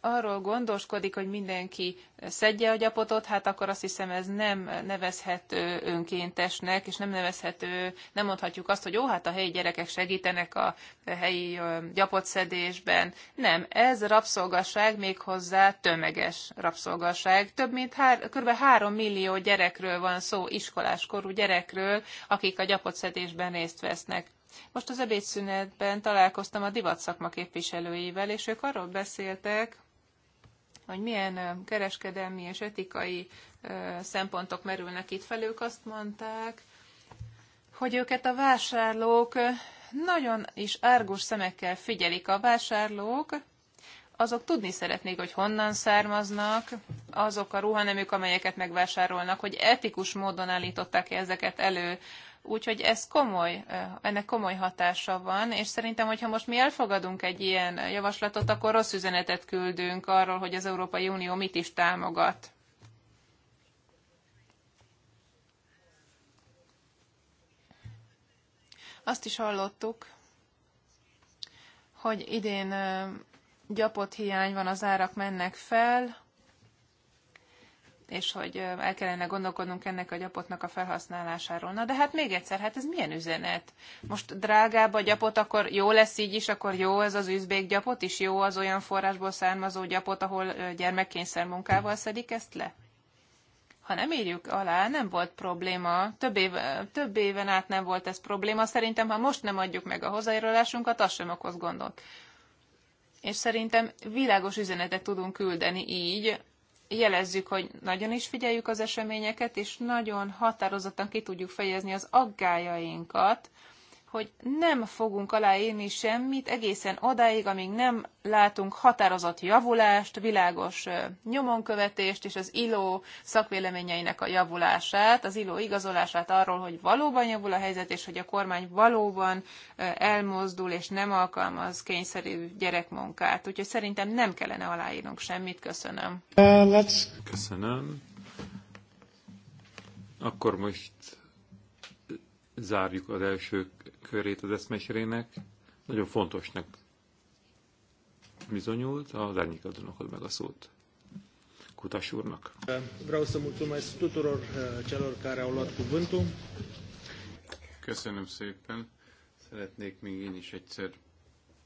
arról gondoskodik, hogy mindenki szedje a gyapotot, hát akkor azt hiszem ez nem nevezhető önkéntesnek, és nem nevezhető, nem mondhatjuk azt, hogy jó, hát a helyi gyerekek segítenek a helyi gyapotszedésben. Nem, ez rabszolgasság méghozzá tömeges rabszolgasság. Több mint hár, kb. 3 millió gyerekről van szó, iskoláskorú gyerekről, akik a gyapotszedésben részt vesznek. Most az ebédszünetben találkoztam a divatszakma képviselőivel, és ők arról beszéltek, hogy milyen kereskedelmi és etikai szempontok merülnek itt fel. Ők azt mondták, hogy őket a vásárlók nagyon is árgus szemekkel figyelik a vásárlók, azok tudni szeretnék, hogy honnan származnak azok a ruhanemük, amelyeket megvásárolnak, hogy etikus módon állították -e ezeket elő, Úgyhogy ez komoly, ennek komoly hatása van, és szerintem, hogyha most mi elfogadunk egy ilyen javaslatot, akkor rossz üzenetet küldünk arról, hogy az Európai Unió mit is támogat. Azt is hallottuk, hogy idén gyapot hiány van, az árak mennek fel, és hogy el kellene gondolkodnunk ennek a gyapotnak a felhasználásáról. Na de hát még egyszer, hát ez milyen üzenet? Most drágább a gyapot, akkor jó lesz így is, akkor jó ez az üzbék gyapot is, jó az olyan forrásból származó gyapot, ahol gyermekkényszer munkával szedik ezt le? ha nem írjuk alá, nem volt probléma. Több, év, több éven át nem volt ez probléma. Szerintem, ha most nem adjuk meg a hozzájárulásunkat, az sem okoz gondot. És szerintem világos üzenetet tudunk küldeni így jelezzük, hogy nagyon is figyeljük az eseményeket, és nagyon határozottan ki tudjuk fejezni az aggájainkat hogy nem fogunk aláírni semmit egészen odáig, amíg nem látunk határozott javulást, világos nyomonkövetést és az ILO szakvéleményeinek a javulását, az ILO igazolását arról, hogy valóban javul a helyzet, és hogy a kormány valóban elmozdul és nem alkalmaz kényszerű gyerekmunkát. Úgyhogy szerintem nem kellene aláírnunk semmit. Köszönöm. Uh, Köszönöm. Akkor most zárjuk az első körét az eszmesérének nagyon fontosnak bizonyult, az árnyékadónak ad meg a szót. Kutas úrnak. Eh, Köszönöm szépen. Szeretnék még én is egyszer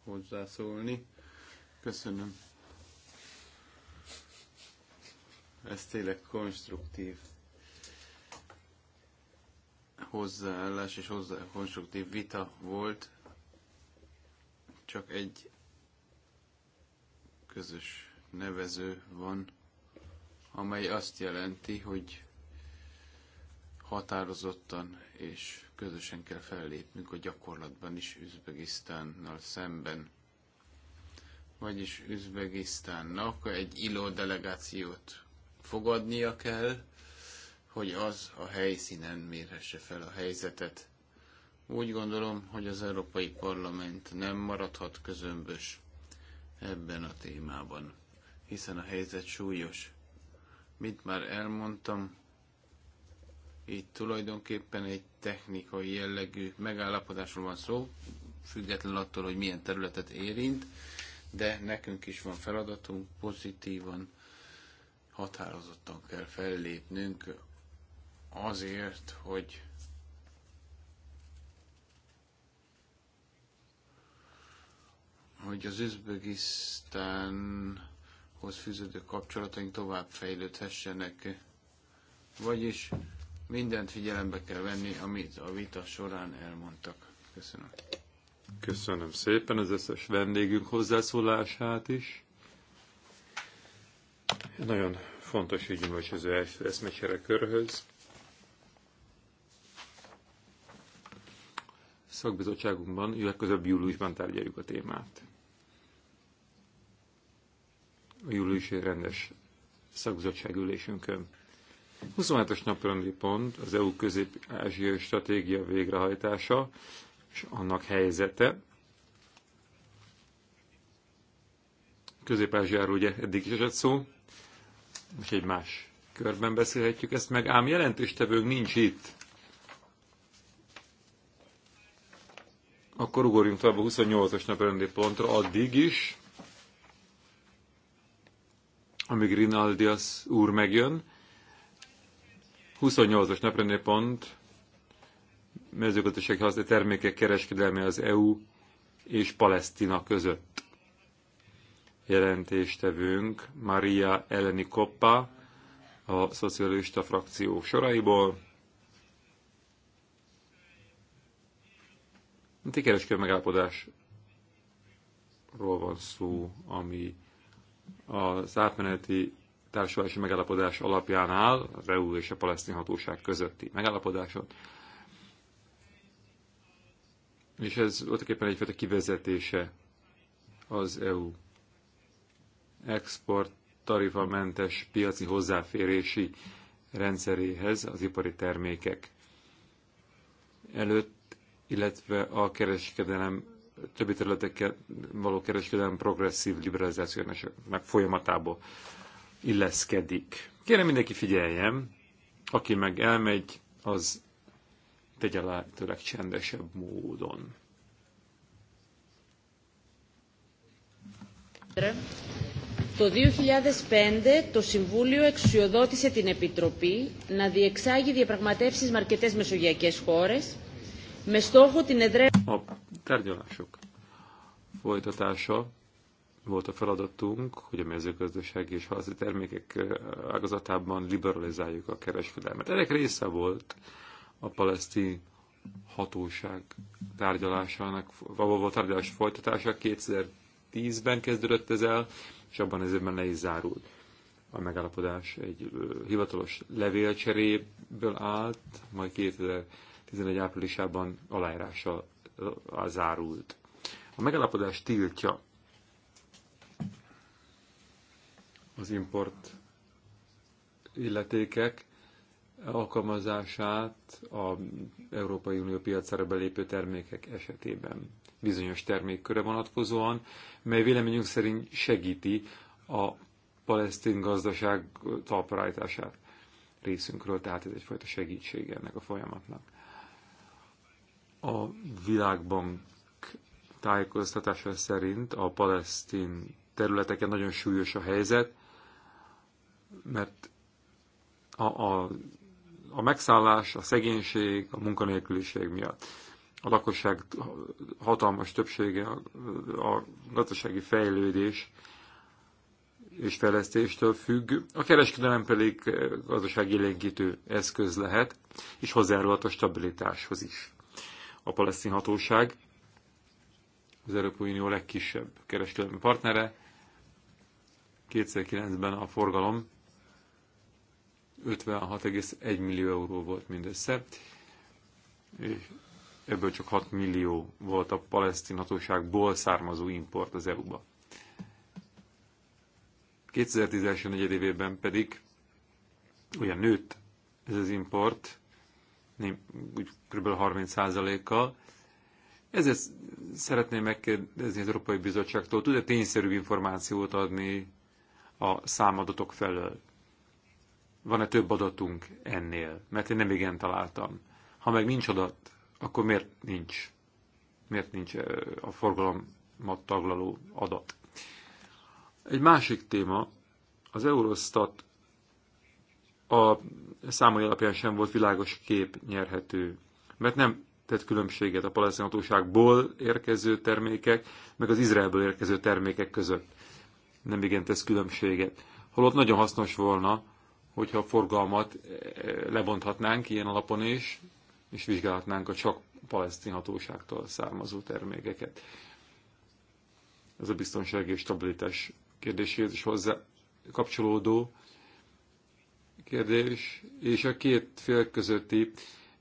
hozzászólni. Köszönöm. Ez tényleg konstruktív hozzáállás és hozzá konstruktív vita volt, csak egy közös nevező van, amely azt jelenti, hogy határozottan és közösen kell fellépnünk a gyakorlatban is Üzbegisztánnal szemben. Vagyis Üzbegisztánnak egy ILO delegációt fogadnia kell, hogy az a helyszínen mérhesse fel a helyzetet. Úgy gondolom, hogy az Európai Parlament nem maradhat közömbös ebben a témában, hiszen a helyzet súlyos. Mint már elmondtam, itt tulajdonképpen egy technikai jellegű megállapodásról van szó, független attól, hogy milyen területet érint, de nekünk is van feladatunk, pozitívan, határozottan kell fellépnünk azért, hogy hogy az Üzbegisztánhoz fűződő kapcsolataink tovább fejlődhessenek. Vagyis mindent figyelembe kell venni, amit a vita során elmondtak. Köszönöm. Köszönöm szépen az összes vendégünk hozzászólását is. Nagyon fontos ügyünk, hogy az eszmecsere körhöz. szakbizottságunkban legközelebb júliusban tárgyaljuk a témát. A júliusi rendes szakbizottság ülésünkön. 27-es naprendi pont az EU közép-ázsiai stratégia végrehajtása és annak helyzete. Közép-Ázsiáról ugye eddig is esett szó, most egy más körben beszélhetjük ezt meg, ám jelentéstevőnk nincs itt. Akkor ugorjunk tovább a 28-as naprendi pontra, addig is, amíg Rinaldi az úr megjön. 28-as naprendi pont, mezőgazdasági használati termékek kereskedelme az EU és Palesztina között. Jelentéstevőnk Maria Eleni Koppa, a szocialista frakció soraiból. kereskedő megállapodásról van szó, ami az átmeneti társulási megállapodás alapján áll, az EU és a palesztin hatóság közötti megállapodáson. És ez voltaképpen egyfajta kivezetése az EU export tarifamentes piaci hozzáférési rendszeréhez az ipari termékek előtt illetve a kereskedelem többi területekkel való kereskedelem progresszív liberalizációnak folyamatába illeszkedik. Kérem mindenki figyeljen, aki meg elmegy, az tegye lehetőleg csendesebb módon. Το 2005 το Συμβούλιο εξουσιοδότησε την Επιτροπή να διεξάγει διαπραγματεύσεις με αρκετές μεσογειακές χώρες με στόχο την A tárgyalások folytatása volt a feladatunk, hogy a mezőgazdasági és halászati termékek eh, ágazatában liberalizáljuk a kereskedelmet. Ennek része volt a palesztin hatóság tárgyalásának, valóban tárgyalás folytatása 2010-ben kezdődött ez el, és abban az évben le is zárult a megállapodás egy eh, hivatalos levélcseréből állt, majd 2011 áprilisában aláírása zárult. A megállapodás tiltja az import illetékek alkalmazását az Európai Unió piacára belépő termékek esetében bizonyos termékköre vonatkozóan, mely véleményünk szerint segíti a palesztin gazdaság talpraállítását részünkről, tehát ez egyfajta segítség ennek a folyamatnak. A világbank tájékoztatása szerint a palesztin területeken nagyon súlyos a helyzet, mert a, a, a megszállás, a szegénység, a munkanélküliség miatt a lakosság hatalmas többsége a, a gazdasági fejlődés és fejlesztéstől függ, a kereskedelem pedig gazdasági élénkítő eszköz lehet, és hozzájárulhat a stabilitáshoz is a palesztin hatóság, az Európai Unió legkisebb kereskedelmi partnere. 2009-ben a forgalom 56,1 millió euró volt mindössze, és ebből csak 6 millió volt a palesztin hatóságból származó import az EU-ba. 2014 első pedig ugyan nőtt ez az import, úgy kb. 30%-kal. Ezért szeretném megkérdezni az Európai Bizottságtól, tud-e tényszerű információt adni a számadatok felől? Van-e több adatunk ennél? Mert én nem igen találtam. Ha meg nincs adat, akkor miért nincs? Miért nincs a forgalommat taglaló adat? Egy másik téma, az Eurostat a számai alapján sem volt világos kép nyerhető, mert nem tett különbséget a palesztin hatóságból érkező termékek, meg az Izraelből érkező termékek között. Nem igen tesz különbséget. Holott nagyon hasznos volna, hogyha a forgalmat eh, lebonthatnánk ilyen alapon is, és vizsgálhatnánk a csak palesztin hatóságtól származó termékeket. Ez a biztonsági és stabilitás kérdéséhez is hozzá kapcsolódó kérdés, és a két fél közötti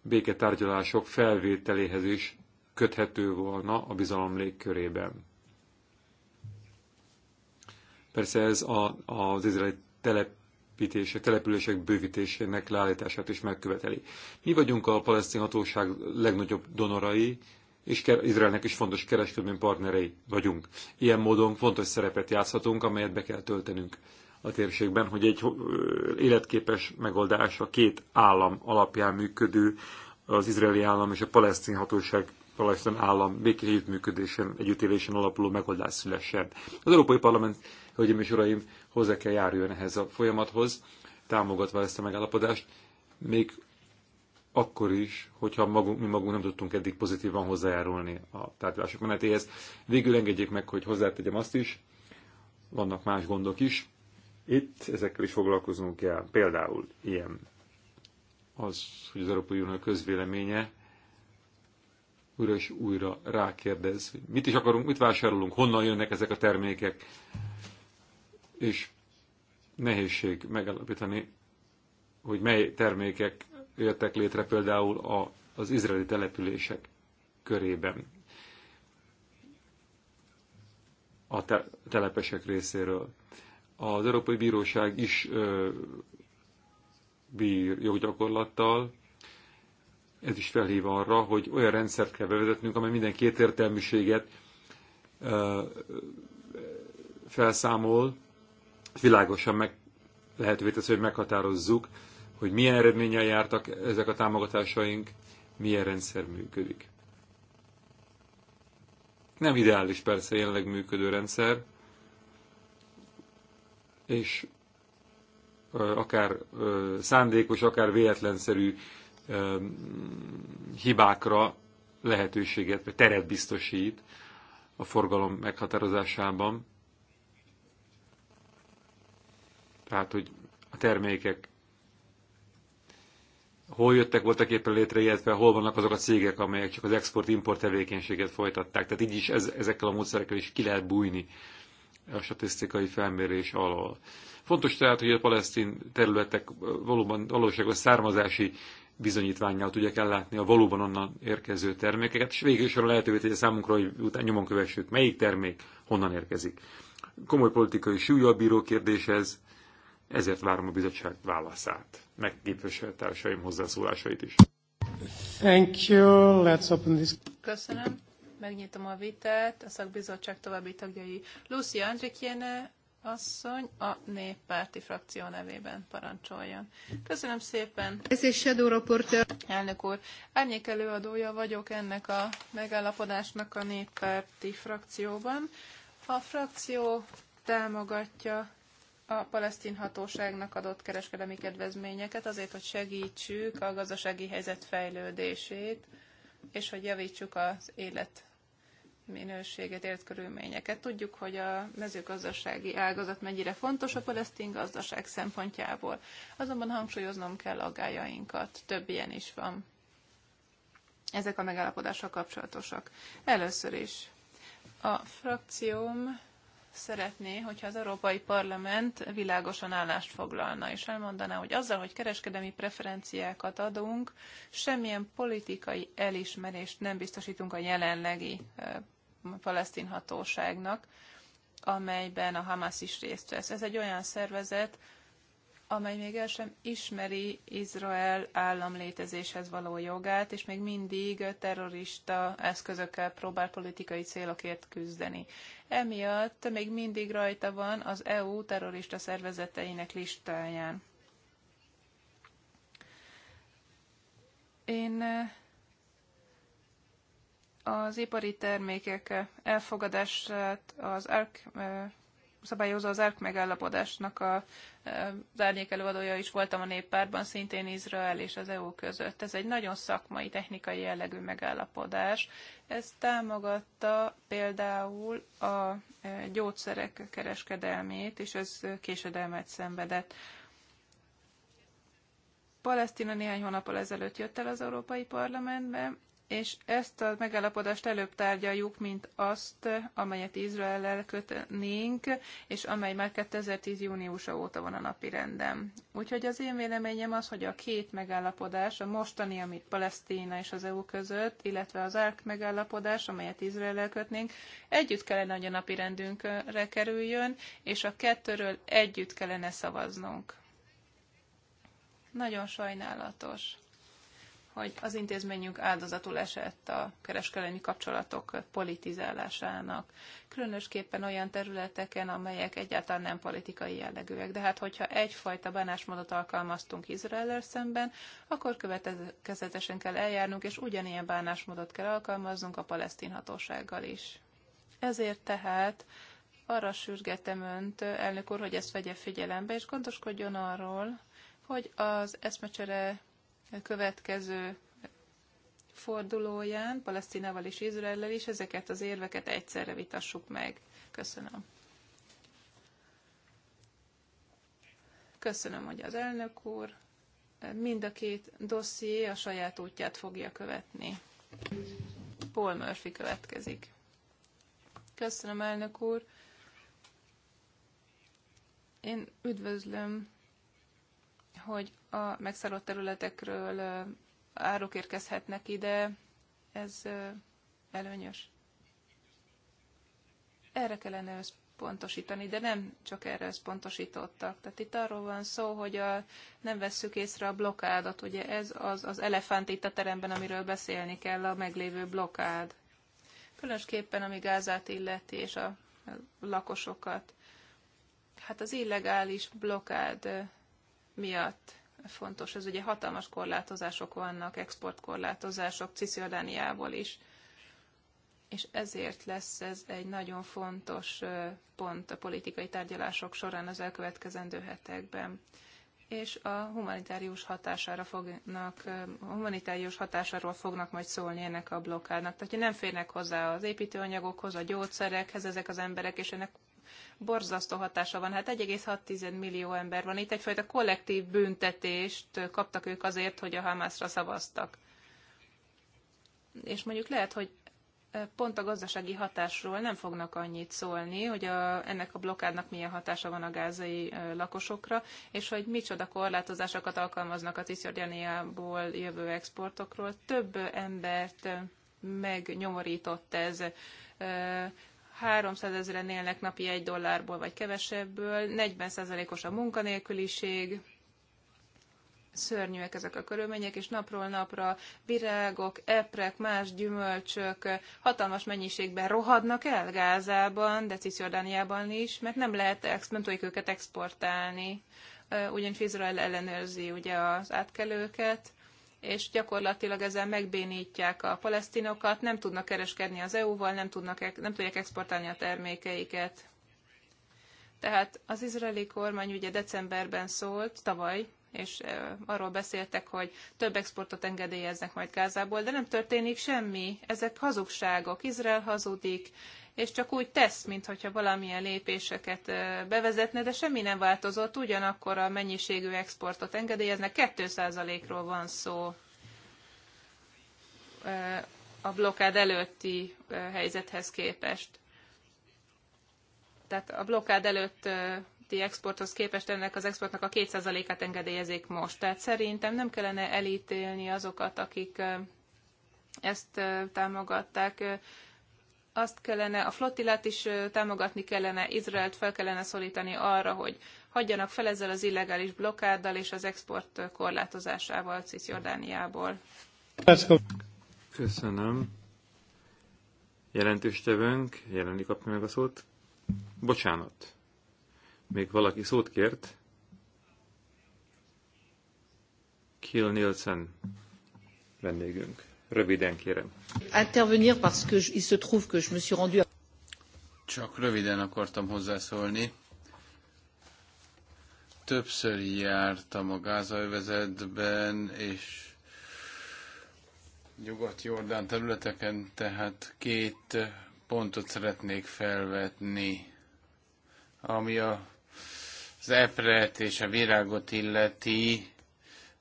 béketárgyalások felvételéhez is köthető volna a bizalom légkörében. Persze ez a, az izraeli telepítése, települések bővítésének leállítását is megköveteli. Mi vagyunk a palesztin hatóság legnagyobb donorai, és Izraelnek is fontos kereskedelmi partnerei vagyunk. Ilyen módon fontos szerepet játszhatunk, amelyet be kell töltenünk a térségben, hogy egy életképes megoldás a két állam alapján működő, az izraeli állam és a palesztin hatóság palesztin állam békés együttműködésen, együttélésen alapuló megoldás szülessen. Az Európai Parlament, hölgyeim és uraim, hozzá kell járuljon ehhez a folyamathoz, támogatva ezt a megállapodást, még akkor is, hogyha magunk, mi magunk nem tudtunk eddig pozitívan hozzájárulni a tárgyalások menetéhez. Végül engedjék meg, hogy hozzátegyem azt is, vannak más gondok is, itt ezekkel is foglalkoznunk kell. Például ilyen az, hogy az Európai Unió közvéleménye újra és újra rákérdez, hogy mit is akarunk, mit vásárolunk, honnan jönnek ezek a termékek, és nehézség megállapítani, hogy mely termékek jöttek létre például a, az izraeli települések körében a te, telepesek részéről. Az Európai Bíróság is bír joggyakorlattal, ez is felhív arra, hogy olyan rendszert kell bevezetnünk, amely minden két értelműséget felszámol, világosan meg lehetővé tesz, hogy meghatározzuk, hogy milyen eredménnyel jártak ezek a támogatásaink, milyen rendszer működik. Nem ideális persze jelenleg működő rendszer, és akár szándékos, akár véletlenszerű hibákra lehetőséget, vagy teret biztosít a forgalom meghatározásában. Tehát, hogy a termékek hol jöttek voltak éppen létre, illetve hol vannak azok a cégek, amelyek csak az export-import tevékenységet folytatták. Tehát így is ez, ezekkel a módszerekkel is ki lehet bújni a statisztikai felmérés alól. Fontos tehát, hogy a palesztin területek valóban valóságos származási bizonyítványjal tudják ellátni a valóban onnan érkező termékeket, és végül is lehetővé tegye számunkra, hogy utána nyomon kövessük, melyik termék honnan érkezik. Komoly politikai a bíró kérdés ez, ezért várom a bizottság válaszát, meg képviselőtársaim hozzászólásait is. Thank you. Let's open this. Köszönöm megnyitom a vitát, a szakbizottság további tagjai. Lucy Andrikiene asszony a néppárti frakció nevében parancsoljon. Köszönöm szépen. Ez is Shadow Reporter. Elnök úr, árnyék előadója vagyok ennek a megállapodásnak a néppárti frakcióban. A frakció támogatja a palesztin hatóságnak adott kereskedelmi kedvezményeket azért, hogy segítsük a gazdasági helyzet fejlődését, és hogy javítsuk az élet minőséget, ért körülményeket. Tudjuk, hogy a mezőgazdasági ágazat mennyire fontos a palesztin gazdaság szempontjából. Azonban hangsúlyoznom kell aggájainkat. Több ilyen is van. Ezek a megállapodások kapcsolatosak. Először is a frakcióm szeretné, hogyha az Európai Parlament világosan állást foglalna, és elmondaná, hogy azzal, hogy kereskedelmi preferenciákat adunk, semmilyen politikai elismerést nem biztosítunk a jelenlegi eh, palesztin hatóságnak, amelyben a Hamas is részt vesz. Ez egy olyan szervezet, amely még el sem ismeri Izrael állam létezéshez való jogát, és még mindig terrorista eszközökkel próbál politikai célokért küzdeni. Emiatt még mindig rajta van az EU terrorista szervezeteinek listáján. Én eh, az ipari termékek elfogadását az ARC szabályozó az ARC megállapodásnak a, az árnyék előadója is voltam a néppárban, szintén Izrael és az EU között. Ez egy nagyon szakmai, technikai jellegű megállapodás. Ez támogatta például a gyógyszerek kereskedelmét, és ez késedelmet szenvedett. Palesztina néhány hónappal ezelőtt jött el az Európai Parlamentbe, és ezt a megállapodást előbb tárgyaljuk, mint azt, amelyet Izrael kötnénk, és amely már 2010. júniusa óta van a napi rendem. Úgyhogy az én véleményem az, hogy a két megállapodás, a mostani, amit Palesztina és az EU között, illetve az ARK megállapodás, amelyet Izrael kötnénk, együtt kellene, hogy a napi rendünkre kerüljön, és a kettőről együtt kellene szavaznunk. Nagyon sajnálatos hogy az intézményünk áldozatul esett a kereskedelmi kapcsolatok politizálásának, különösképpen olyan területeken, amelyek egyáltalán nem politikai jellegűek. De hát, hogyha egyfajta bánásmódot alkalmaztunk Izrael szemben, akkor következetesen kell eljárnunk, és ugyanilyen bánásmódot kell alkalmaznunk a palesztin hatósággal is. Ezért tehát arra sürgetem önt, elnök úr, hogy ezt vegye figyelembe, és gondoskodjon arról, hogy az eszmecsere következő fordulóján, Palesztinával és Izraellel is ezeket az érveket egyszerre vitassuk meg. Köszönöm. Köszönöm, hogy az elnök úr mind a két dosszié a saját útját fogja követni. Paul Murphy következik. Köszönöm, elnök úr. Én üdvözlöm, hogy a megszállott területekről árok érkezhetnek ide, ez előnyös. Erre kellene összpontosítani, de nem csak erre összpontosítottak. Tehát itt arról van szó, hogy a, nem vesszük észre a blokádat. Ugye ez az, az elefánt itt a teremben, amiről beszélni kell, a meglévő blokád. Különösképpen, ami Gázát illeti, és a lakosokat. Hát az illegális blokád miatt fontos. Ez ugye hatalmas korlátozások vannak, exportkorlátozások Cisziordániából is. És ezért lesz ez egy nagyon fontos pont a politikai tárgyalások során az elkövetkezendő hetekben és a humanitárius hatására fognak, a humanitárius hatásáról fognak majd szólni ennek a blokkádnak. Tehát, hogy nem férnek hozzá az építőanyagokhoz, a gyógyszerekhez ezek az emberek, és ennek borzasztó hatása van. Hát 1,6 millió ember van itt, egyfajta kollektív büntetést kaptak ők azért, hogy a Hamászra szavaztak. És mondjuk lehet, hogy e, pont a gazdasági hatásról nem fognak annyit szólni, hogy a, ennek a blokádnak milyen hatása van a gázai e, lakosokra, és hogy micsoda korlátozásokat alkalmaznak a Cisjordaniából jövő exportokról. Több embert e, megnyomorított ez. 300 ezeren élnek napi egy dollárból vagy kevesebből, 40%-os a munkanélküliség, szörnyűek ezek a körülmények, és napról napra virágok, eprek, más gyümölcsök hatalmas mennyiségben rohadnak el Gázában, de Cisjordániában is, mert nem lehet, nem tudjuk őket exportálni, ugyanis Izrael ellenőrzi ugye az átkelőket, és gyakorlatilag ezzel megbénítják a palesztinokat, nem tudnak kereskedni az EU-val, nem, tudnak, nem tudják exportálni a termékeiket. Tehát az izraeli kormány ugye decemberben szólt, tavaly, és arról beszéltek, hogy több exportot engedélyeznek majd Gázából, de nem történik semmi. Ezek hazugságok. Izrael hazudik, és csak úgy tesz, mintha valamilyen lépéseket bevezetne, de semmi nem változott, ugyanakkor a mennyiségű exportot engedélyeznek, 2%-ról van szó a blokkád előtti helyzethez képest. Tehát a blokkád előtti exporthoz képest ennek az exportnak a 2%-át engedélyezik most. Tehát szerintem nem kellene elítélni azokat, akik ezt támogatták azt kellene, a flottilát is támogatni kellene, Izraelt fel kellene szólítani arra, hogy hagyjanak fel ezzel az illegális blokkáddal és az export korlátozásával Cisjordániából. Köszönöm. Jelentős tevőnk, jelenik kapja meg a szót. Bocsánat. Még valaki szót kért. Kill Nielsen vendégünk. Röviden kérem. Intervenir parce que il se trouve que je me suis rendu Csak röviden akartam hozzászólni. Többször jártam a gázaövezetben, és nyugat-jordán területeken, tehát két pontot szeretnék felvetni, ami a, az epret és a virágot illeti.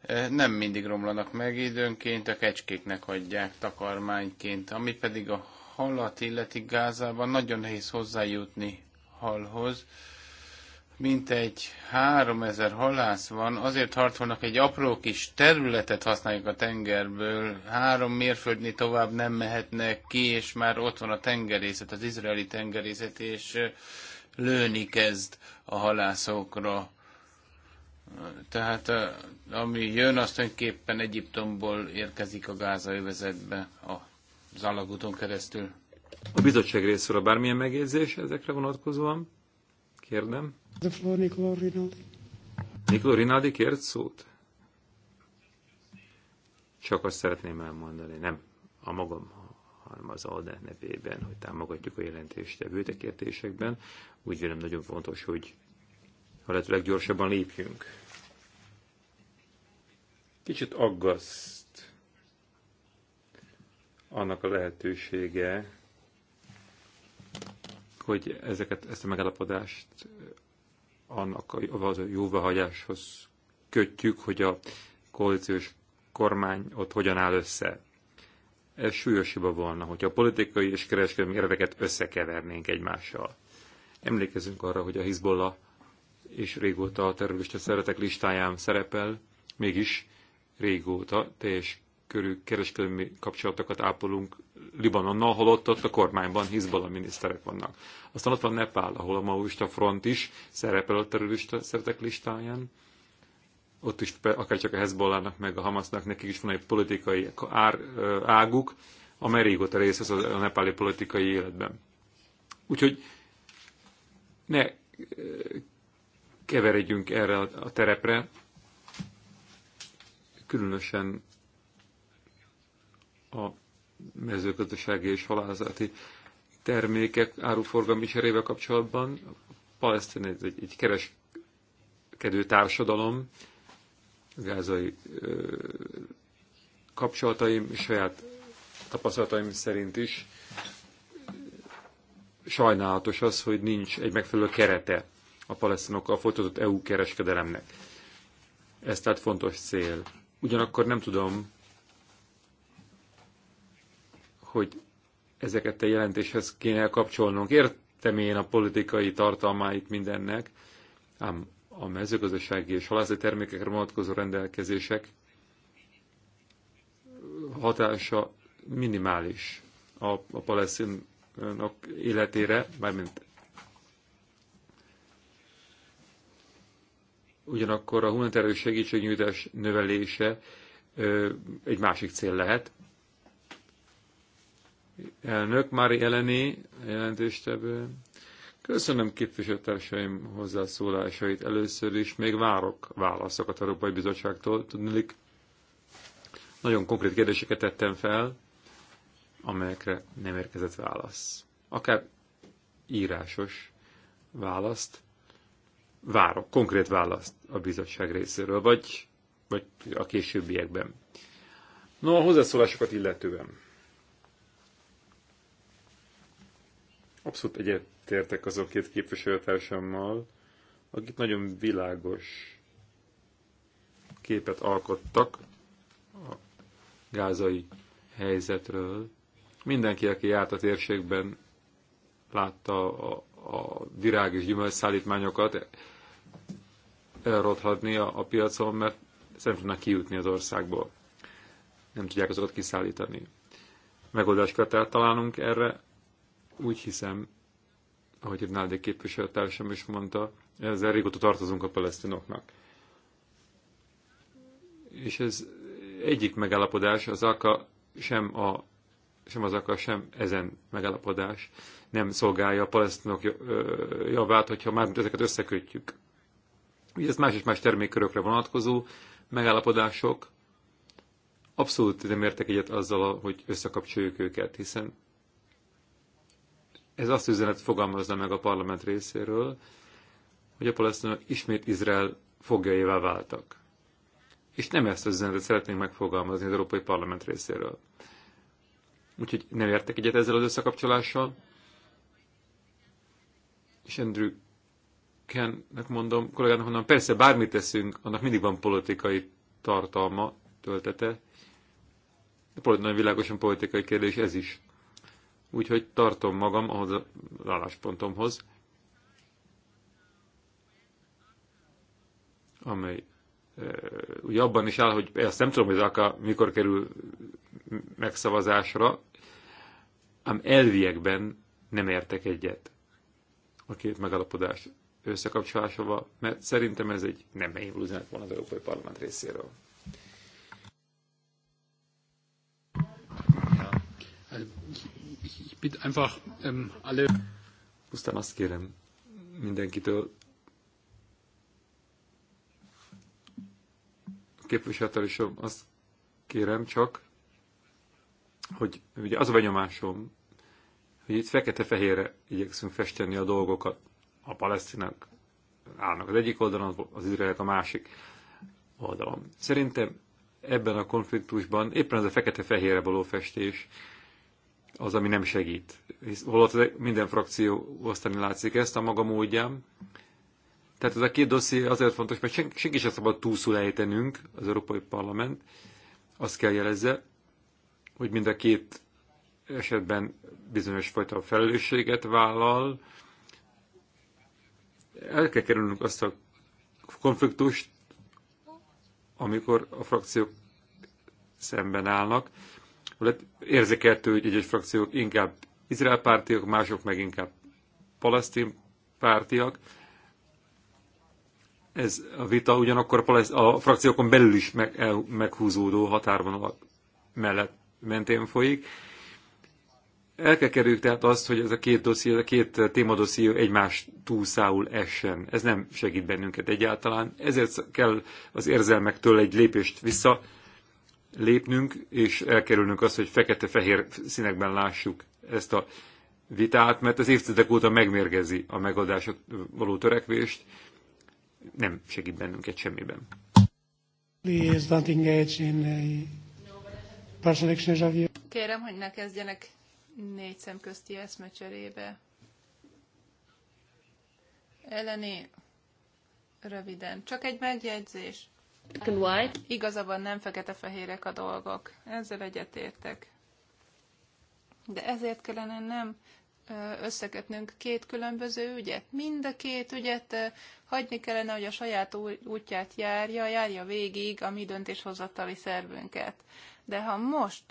Eh, nem mindig romlanak meg, időnként a kecskéknek hagyják takarmányként, ami pedig a halat illeti Gázában nagyon nehéz hozzájutni halhoz. mint három 3000 halász van, azért harcolnak egy apró kis területet használjuk a tengerből, három mérföldni tovább nem mehetnek ki, és már ott van a tengerészet, az izraeli tengerészet, és eh, lőni kezd a halászokra tehát ami jön, azt tulajdonképpen Egyiptomból érkezik a gázaövezetbe az alagúton keresztül. A bizottság részéről bármilyen megjegyzés ezekre vonatkozóan? Kérdem. The floor, Nicolò Rinaldi. Nicolò Rinaldi kért szót? Csak azt szeretném elmondani, nem a magam, hanem az ALDE nevében, hogy támogatjuk a jelentést a bőtekértésekben. Úgy vélem nagyon fontos, hogy a lehető leggyorsabban lépjünk Kicsit aggaszt annak a lehetősége, hogy ezeket, ezt a megállapodást annak a, jóváhagyáshoz kötjük, hogy a koalíciós kormány ott hogyan áll össze. Ez súlyos hiba volna, hogyha a politikai és kereskedelmi érdeket összekevernénk egymással. Emlékezünk arra, hogy a Hizbollah és régóta a terrorista szeretek listáján szerepel, mégis régóta teljes körű kereskedelmi kapcsolatokat ápolunk Libanonnal, ahol ott a kormányban Hizbala miniszterek vannak. Aztán ott van Nepál, ahol a maoista front is szerepel a terrorista szertek listáján. Ott is akár csak a Hezbollának, meg a Hamasnak, nekik is van egy politikai ár, águk, amely régóta rész az a nepáli politikai életben. Úgyhogy ne keveredjünk erre a terepre, különösen a mezőgazdasági és halászati termékek áruforgalmi cserével kapcsolatban. Palesztin egy, egy kereskedő társadalom, gázai ö, kapcsolataim és saját tapasztalataim szerint is sajnálatos az, hogy nincs egy megfelelő kerete a palesztinokkal folytatott EU kereskedelemnek. Ez tehát fontos cél. Ugyanakkor nem tudom, hogy ezeket a jelentéshez kéne kapcsolnunk. Értem én a politikai tartalmáit mindennek, ám a mezőgazdasági és halászati termékekre vonatkozó rendelkezések hatása minimális a, a palesztinok életére, mármint ugyanakkor a humanitárius segítségnyújtás növelése egy másik cél lehet. Elnök Mári Eleni, jelentéstevő. Köszönöm képviselőtársaim hozzászólásait. Először is még várok válaszokat a Európai Bizottságtól. Tudnilik, nagyon konkrét kérdéseket tettem fel, amelyekre nem érkezett válasz. Akár írásos választ várok konkrét választ a bizottság részéről, vagy, vagy a későbbiekben. No, a hozzászólásokat illetően. Abszolút egyetértek azon két képviselőtársammal, akik nagyon világos képet alkottak a gázai helyzetről. Mindenki, aki járt a térségben, látta a, a virág és gyümölcs szállítmányokat, elrothadni a, a piacon, mert nem tudnak kijutni az országból. Nem tudják azokat kiszállítani. Megoldást kell találnunk erre. Úgy hiszem, ahogy Nádi képviselőtársam is mondta, ezzel régóta tartozunk a palesztinoknak. És ez egyik megállapodás, az AKA sem, a, sem az AKA sem ezen megállapodás nem szolgálja a palesztinok javát, hogyha már ezeket összekötjük. Ugye ez más és más termékkörökre vonatkozó megállapodások. Abszolút nem értek egyet azzal, hogy összekapcsoljuk őket, hiszen ez azt üzenet fogalmazza meg a parlament részéről, hogy a palesztinok ismét Izrael fogjaivá váltak. És nem ezt az üzenetet szeretnénk megfogalmazni az Európai Parlament részéről. Úgyhogy nem értek egyet ezzel az összekapcsolással. És Andrew Kennek mondom, kollégának mondom, persze bármit teszünk, annak mindig van politikai tartalma, töltete. De nagyon világosan politikai kérdés ez is. Úgyhogy tartom magam ahhoz az álláspontomhoz, amely e, ugye abban is áll, hogy ezt nem tudom, hogy az AK mikor kerül megszavazásra, ám elviekben nem értek egyet a két megalapodás összekapcsolásával, mert szerintem ez egy nem helyén üzenet volna az Európai Parlament részéről. Bitte ähm, Pusztán azt kérem mindenkitől, a képviselőtől is azt kérem csak, hogy ugye az a benyomásom, hogy itt fekete-fehérre igyekszünk festeni a dolgokat a palesztinak állnak az egyik oldalon, az izraelek a másik oldalon. Szerintem ebben a konfliktusban éppen ez a fekete-fehérre való festés az, ami nem segít. Hisz, holott minden frakció osztani látszik ezt a maga módján. Tehát ez a két dosszi azért fontos, mert senki, sem szabad túlszul ejtenünk, az Európai Parlament azt kell jelezze, hogy mind a két esetben bizonyos fajta felelősséget vállal, el kell kerülnünk azt a konfliktust, amikor a frakciók szemben állnak. Érzékeltő, hogy egyes frakciók inkább izrael pártiak, mások meg inkább palesztin pártiak. Ez a vita ugyanakkor a frakciókon belül is meg, meghúzódó határvonal mellett mentén folyik. El kell kerüljük tehát azt, hogy ez a két, dosszió, ez a két témadosszió egymás túlszául essen. Ez nem segít bennünket egyáltalán. Ezért kell az érzelmektől egy lépést vissza lépnünk, és elkerülnünk azt, hogy fekete-fehér színekben lássuk ezt a vitát, mert az évtizedek óta megmérgezi a megoldások való törekvést, nem segít bennünket semmiben. Uh, Kérem, hogy ne kezdjenek négy közti eszmecserébe. Eleni, röviden, csak egy megjegyzés. Igazabban nem fekete-fehérek a dolgok. Ezzel egyetértek. De ezért kellene nem összekötnünk két különböző ügyet. Mind a két ügyet hagyni kellene, hogy a saját útját járja, járja végig a mi döntéshozatali szervünket. De ha most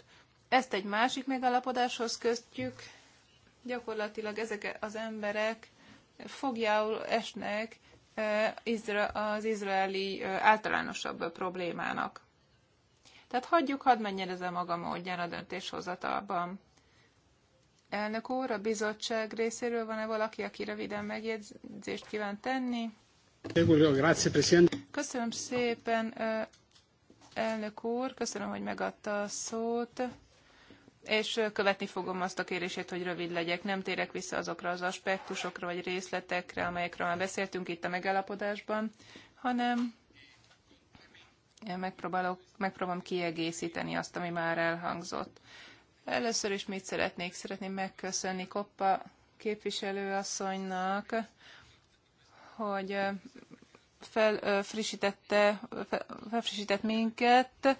ezt egy másik megalapodáshoz köztjük, gyakorlatilag ezek az emberek fogjául esnek az izraeli általánosabb problémának. Tehát hagyjuk, hadd menjen ez a maga módján a döntéshozatalban. Elnök úr, a bizottság részéről van-e valaki, aki röviden megjegyzést kíván tenni? Köszönöm szépen, elnök úr, köszönöm, hogy megadta a szót és követni fogom azt a kérését, hogy rövid legyek. Nem térek vissza azokra az aspektusokra vagy részletekre, amelyekről már beszéltünk itt a megállapodásban, hanem megpróbálok, megpróbálom kiegészíteni azt, ami már elhangzott. Először is mit szeretnék? Szeretném megköszönni Koppa képviselőasszonynak, hogy felfrissítette, felfrissített minket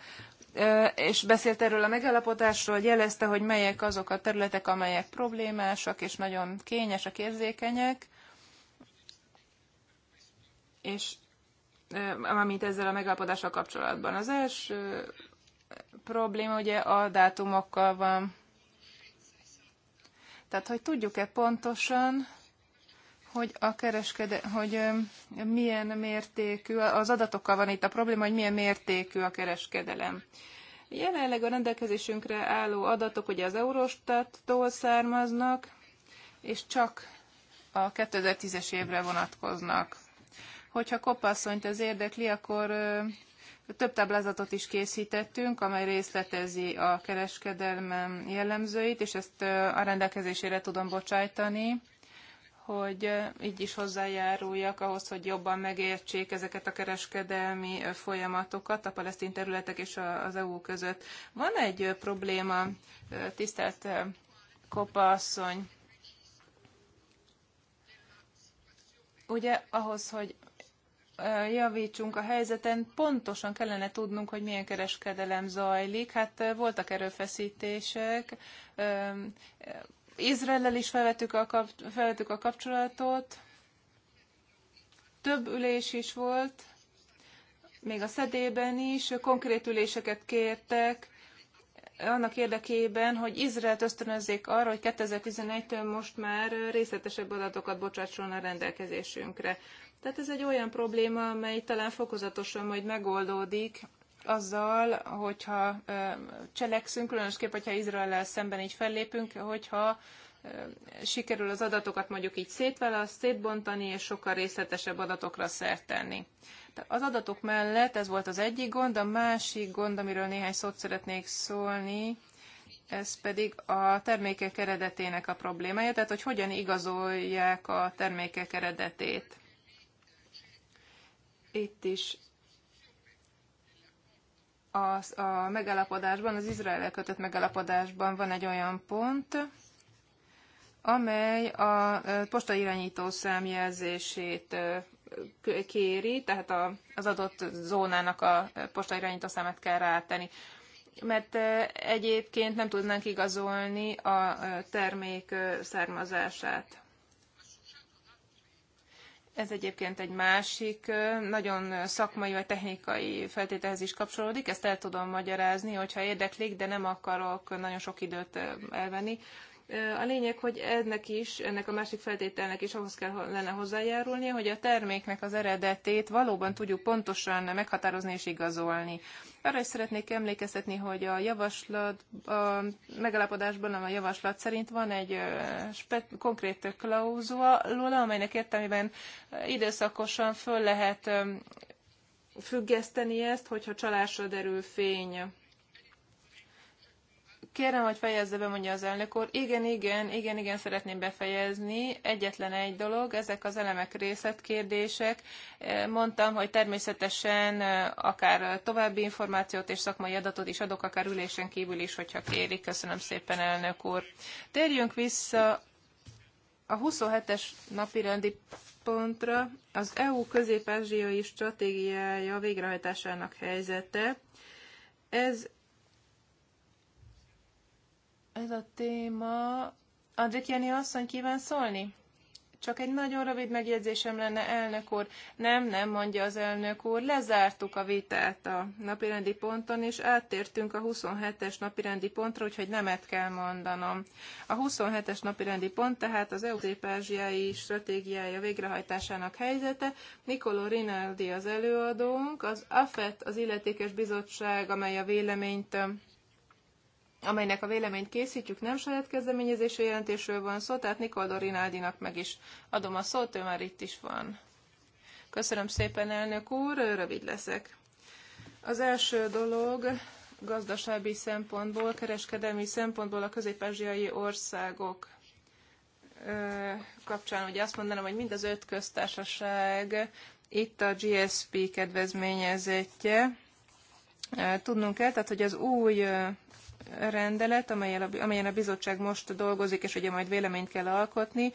és beszélt erről a megállapodásról, jelezte, hogy melyek azok a területek, amelyek problémásak és nagyon kényesek, érzékenyek, és amit ezzel a megállapodással kapcsolatban. Az első probléma ugye a dátumokkal van. Tehát, hogy tudjuk-e pontosan, hogy a kereskede, hogy milyen mértékű, az adatokkal van itt a probléma, hogy milyen mértékű a kereskedelem. Jelenleg a rendelkezésünkre álló adatok ugye az Eurostattól származnak, és csak a 2010-es évre vonatkoznak. Hogyha kopasszonyt ez érdekli, akkor több táblázatot is készítettünk, amely részletezi a kereskedelmem jellemzőit, és ezt a rendelkezésére tudom bocsájtani hogy így is hozzájáruljak ahhoz, hogy jobban megértsék ezeket a kereskedelmi folyamatokat a palesztin területek és az EU között. Van egy probléma, tisztelt Kopa asszony. Ugye ahhoz, hogy javítsunk a helyzeten, pontosan kellene tudnunk, hogy milyen kereskedelem zajlik. Hát voltak erőfeszítések, Izraellel is felvettük a, kap, felvettük a kapcsolatot. Több ülés is volt, még a szedében is. Konkrét üléseket kértek annak érdekében, hogy Izraelt ösztönözzék arra, hogy 2011-től most már részletesebb adatokat bocsátson a rendelkezésünkre. Tehát ez egy olyan probléma, amely talán fokozatosan majd megoldódik azzal, hogyha cselekszünk, különösképp, hogyha Izrael szemben így fellépünk, hogyha sikerül az adatokat mondjuk így szétválaszt, szétbontani, és sokkal részletesebb adatokra szert tenni. Az adatok mellett ez volt az egyik gond, a másik gond, amiről néhány szót szeretnék szólni, ez pedig a termékek eredetének a problémája, tehát hogy hogyan igazolják a termékek eredetét. Itt is a, a megállapodásban, az Izrael kötött megállapodásban van egy olyan pont, amely a posta irányító számjelzését kéri, tehát az adott zónának a posta irányító számát kell rátenni. Mert egyébként nem tudnánk igazolni a termék származását. Ez egyébként egy másik, nagyon szakmai vagy technikai feltételhez is kapcsolódik, ezt el tudom magyarázni, hogyha érdeklik, de nem akarok nagyon sok időt elvenni. A lényeg, hogy ennek is, ennek a másik feltételnek is ahhoz kell lenne hozzájárulnia, hogy a terméknek az eredetét valóban tudjuk pontosan meghatározni és igazolni. Arra is szeretnék emlékeztetni, hogy a javaslat, a megalapodásban a javaslat szerint van egy spe- konkrét klauzula, amelynek értelmében időszakosan föl lehet függeszteni ezt, hogyha csalásra derül fény Kérem, hogy fejezze be, mondja az elnök úr. Igen, igen, igen, igen, szeretném befejezni. Egyetlen egy dolog, ezek az elemek részletkérdések. Eh, mondtam, hogy természetesen eh, akár további információt és szakmai adatot is adok, akár ülésen kívül is, hogyha kérik. Köszönöm szépen, elnök úr. Térjünk vissza a 27-es napirendi pontra az EU közép-ázsiai stratégiája végrehajtásának helyzete. Ez ez a téma. Jani asszony kíván szólni? Csak egy nagyon rövid megjegyzésem lenne, elnök úr. Nem, nem, mondja az elnök úr. Lezártuk a vitát a napirendi ponton, és áttértünk a 27-es napirendi pontra, úgyhogy nemet kell mondanom. A 27-es napirendi pont tehát az EU ázsiai stratégiája végrehajtásának helyzete. Nikoló Rinaldi az előadónk, az AFET, az illetékes bizottság, amely a véleményt amelynek a véleményt készítjük, nem saját kezdeményezésű jelentésről van szó, tehát Nikoldo Rinaldinak meg is adom a szót, ő már itt is van. Köszönöm szépen, elnök úr, rövid leszek. Az első dolog gazdasági szempontból, kereskedelmi szempontból a közép országok kapcsán hogy azt mondanám, hogy mind az öt köztársaság itt a GSP kedvezményezettje. Tudnunk kell, tehát hogy az új rendelet, amelyen a bizottság most dolgozik, és ugye majd véleményt kell alkotni,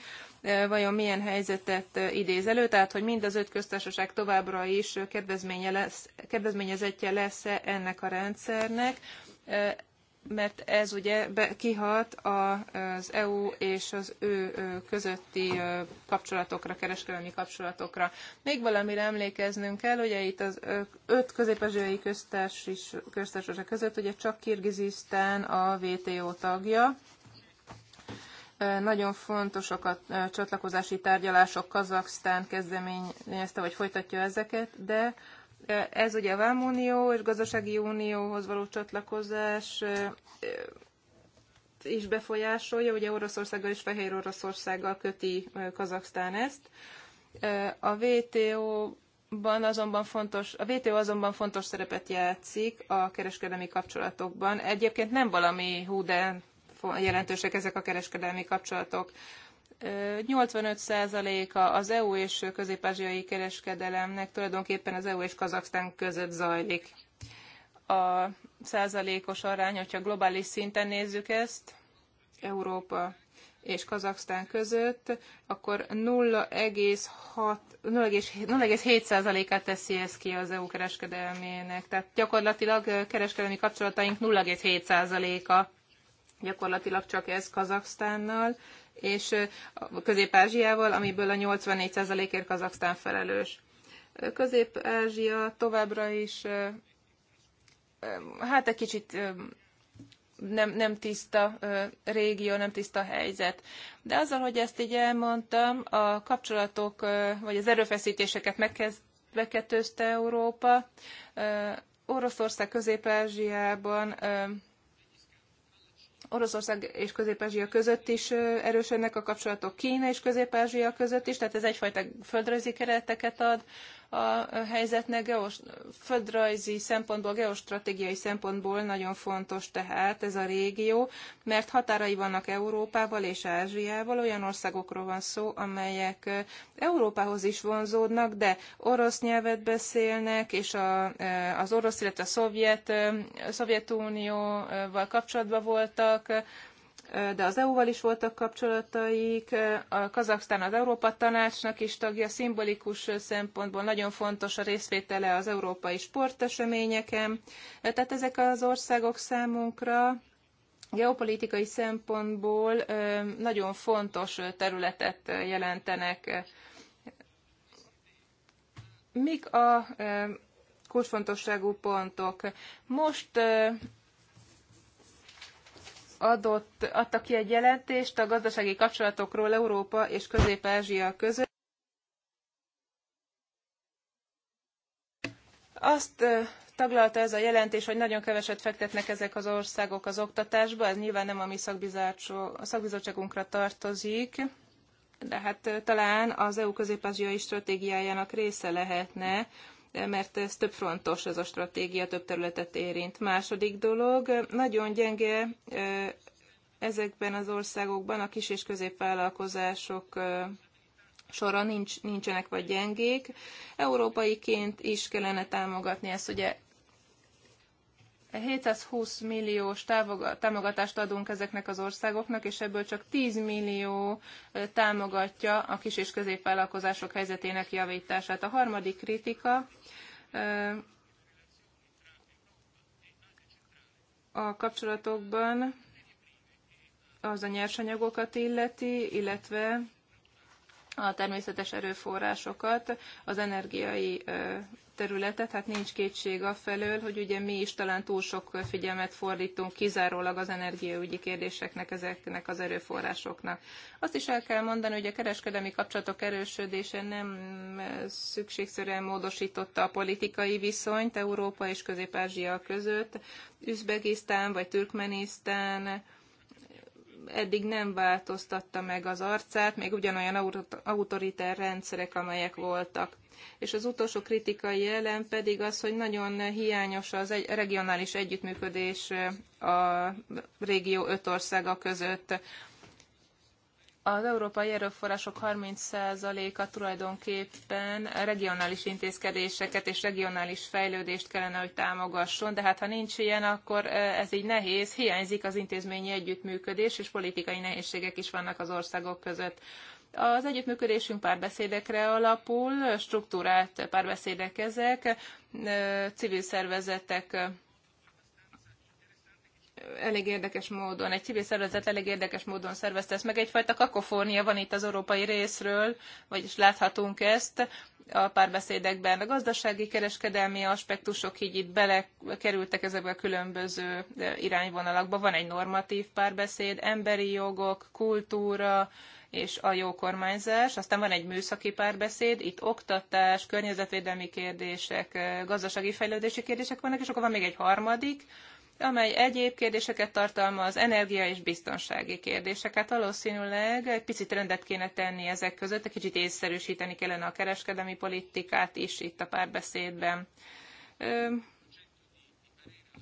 vajon milyen helyzetet idéz elő, tehát hogy mind az öt köztársaság továbbra is kedvezménye lesz, kedvezményezetje lesz -e ennek a rendszernek, mert ez ugye be, kihat az EU és az ő közötti kapcsolatokra, kereskedelmi kapcsolatokra. Még valamire emlékeznünk kell, ugye itt az öt közép-ázsiai köztársaság között ugye csak Kirgizisztán a WTO tagja, nagyon fontosak a csatlakozási tárgyalások, Kazaksztán kezdeményezte, vagy folytatja ezeket, de ez ugye a Vámunió és Gazdasági Unióhoz való csatlakozás is befolyásolja, ugye Oroszországgal és Fehér Oroszországgal köti Kazaksztán ezt. A WTO Ban azonban fontos, a WTO azonban fontos szerepet játszik a kereskedelmi kapcsolatokban. Egyébként nem valami hú, de jelentősek ezek a kereskedelmi kapcsolatok. 85%-a az EU és közép kereskedelemnek tulajdonképpen az EU és Kazaksztán között zajlik. A százalékos arány, hogyha globális szinten nézzük ezt, Európa és Kazaksztán között, akkor 0,7%-át teszi ez ki az EU kereskedelmének. Tehát gyakorlatilag kereskedelmi kapcsolataink 0,7%-a gyakorlatilag csak ez Kazaksztánnal, és Közép-Ázsiával, amiből a 84%-ért Kazaksztán felelős. Közép-Ázsia továbbra is hát egy kicsit nem, nem tiszta régió, nem tiszta helyzet. De azzal, hogy ezt így elmondtam, a kapcsolatok vagy az erőfeszítéseket megkettőzte Európa. Oroszország Közép-Ázsiában Oroszország és Közép-Ázsia között is erősödnek a kapcsolatok, Kína és Közép-Ázsia között is, tehát ez egyfajta földrajzi kereteket ad a helyzetnek. Geos, földrajzi szempontból, geostratégiai szempontból nagyon fontos tehát ez a régió, mert határai vannak Európával és Ázsiával, olyan országokról van szó, amelyek Európához is vonzódnak, de orosz nyelvet beszélnek, és a, az orosz, illetve a Szovjet, Szovjetunióval kapcsolatban voltak, de az EU-val is voltak kapcsolataik, a Kazaksztán az Európa Tanácsnak is tagja, szimbolikus szempontból nagyon fontos a részvétele az európai sporteseményeken. Tehát ezek az országok számunkra geopolitikai szempontból nagyon fontos területet jelentenek. Mik a kulcsfontosságú pontok? Most adott, adta ki egy jelentést a gazdasági kapcsolatokról Európa és Közép-Ázsia között. Azt taglalta ez a jelentés, hogy nagyon keveset fektetnek ezek az országok az oktatásba, ez nyilván nem a mi szakbizottságunkra tartozik, de hát talán az EU közép-ázsiai stratégiájának része lehetne, mert ez több frontos ez a stratégia, több területet érint. Második dolog, nagyon gyenge ezekben az országokban a kis- és középvállalkozások sora nincs, nincsenek vagy gyengék. Európaiként is kellene támogatni ezt. Ugye 720 milliós támogatást adunk ezeknek az országoknak, és ebből csak 10 millió támogatja a kis és középvállalkozások helyzetének javítását. A harmadik kritika a kapcsolatokban az a nyersanyagokat illeti, illetve a természetes erőforrásokat, az energiai területet, hát nincs kétség a felől, hogy ugye mi is talán túl sok figyelmet fordítunk kizárólag az energiaügyi kérdéseknek, ezeknek az erőforrásoknak. Azt is el kell mondani, hogy a kereskedelmi kapcsolatok erősödése nem e, szükségszerűen módosította a politikai viszonyt Európa és Közép-Ázsia között. Üzbegisztán vagy Türkmenisztán eddig nem változtatta meg az arcát, még ugyanolyan autoriter rendszerek, amelyek voltak. És az utolsó kritikai jelen pedig az, hogy nagyon hiányos az egy regionális együttműködés a régió öt országa között. Az európai erőforrások 30%-a tulajdonképpen regionális intézkedéseket és regionális fejlődést kellene, hogy támogasson, de hát ha nincs ilyen, akkor ez így nehéz, hiányzik az intézményi együttműködés, és politikai nehézségek is vannak az országok között. Az együttműködésünk párbeszédekre alapul, struktúrált párbeszédek ezek, civil szervezetek elég érdekes módon, egy civil szervezet elég érdekes módon szervezte ezt meg. Egyfajta kakofónia van itt az európai részről, vagyis láthatunk ezt a párbeszédekben. A gazdasági, kereskedelmi aspektusok így itt belekerültek ezekbe a különböző eh, irányvonalakba. Van egy normatív párbeszéd, emberi jogok, kultúra, és a jó kormányzás. Aztán van egy műszaki párbeszéd, itt oktatás, környezetvédelmi kérdések, eh, gazdasági fejlődési kérdések vannak, és akkor van még egy harmadik, amely egyéb kérdéseket tartalmaz, energia és biztonsági kérdéseket. Valószínűleg egy picit rendet kéne tenni ezek között, egy kicsit észszerűsíteni kellene a kereskedelmi politikát is itt a párbeszédben.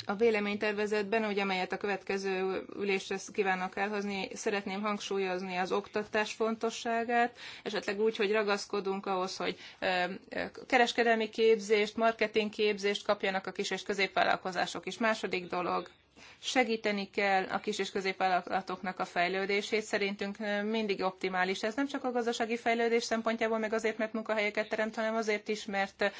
A véleménytervezetben, ugye, amelyet a következő ülésre kívánok elhozni, szeretném hangsúlyozni az oktatás fontosságát, esetleg úgy, hogy ragaszkodunk ahhoz, hogy kereskedelmi képzést, marketing képzést kapjanak a kis és középvállalkozások is. Második dolog, segíteni kell a kis és középvállalatoknak a fejlődését. Szerintünk mindig optimális. Ez nem csak a gazdasági fejlődés szempontjából, meg azért, mert munkahelyeket teremt, hanem azért is, mert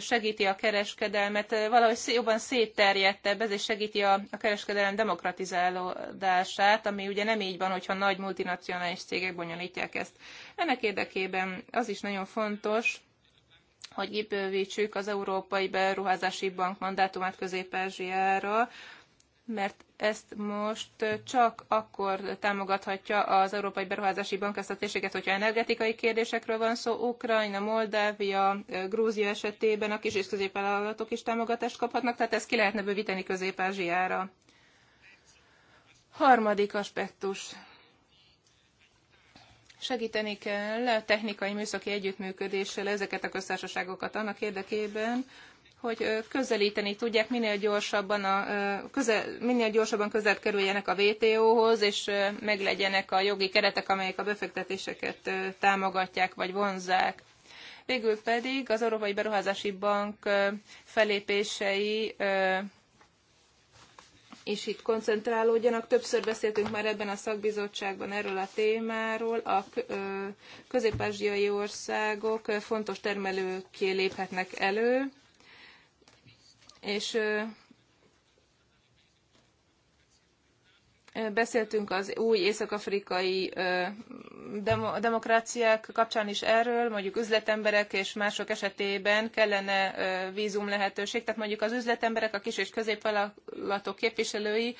segíti a kereskedelmet, valahogy jobban szétterjedtebb, ez is segíti a, a kereskedelem demokratizálódását, ami ugye nem így van, hogyha nagy multinacionális cégek bonyolítják ezt. Ennek érdekében az is nagyon fontos, hogy kibővítsük az Európai Beruházási Bank mandátumát Közép-Ázsiára, mert ezt most csak akkor támogathatja az Európai Beruházási Bank ezt a térséget, hogyha energetikai kérdésekről van szó, Ukrajna, Moldávia, Grúzia esetében a kis és középvállalatok is támogatást kaphatnak, tehát ezt ki lehetne bővíteni Közép-Ázsiára. Harmadik aspektus. Segíteni kell technikai műszaki együttműködéssel ezeket a köztársaságokat annak érdekében, hogy közelíteni tudják, minél gyorsabban, a, közel, minél gyorsabban közel kerüljenek a WTO-hoz, és meglegyenek a jogi keretek, amelyek a befektetéseket támogatják vagy vonzák. Végül pedig az Európai Beruházási Bank felépései és itt koncentrálódjanak. Többször beszéltünk már ebben a szakbizottságban erről a témáról. A közép-ázsiai országok fontos termelőké léphetnek elő, és Beszéltünk az új észak-afrikai demokráciák kapcsán is erről, mondjuk üzletemberek és mások esetében kellene vízum lehetőség, tehát mondjuk az üzletemberek, a kis és középvállalatok képviselői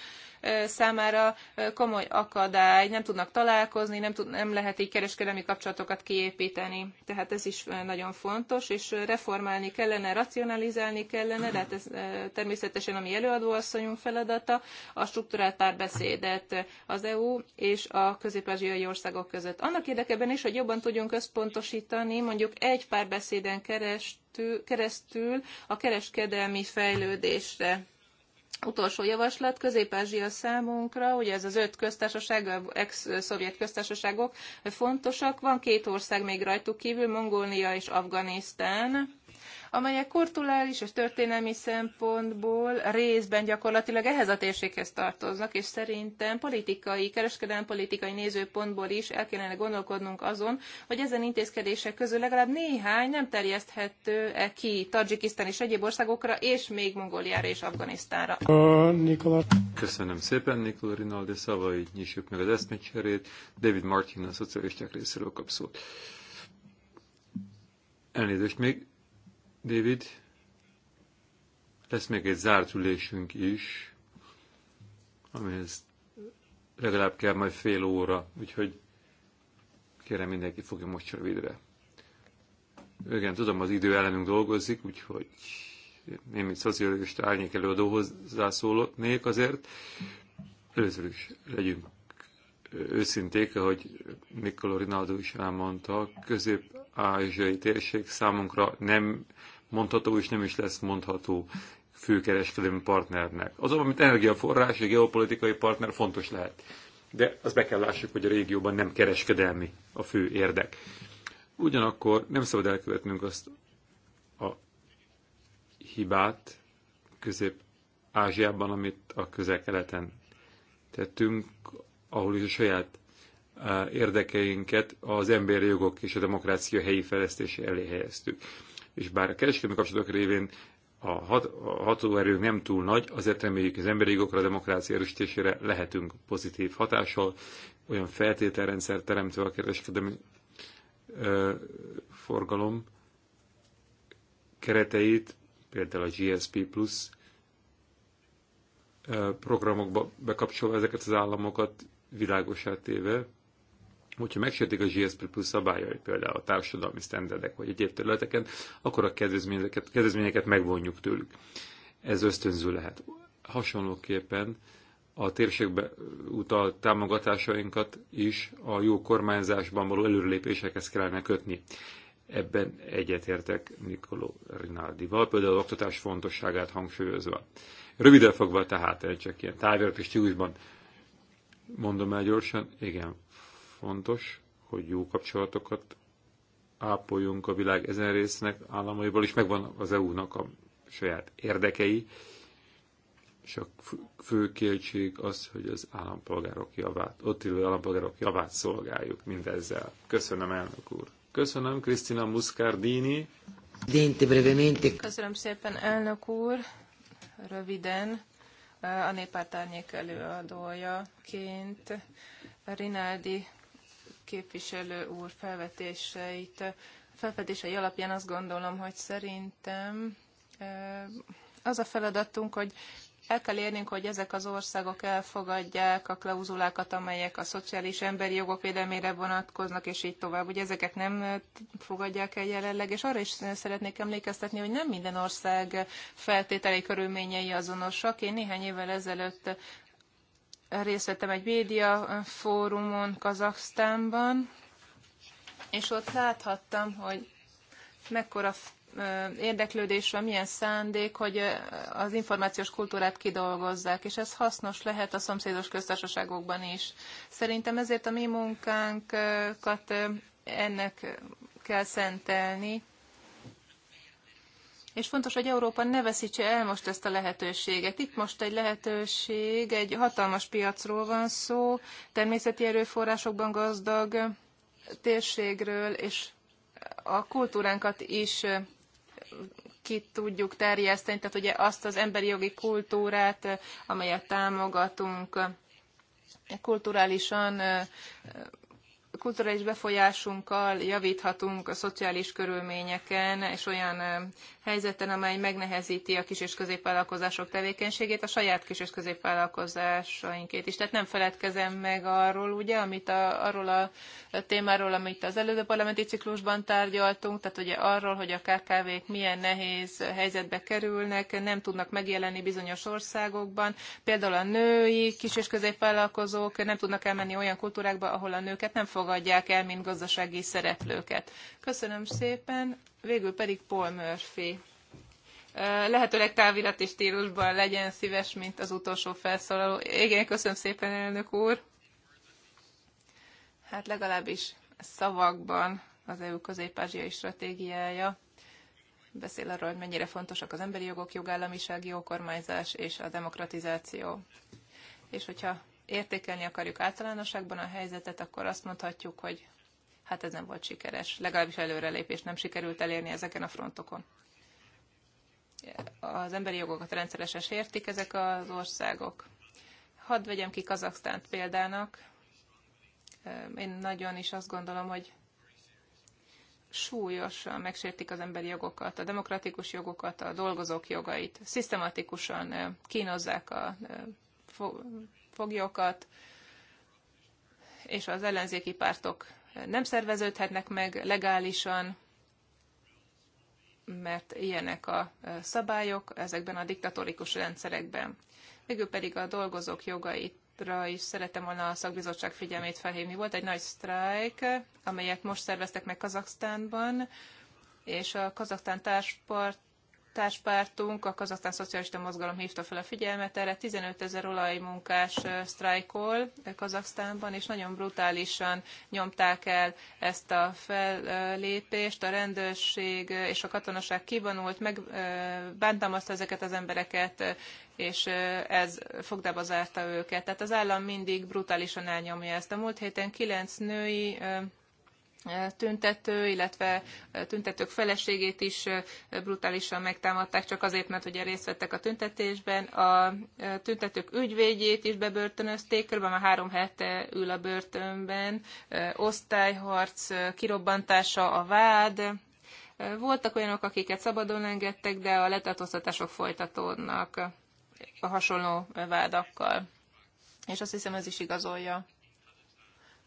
számára komoly akadály, nem tudnak találkozni, nem, tud, nem lehet így kereskedelmi kapcsolatokat kiépíteni. Tehát ez is nagyon fontos, és reformálni kellene, racionalizálni kellene, de hát ez természetesen a mi előadóasszonyunk feladata, a struktúrált párbeszédet az EU és a közép-ázsiai országok között. Annak érdekében is, hogy jobban tudjunk összpontosítani, mondjuk egy párbeszéden keresztül keresztül a kereskedelmi fejlődésre utolsó javaslat, Közép-Ázsia számunkra, ugye ez az öt köztársaság, ex-szovjet köztársaságok fontosak. Van két ország még rajtuk kívül, Mongólia és Afganisztán amelyek kulturális és történelmi szempontból részben gyakorlatilag ehhez a térséghez tartoznak, és szerintem politikai, kereskedelmi politikai nézőpontból is el kellene gondolkodnunk azon, hogy ezen intézkedések közül legalább néhány nem terjeszthető -e ki Tadzsikisztán és egyéb országokra, és még Mongóliára és Afganisztánra. Köszönöm szépen, Nikola Rinaldi szavai, nyissuk meg az eszmecserét. David Martin, a szocialisták részéről kap szót. Elnézést, még David, lesz még egy zárt ülésünk is, amihez legalább kell majd fél óra, úgyhogy kérem mindenki fogja most rövidre. Igen, tudom, az idő ellenünk dolgozik, úgyhogy én, mint szocialista árnyék előadó hozzászólnék azért. Először is legyünk őszinték, ahogy Mikkel Rinaldo is elmondta, közép ázsiai térség számunkra nem mondható és nem is lesz mondható főkereskedelmi partnernek. Azonban, mint energiaforrás, egy geopolitikai partner fontos lehet. De azt be kell lássuk, hogy a régióban nem kereskedelmi a fő érdek. Ugyanakkor nem szabad elkövetnünk azt a hibát Közép-Ázsiában, amit a közel-keleten tettünk, ahol is a saját érdekeinket az emberi jogok és a demokrácia helyi fejlesztése elé helyeztük. És bár a kereskedelmi kapcsolatok révén a, hat, a nem túl nagy, azért reméljük az emberi jogokra, a demokrácia erősítésére lehetünk pozitív hatással, olyan feltételrendszer teremtve a kereskedelmi ö, forgalom kereteit, például a GSP Plus programokba bekapcsolva ezeket az államokat világosát téve, hogyha megsértik a GSP plusz például a társadalmi sztenderdek vagy egyéb területeken, akkor a kedvezményeket, kedvezményeket megvonjuk tőlük. Ez ösztönző lehet. Hasonlóképpen a térségbe utalt támogatásainkat is a jó kormányzásban való előrelépésekhez kellene kötni. Ebben egyetértek Nikoló Rinaldival, például az oktatás fontosságát hangsúlyozva. Röviden fogva tehát, csak ilyen távért és stílusban mondom el gyorsan, igen, fontos, hogy jó kapcsolatokat ápoljunk a világ ezen résznek államaiból, és megvan az EU-nak a saját érdekei, és a fő kérdség az, hogy az állampolgárok javát, ott élő állampolgárok javát szolgáljuk mindezzel. Köszönöm, elnök úr. Köszönöm, Krisztina Muscardini. Köszönöm szépen, elnök úr. Röviden, a néppárt árnyék előadójaként Rinaldi képviselő úr felvetéseit, felvetései alapján azt gondolom, hogy szerintem az a feladatunk, hogy el kell érnünk, hogy ezek az országok elfogadják a klauzulákat, amelyek a szociális emberi jogok védelmére vonatkoznak, és így tovább. Ugye ezeket nem fogadják el jelenleg, és arra is szeretnék emlékeztetni, hogy nem minden ország feltételi körülményei azonosak. Én néhány évvel ezelőtt részt vettem egy média fórumon Kazaksztánban, és ott láthattam, hogy mekkora érdeklődés van, milyen szándék, hogy az információs kultúrát kidolgozzák, és ez hasznos lehet a szomszédos köztársaságokban is. Szerintem ezért a mi munkánkat ennek kell szentelni, és fontos, hogy Európa ne veszítse el most ezt a lehetőséget. Itt most egy lehetőség, egy hatalmas piacról van szó, természeti erőforrásokban gazdag térségről, és a kultúránkat is ki tudjuk terjeszteni, tehát ugye azt az emberi jogi kultúrát, amelyet támogatunk kulturálisan, kulturális befolyásunkkal javíthatunk a szociális körülményeken, és olyan helyzeten, amely megnehezíti a kis- és középvállalkozások tevékenységét, a saját kis- és középvállalkozásainkét is. Tehát nem feledkezem meg arról, ugye, amit a, arról a témáról, amit az előző parlamenti ciklusban tárgyaltunk, tehát ugye arról, hogy a KKV-k milyen nehéz helyzetbe kerülnek, nem tudnak megjelenni bizonyos országokban, például a női kis- és középvállalkozók nem tudnak elmenni olyan kultúrákba, ahol a nőket nem fogadják el, mint gazdasági szereplőket. Köszönöm szépen! Végül pedig Paul Murphy. Lehetőleg távirati stílusban legyen szíves, mint az utolsó felszólaló. Igen, köszönöm szépen, elnök úr. Hát legalábbis szavakban az EU közép-ázsiai stratégiája beszél arról, hogy mennyire fontosak az emberi jogok, jogállamiság, jó kormányzás és a demokratizáció. És hogyha értékelni akarjuk általánosságban a helyzetet, akkor azt mondhatjuk, hogy hát ez nem volt sikeres. Legalábbis előrelépést nem sikerült elérni ezeken a frontokon. Az emberi jogokat rendszeresen sértik ezek az országok. Hadd vegyem ki Kazaksztánt példának. Én nagyon is azt gondolom, hogy súlyosan megsértik az emberi jogokat, a demokratikus jogokat, a dolgozók jogait. Szisztematikusan kínozzák a foglyokat, és az ellenzéki pártok nem szerveződhetnek meg legálisan, mert ilyenek a szabályok ezekben a diktatórikus rendszerekben. Végül pedig a dolgozók jogaitra is szeretem volna a szakbizottság figyelmét felhívni. Volt egy nagy sztrájk, amelyet most szerveztek meg Kazaksztánban, és a Kazaksztán társpart társpártunk, a Kazasztán Szocialista Mozgalom hívta fel a figyelmet erre, 15 ezer olajmunkás sztrájkol Kazaksztánban, és nagyon brutálisan nyomták el ezt a fellépést, a rendőrség és a katonaság kivonult, meg bántalmazta ezeket az embereket, és ez fogdába zárta őket. Tehát az állam mindig brutálisan elnyomja ezt. A múlt héten kilenc női tüntető, illetve tüntetők feleségét is brutálisan megtámadták, csak azért, mert ugye részt vettek a tüntetésben. A tüntetők ügyvédjét is bebörtönözték, kb. már három hete ül a börtönben. Osztályharc kirobbantása a vád. Voltak olyanok, akiket szabadon engedtek, de a letartóztatások folytatódnak a hasonló vádakkal. És azt hiszem, ez is igazolja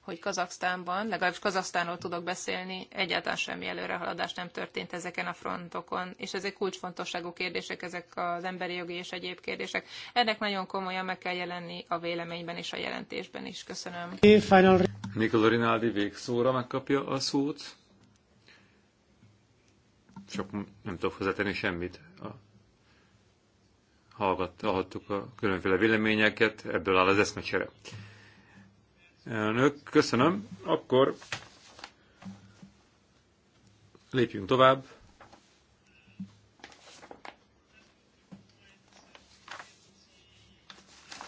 hogy Kazaksztánban, legalábbis Kazaksztánról tudok beszélni, egyáltalán semmi előrehaladás nem történt ezeken a frontokon, és ezek kulcsfontosságú kérdések, ezek az emberi jogi és egyéb kérdések. Ennek nagyon komolyan meg kell jelenni a véleményben és a jelentésben is. Köszönöm. Nikola Rinaldi végszóra megkapja a szót. Csak nem tudok hozzátenni semmit. A... Hallgat, a különféle véleményeket, ebből áll az eszmecsere. Elnök, köszönöm. Akkor lépjünk tovább.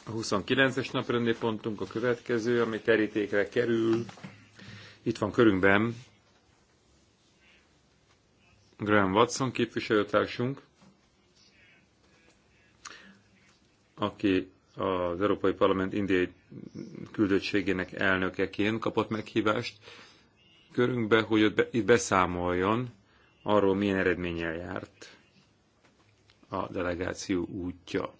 A 29-es naprendi pontunk a következő, ami terítékre kerül. Itt van körünkben Graham Watson képviselőtársunk, aki az Európai Parlament indiai küldöttségének elnökeként kapott meghívást körünkbe, hogy ott itt beszámoljon arról, milyen eredménnyel járt a delegáció útja.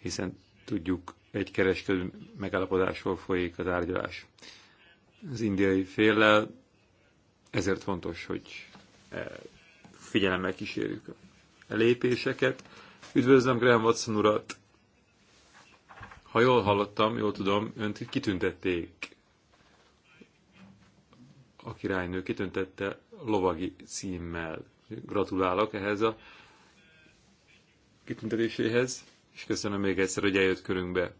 Hiszen tudjuk, egy kereskedő megállapodásról folyik a tárgyalás Az indiai féllel ezért fontos, hogy e, figyelemmel kísérjük a lépéseket. Üdvözlöm Graham Watson urat, ha jól hallottam, jól tudom, önt kitüntették. A királynő kitüntette lovagi címmel. Gratulálok ehhez a kitüntetéséhez, és köszönöm még egyszer, hogy eljött körünkbe.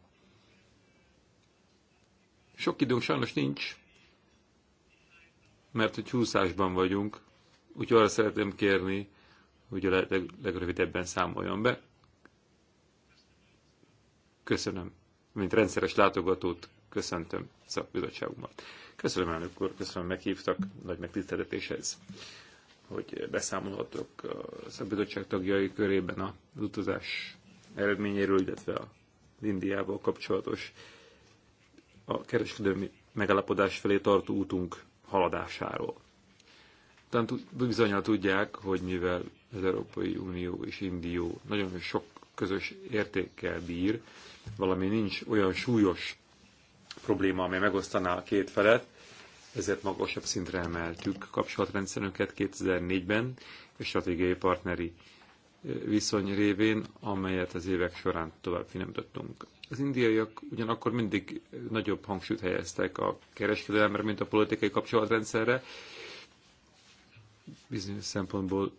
Sok időnk sajnos nincs, mert hogy csúszásban vagyunk, úgyhogy arra szeretném kérni, hogy a leg, legrövidebben számoljon be. Köszönöm mint rendszeres látogatót köszöntöm a bizottságunkban. Köszönöm, elnök úr, köszönöm, meghívtak, nagy megtiszteltetés ez, hogy beszámolhatok a szakbizottság tagjai körében az utazás eredményéről, illetve a Indiával kapcsolatos a kereskedelmi megállapodás felé tartó útunk haladásáról. Talán bizonyal tudják, hogy mivel az Európai Unió és Indió nagyon sok közös értékkel bír, valami nincs olyan súlyos probléma, amely megosztaná a két felet, ezért magasabb szintre emeltük kapcsolatrendszerünket 2004-ben, és stratégiai partneri viszony révén, amelyet az évek során tovább finomítottunk. Az indiaiak ugyanakkor mindig nagyobb hangsúlyt helyeztek a kereskedelemre, mint a politikai kapcsolatrendszerre. Bizonyos szempontból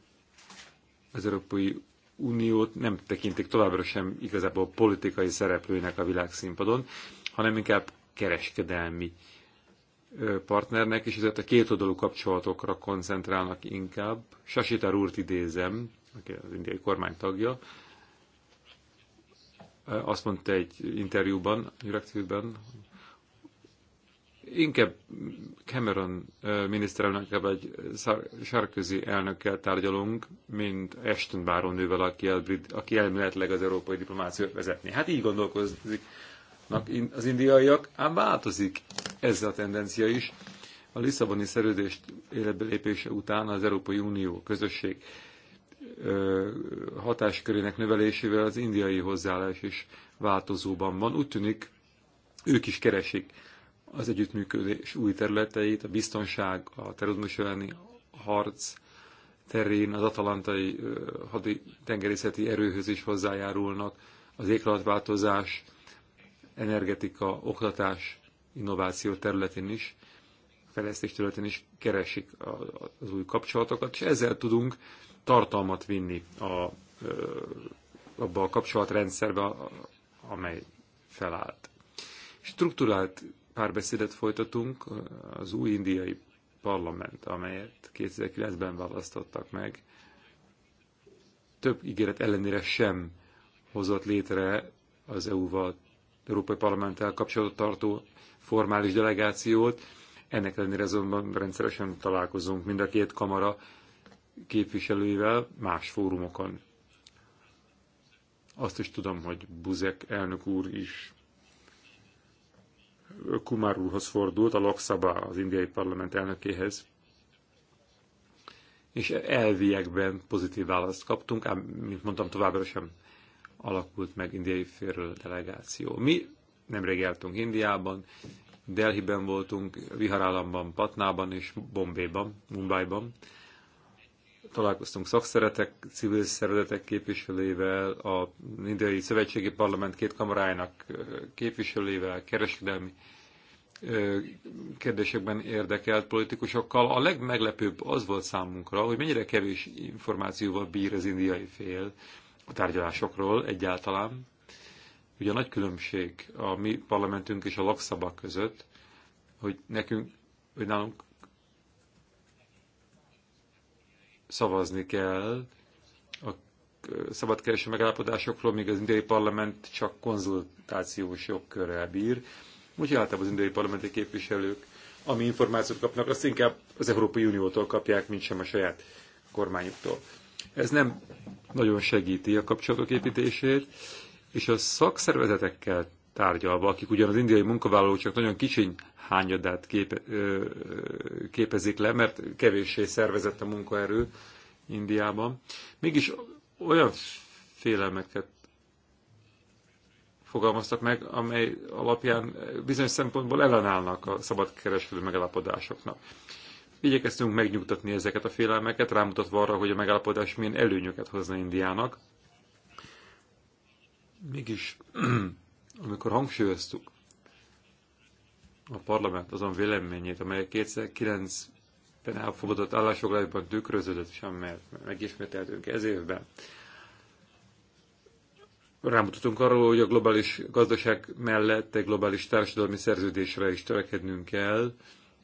az Európai Uniót nem tekintik továbbra sem igazából politikai szereplőinek a világszínpadon, hanem inkább kereskedelmi partnernek, és ezért a kétoldalú kapcsolatokra koncentrálnak inkább. Sasita úrt idézem, aki az indiai kormány tagja, azt mondta egy interjúban, Jürektűben, inkább Cameron miniszterelnökkel vagy Sarkozy elnökkel tárgyalunk, mint Ashton nővel, aki, a brit, aki elméletileg az európai diplomációt vezetni. Hát így gondolkozik az indiaiak, ám változik ez a tendencia is. A Lisszaboni életbe lépése után az Európai Unió közösség hatáskörének növelésével az indiai hozzáállás is változóban van. Úgy tűnik, ők is keresik az együttműködés új területeit, a biztonság, a terrorizmus elleni harc terén, az atalantai hadi tengerészeti erőhöz is hozzájárulnak, az éghajlatváltozás, energetika, oktatás, innováció területén is, fejlesztés területén is keresik az új kapcsolatokat, és ezzel tudunk tartalmat vinni a, abba a kapcsolatrendszerbe, amely felállt. Struktúrált párbeszédet folytatunk az új indiai parlament, amelyet 2009-ben választottak meg. Több ígéret ellenére sem hozott létre az EU-val, Európai Parlamenttel kapcsolatot tartó formális delegációt. Ennek ellenére azonban rendszeresen találkozunk mind a két kamara képviselőivel más fórumokon. Azt is tudom, hogy Buzek elnök úr is Kumar úrhoz fordult, a lakszaba az indiai parlament elnökéhez, és elviekben pozitív választ kaptunk, ám, mint mondtam, továbbra sem alakult meg indiai félről a delegáció. Mi nemrég jártunk Indiában, Delhiben voltunk, Viharállamban, Patnában és Bombéban, Mumbaiban találkoztunk szakszeretek, civil szervezetek képviselőivel, a indiai szövetségi parlament két kamarájának képviselőivel, kereskedelmi kérdésekben érdekelt politikusokkal. A legmeglepőbb az volt számunkra, hogy mennyire kevés információval bír az indiai fél a tárgyalásokról egyáltalán. Ugye a nagy különbség a mi parlamentünk és a lakszabak között, hogy nekünk, hogy nálunk szavazni kell. A szabadkereső megállapodásokról még az indiai parlament csak konzultációs jogkörrel bír. Úgyhogy általában az indiai parlamenti képviselők, ami információt kapnak, azt inkább az Európai Uniótól kapják, mint sem a saját kormányuktól. Ez nem nagyon segíti a kapcsolatok építését, és a szakszervezetekkel tárgyalva, akik ugyan az indiai munkavállalók csak nagyon kicsiny hányadát képe, képezik le, mert kevéssé szervezett a munkaerő Indiában. Mégis olyan félelmeket fogalmaztak meg, amely alapján bizonyos szempontból ellenállnak a szabadkereskedő megalapodásoknak. Igyekeztünk megnyugtatni ezeket a félelmeket, rámutatva arra, hogy a megállapodás milyen előnyöket hozna Indiának. Mégis amikor hangsúlyoztuk a parlament azon véleményét, amely 2009-ben elfogadott állásfoglalásban tükröződött, és amelyet megismételtünk ez évben, rámutatunk arról, hogy a globális gazdaság mellett egy globális társadalmi szerződésre is törekednünk kell,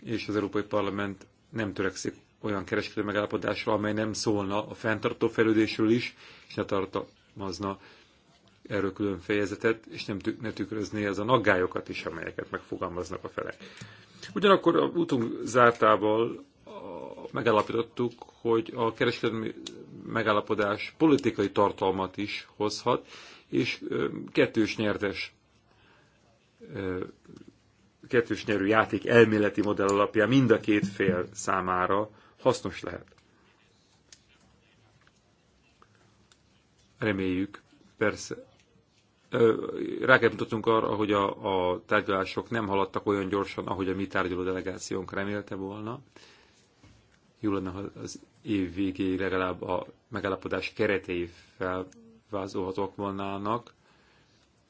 és az Európai Parlament nem törekszik olyan kereskedő megállapodásra, amely nem szólna a fenntartó fejlődésről is, és ne tartalmazna erről külön fejezetet, és nem tük, ne tükrözné az a naggályokat is, amelyeket megfogalmaznak a felek. Ugyanakkor a útunk zártával megállapítottuk, hogy a kereskedelmi megállapodás politikai tartalmat is hozhat, és kettős nyertes kettős nyerű játék elméleti modell alapján mind a két fél számára hasznos lehet. Reméljük persze, rá kell mutatnunk arra, hogy a, a tárgyalások nem haladtak olyan gyorsan, ahogy a mi tárgyaló delegációnk remélte volna. Jó lenne, ha az év végéig legalább a megállapodás keretei felvázolhatók volnának,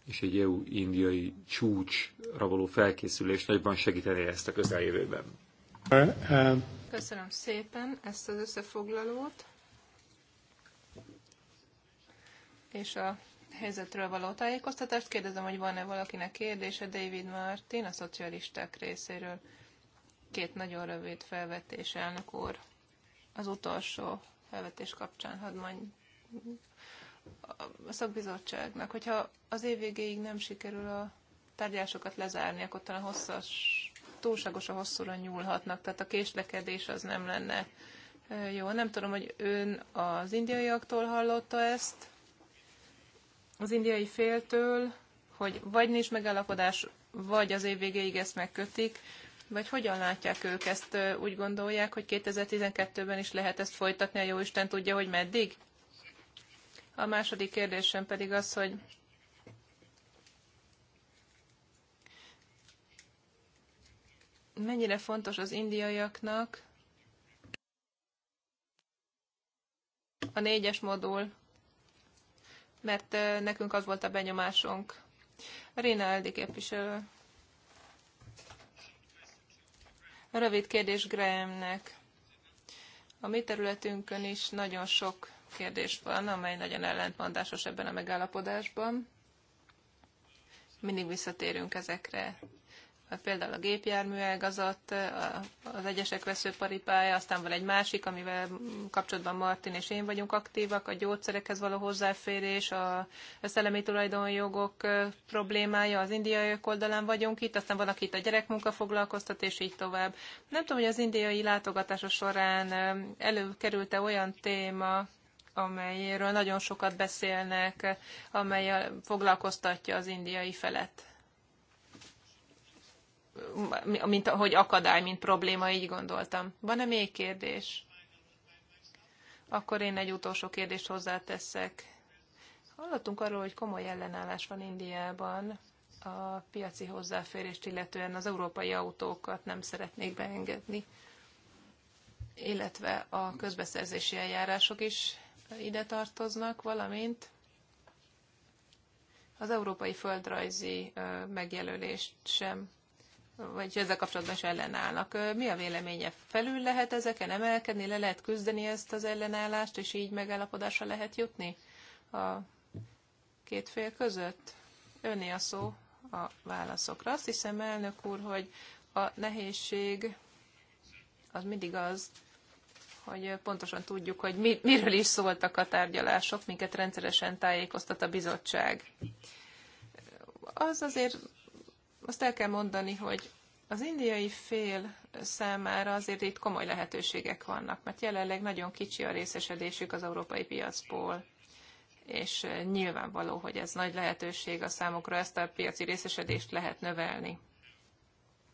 és egy EU-indiai csúcsra való felkészülés nagyban segítené ezt a közeljövőben. Köszönöm szépen ezt az összefoglalót, és a helyzetről való tájékoztatást. Kérdezem, hogy van-e valakinek kérdése David Martin a szocialisták részéről. Két nagyon rövid felvetés, elnök úr. Az utolsó felvetés kapcsán hadd mondj a szakbizottságnak, hogyha az év végéig nem sikerül a tárgyásokat lezárni, akkor talán hosszas, túlságosan hosszúra nyúlhatnak, tehát a késlekedés az nem lenne jó. Nem tudom, hogy ön az indiaiaktól hallotta ezt, az indiai féltől, hogy vagy nincs megállapodás, vagy az év végéig ezt megkötik, vagy hogyan látják ők ezt? Úgy gondolják, hogy 2012-ben is lehet ezt folytatni, a jóisten tudja, hogy meddig? A második kérdésem pedig az, hogy mennyire fontos az indiaiaknak a négyes modul mert nekünk az volt a benyomásunk. Réna Eldi képviselő. Rövid kérdés Grahamnek. A mi területünkön is nagyon sok kérdés van, amely nagyon ellentmondásos ebben a megállapodásban. Mindig visszatérünk ezekre. Hát például a elgazott, az egyesek veszőparipája, aztán van egy másik, amivel kapcsolatban Martin és én vagyunk aktívak, a gyógyszerekhez való hozzáférés, a szellemi tulajdonjogok problémája, az indiai oldalán vagyunk itt, aztán van, akit itt a gyerekmunka foglalkoztat, és így tovább. Nem tudom, hogy az indiai látogatása során előkerült-e olyan téma, amelyről nagyon sokat beszélnek, amely foglalkoztatja az indiai felet mint hogy akadály, mint probléma, így gondoltam. Van-e még kérdés? Akkor én egy utolsó kérdést hozzáteszek. Hallottunk arról, hogy komoly ellenállás van Indiában a piaci hozzáférést, illetően az európai autókat nem szeretnék beengedni, illetve a közbeszerzési eljárások is ide tartoznak, valamint az európai földrajzi megjelölést sem vagy ezzel kapcsolatban is ellenállnak. Mi a véleménye? Felül lehet ezeken emelkedni, le lehet küzdeni ezt az ellenállást, és így megállapodásra lehet jutni a két fél között? Öné a szó a válaszokra. Azt hiszem, elnök úr, hogy a nehézség az mindig az, hogy pontosan tudjuk, hogy mi, miről is szóltak a tárgyalások, minket rendszeresen tájékoztat a bizottság. Az azért azt el kell mondani, hogy az indiai fél számára azért itt komoly lehetőségek vannak, mert jelenleg nagyon kicsi a részesedésük az európai piacból, és eh, nyilvánvaló, hogy ez nagy lehetőség a számokra, ezt a piaci részesedést lehet növelni.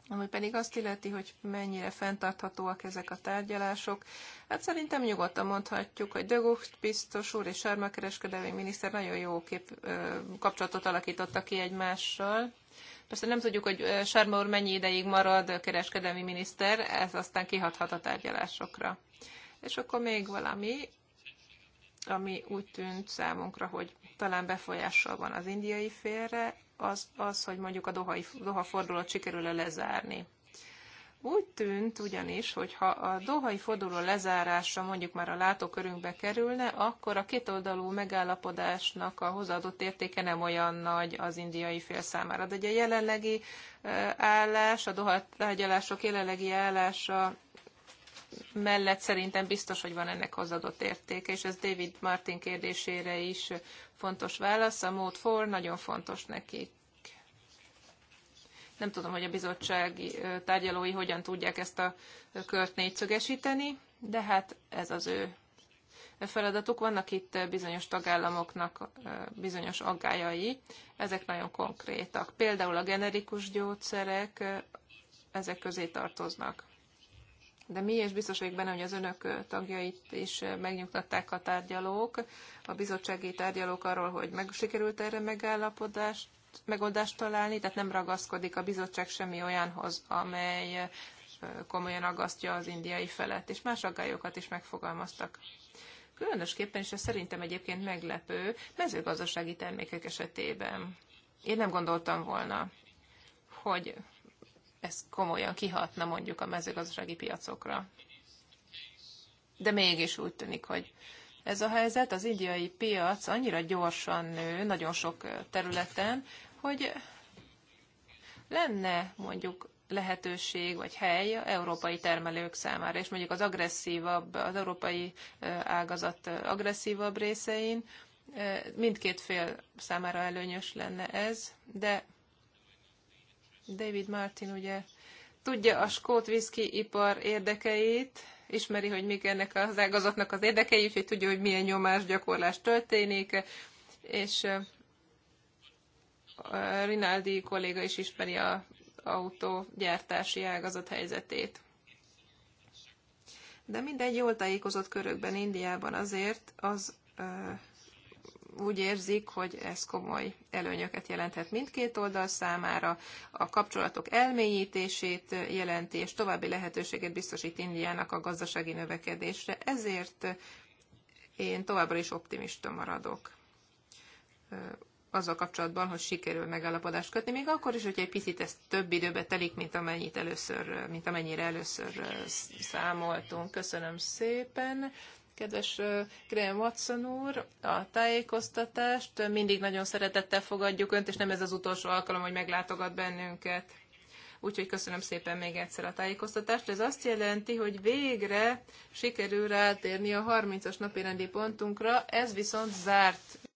Ami pedig azt illeti, hogy mennyire fenntarthatóak ezek a tárgyalások, hát szerintem nyugodtan mondhatjuk, hogy Dögucht biztos úr és Sarma kereskedelmi miniszter nagyon jó kép, ö, kapcsolatot alakítottak ki egymással, Persze nem tudjuk, hogy Sharma úr mennyi ideig marad kereskedelmi miniszter, ez aztán kihathat a tárgyalásokra. És akkor még valami, ami úgy tűnt számunkra, hogy talán befolyással van az indiai félre, az, az hogy mondjuk a Doha, Doha fordulót sikerül-e lezárni. Úgy tűnt ugyanis, hogy ha a dohai forduló lezárása mondjuk már a látókörünkbe kerülne, akkor a kétoldalú megállapodásnak a hozadott értéke nem olyan nagy az indiai fél számára. De ugye a jelenlegi állás, a doha tárgyalások jelenlegi állása mellett szerintem biztos, hogy van ennek hozadott értéke, és ez David Martin kérdésére is fontos válasz. A mód for nagyon fontos neki. Nem tudom, hogy a bizottsági tárgyalói hogyan tudják ezt a kört négyszögesíteni, de hát ez az ő feladatuk. Vannak itt bizonyos tagállamoknak bizonyos aggájai, ezek nagyon konkrétak. Például a generikus gyógyszerek ezek közé tartoznak. De mi, és biztos vagyok benne, hogy az önök tagjait is megnyugtatták a tárgyalók, a bizottsági tárgyalók arról, hogy meg sikerült erre megállapodást megoldást találni, tehát nem ragaszkodik a bizottság semmi olyanhoz, amely komolyan aggasztja az indiai felet, és más aggályokat is megfogalmaztak. Különösképpen, és ez szerintem egyébként meglepő, mezőgazdasági termékek esetében. Én nem gondoltam volna, hogy ez komolyan kihatna mondjuk a mezőgazdasági piacokra. De mégis úgy tűnik, hogy ez a helyzet. Az indiai piac annyira gyorsan nő nagyon sok területen, hogy lenne mondjuk lehetőség vagy hely európai termelők számára, és mondjuk az agresszívabb, az európai ágazat agresszívabb részein mindkét fél számára előnyös lenne ez, de David Martin ugye tudja a skót viszki ipar érdekeit, ismeri, hogy mik ennek az ágazatnak az érdekei, úgyhogy tudja, hogy milyen gyakorlás történik, és Rinaldi kolléga is ismeri a autógyártási ágazat helyzetét. De mindegy jól tájékozott körökben Indiában azért az úgy érzik, hogy ez komoly előnyöket jelenthet mindkét oldal számára, a kapcsolatok elmélyítését jelenti, és további lehetőséget biztosít Indiának a gazdasági növekedésre. Ezért én továbbra is optimista maradok azzal kapcsolatban, hogy sikerül megállapodást kötni, még akkor is, hogyha egy picit ez több időbe telik, mint, amennyit először, mint amennyire először számoltunk. Köszönöm szépen kedves Graham Watson úr, a tájékoztatást. Mindig nagyon szeretettel fogadjuk Önt, és nem ez az utolsó alkalom, hogy meglátogat bennünket. Úgyhogy köszönöm szépen még egyszer a tájékoztatást. Ez azt jelenti, hogy végre sikerül rátérni a 30-as rendi pontunkra, ez viszont zárt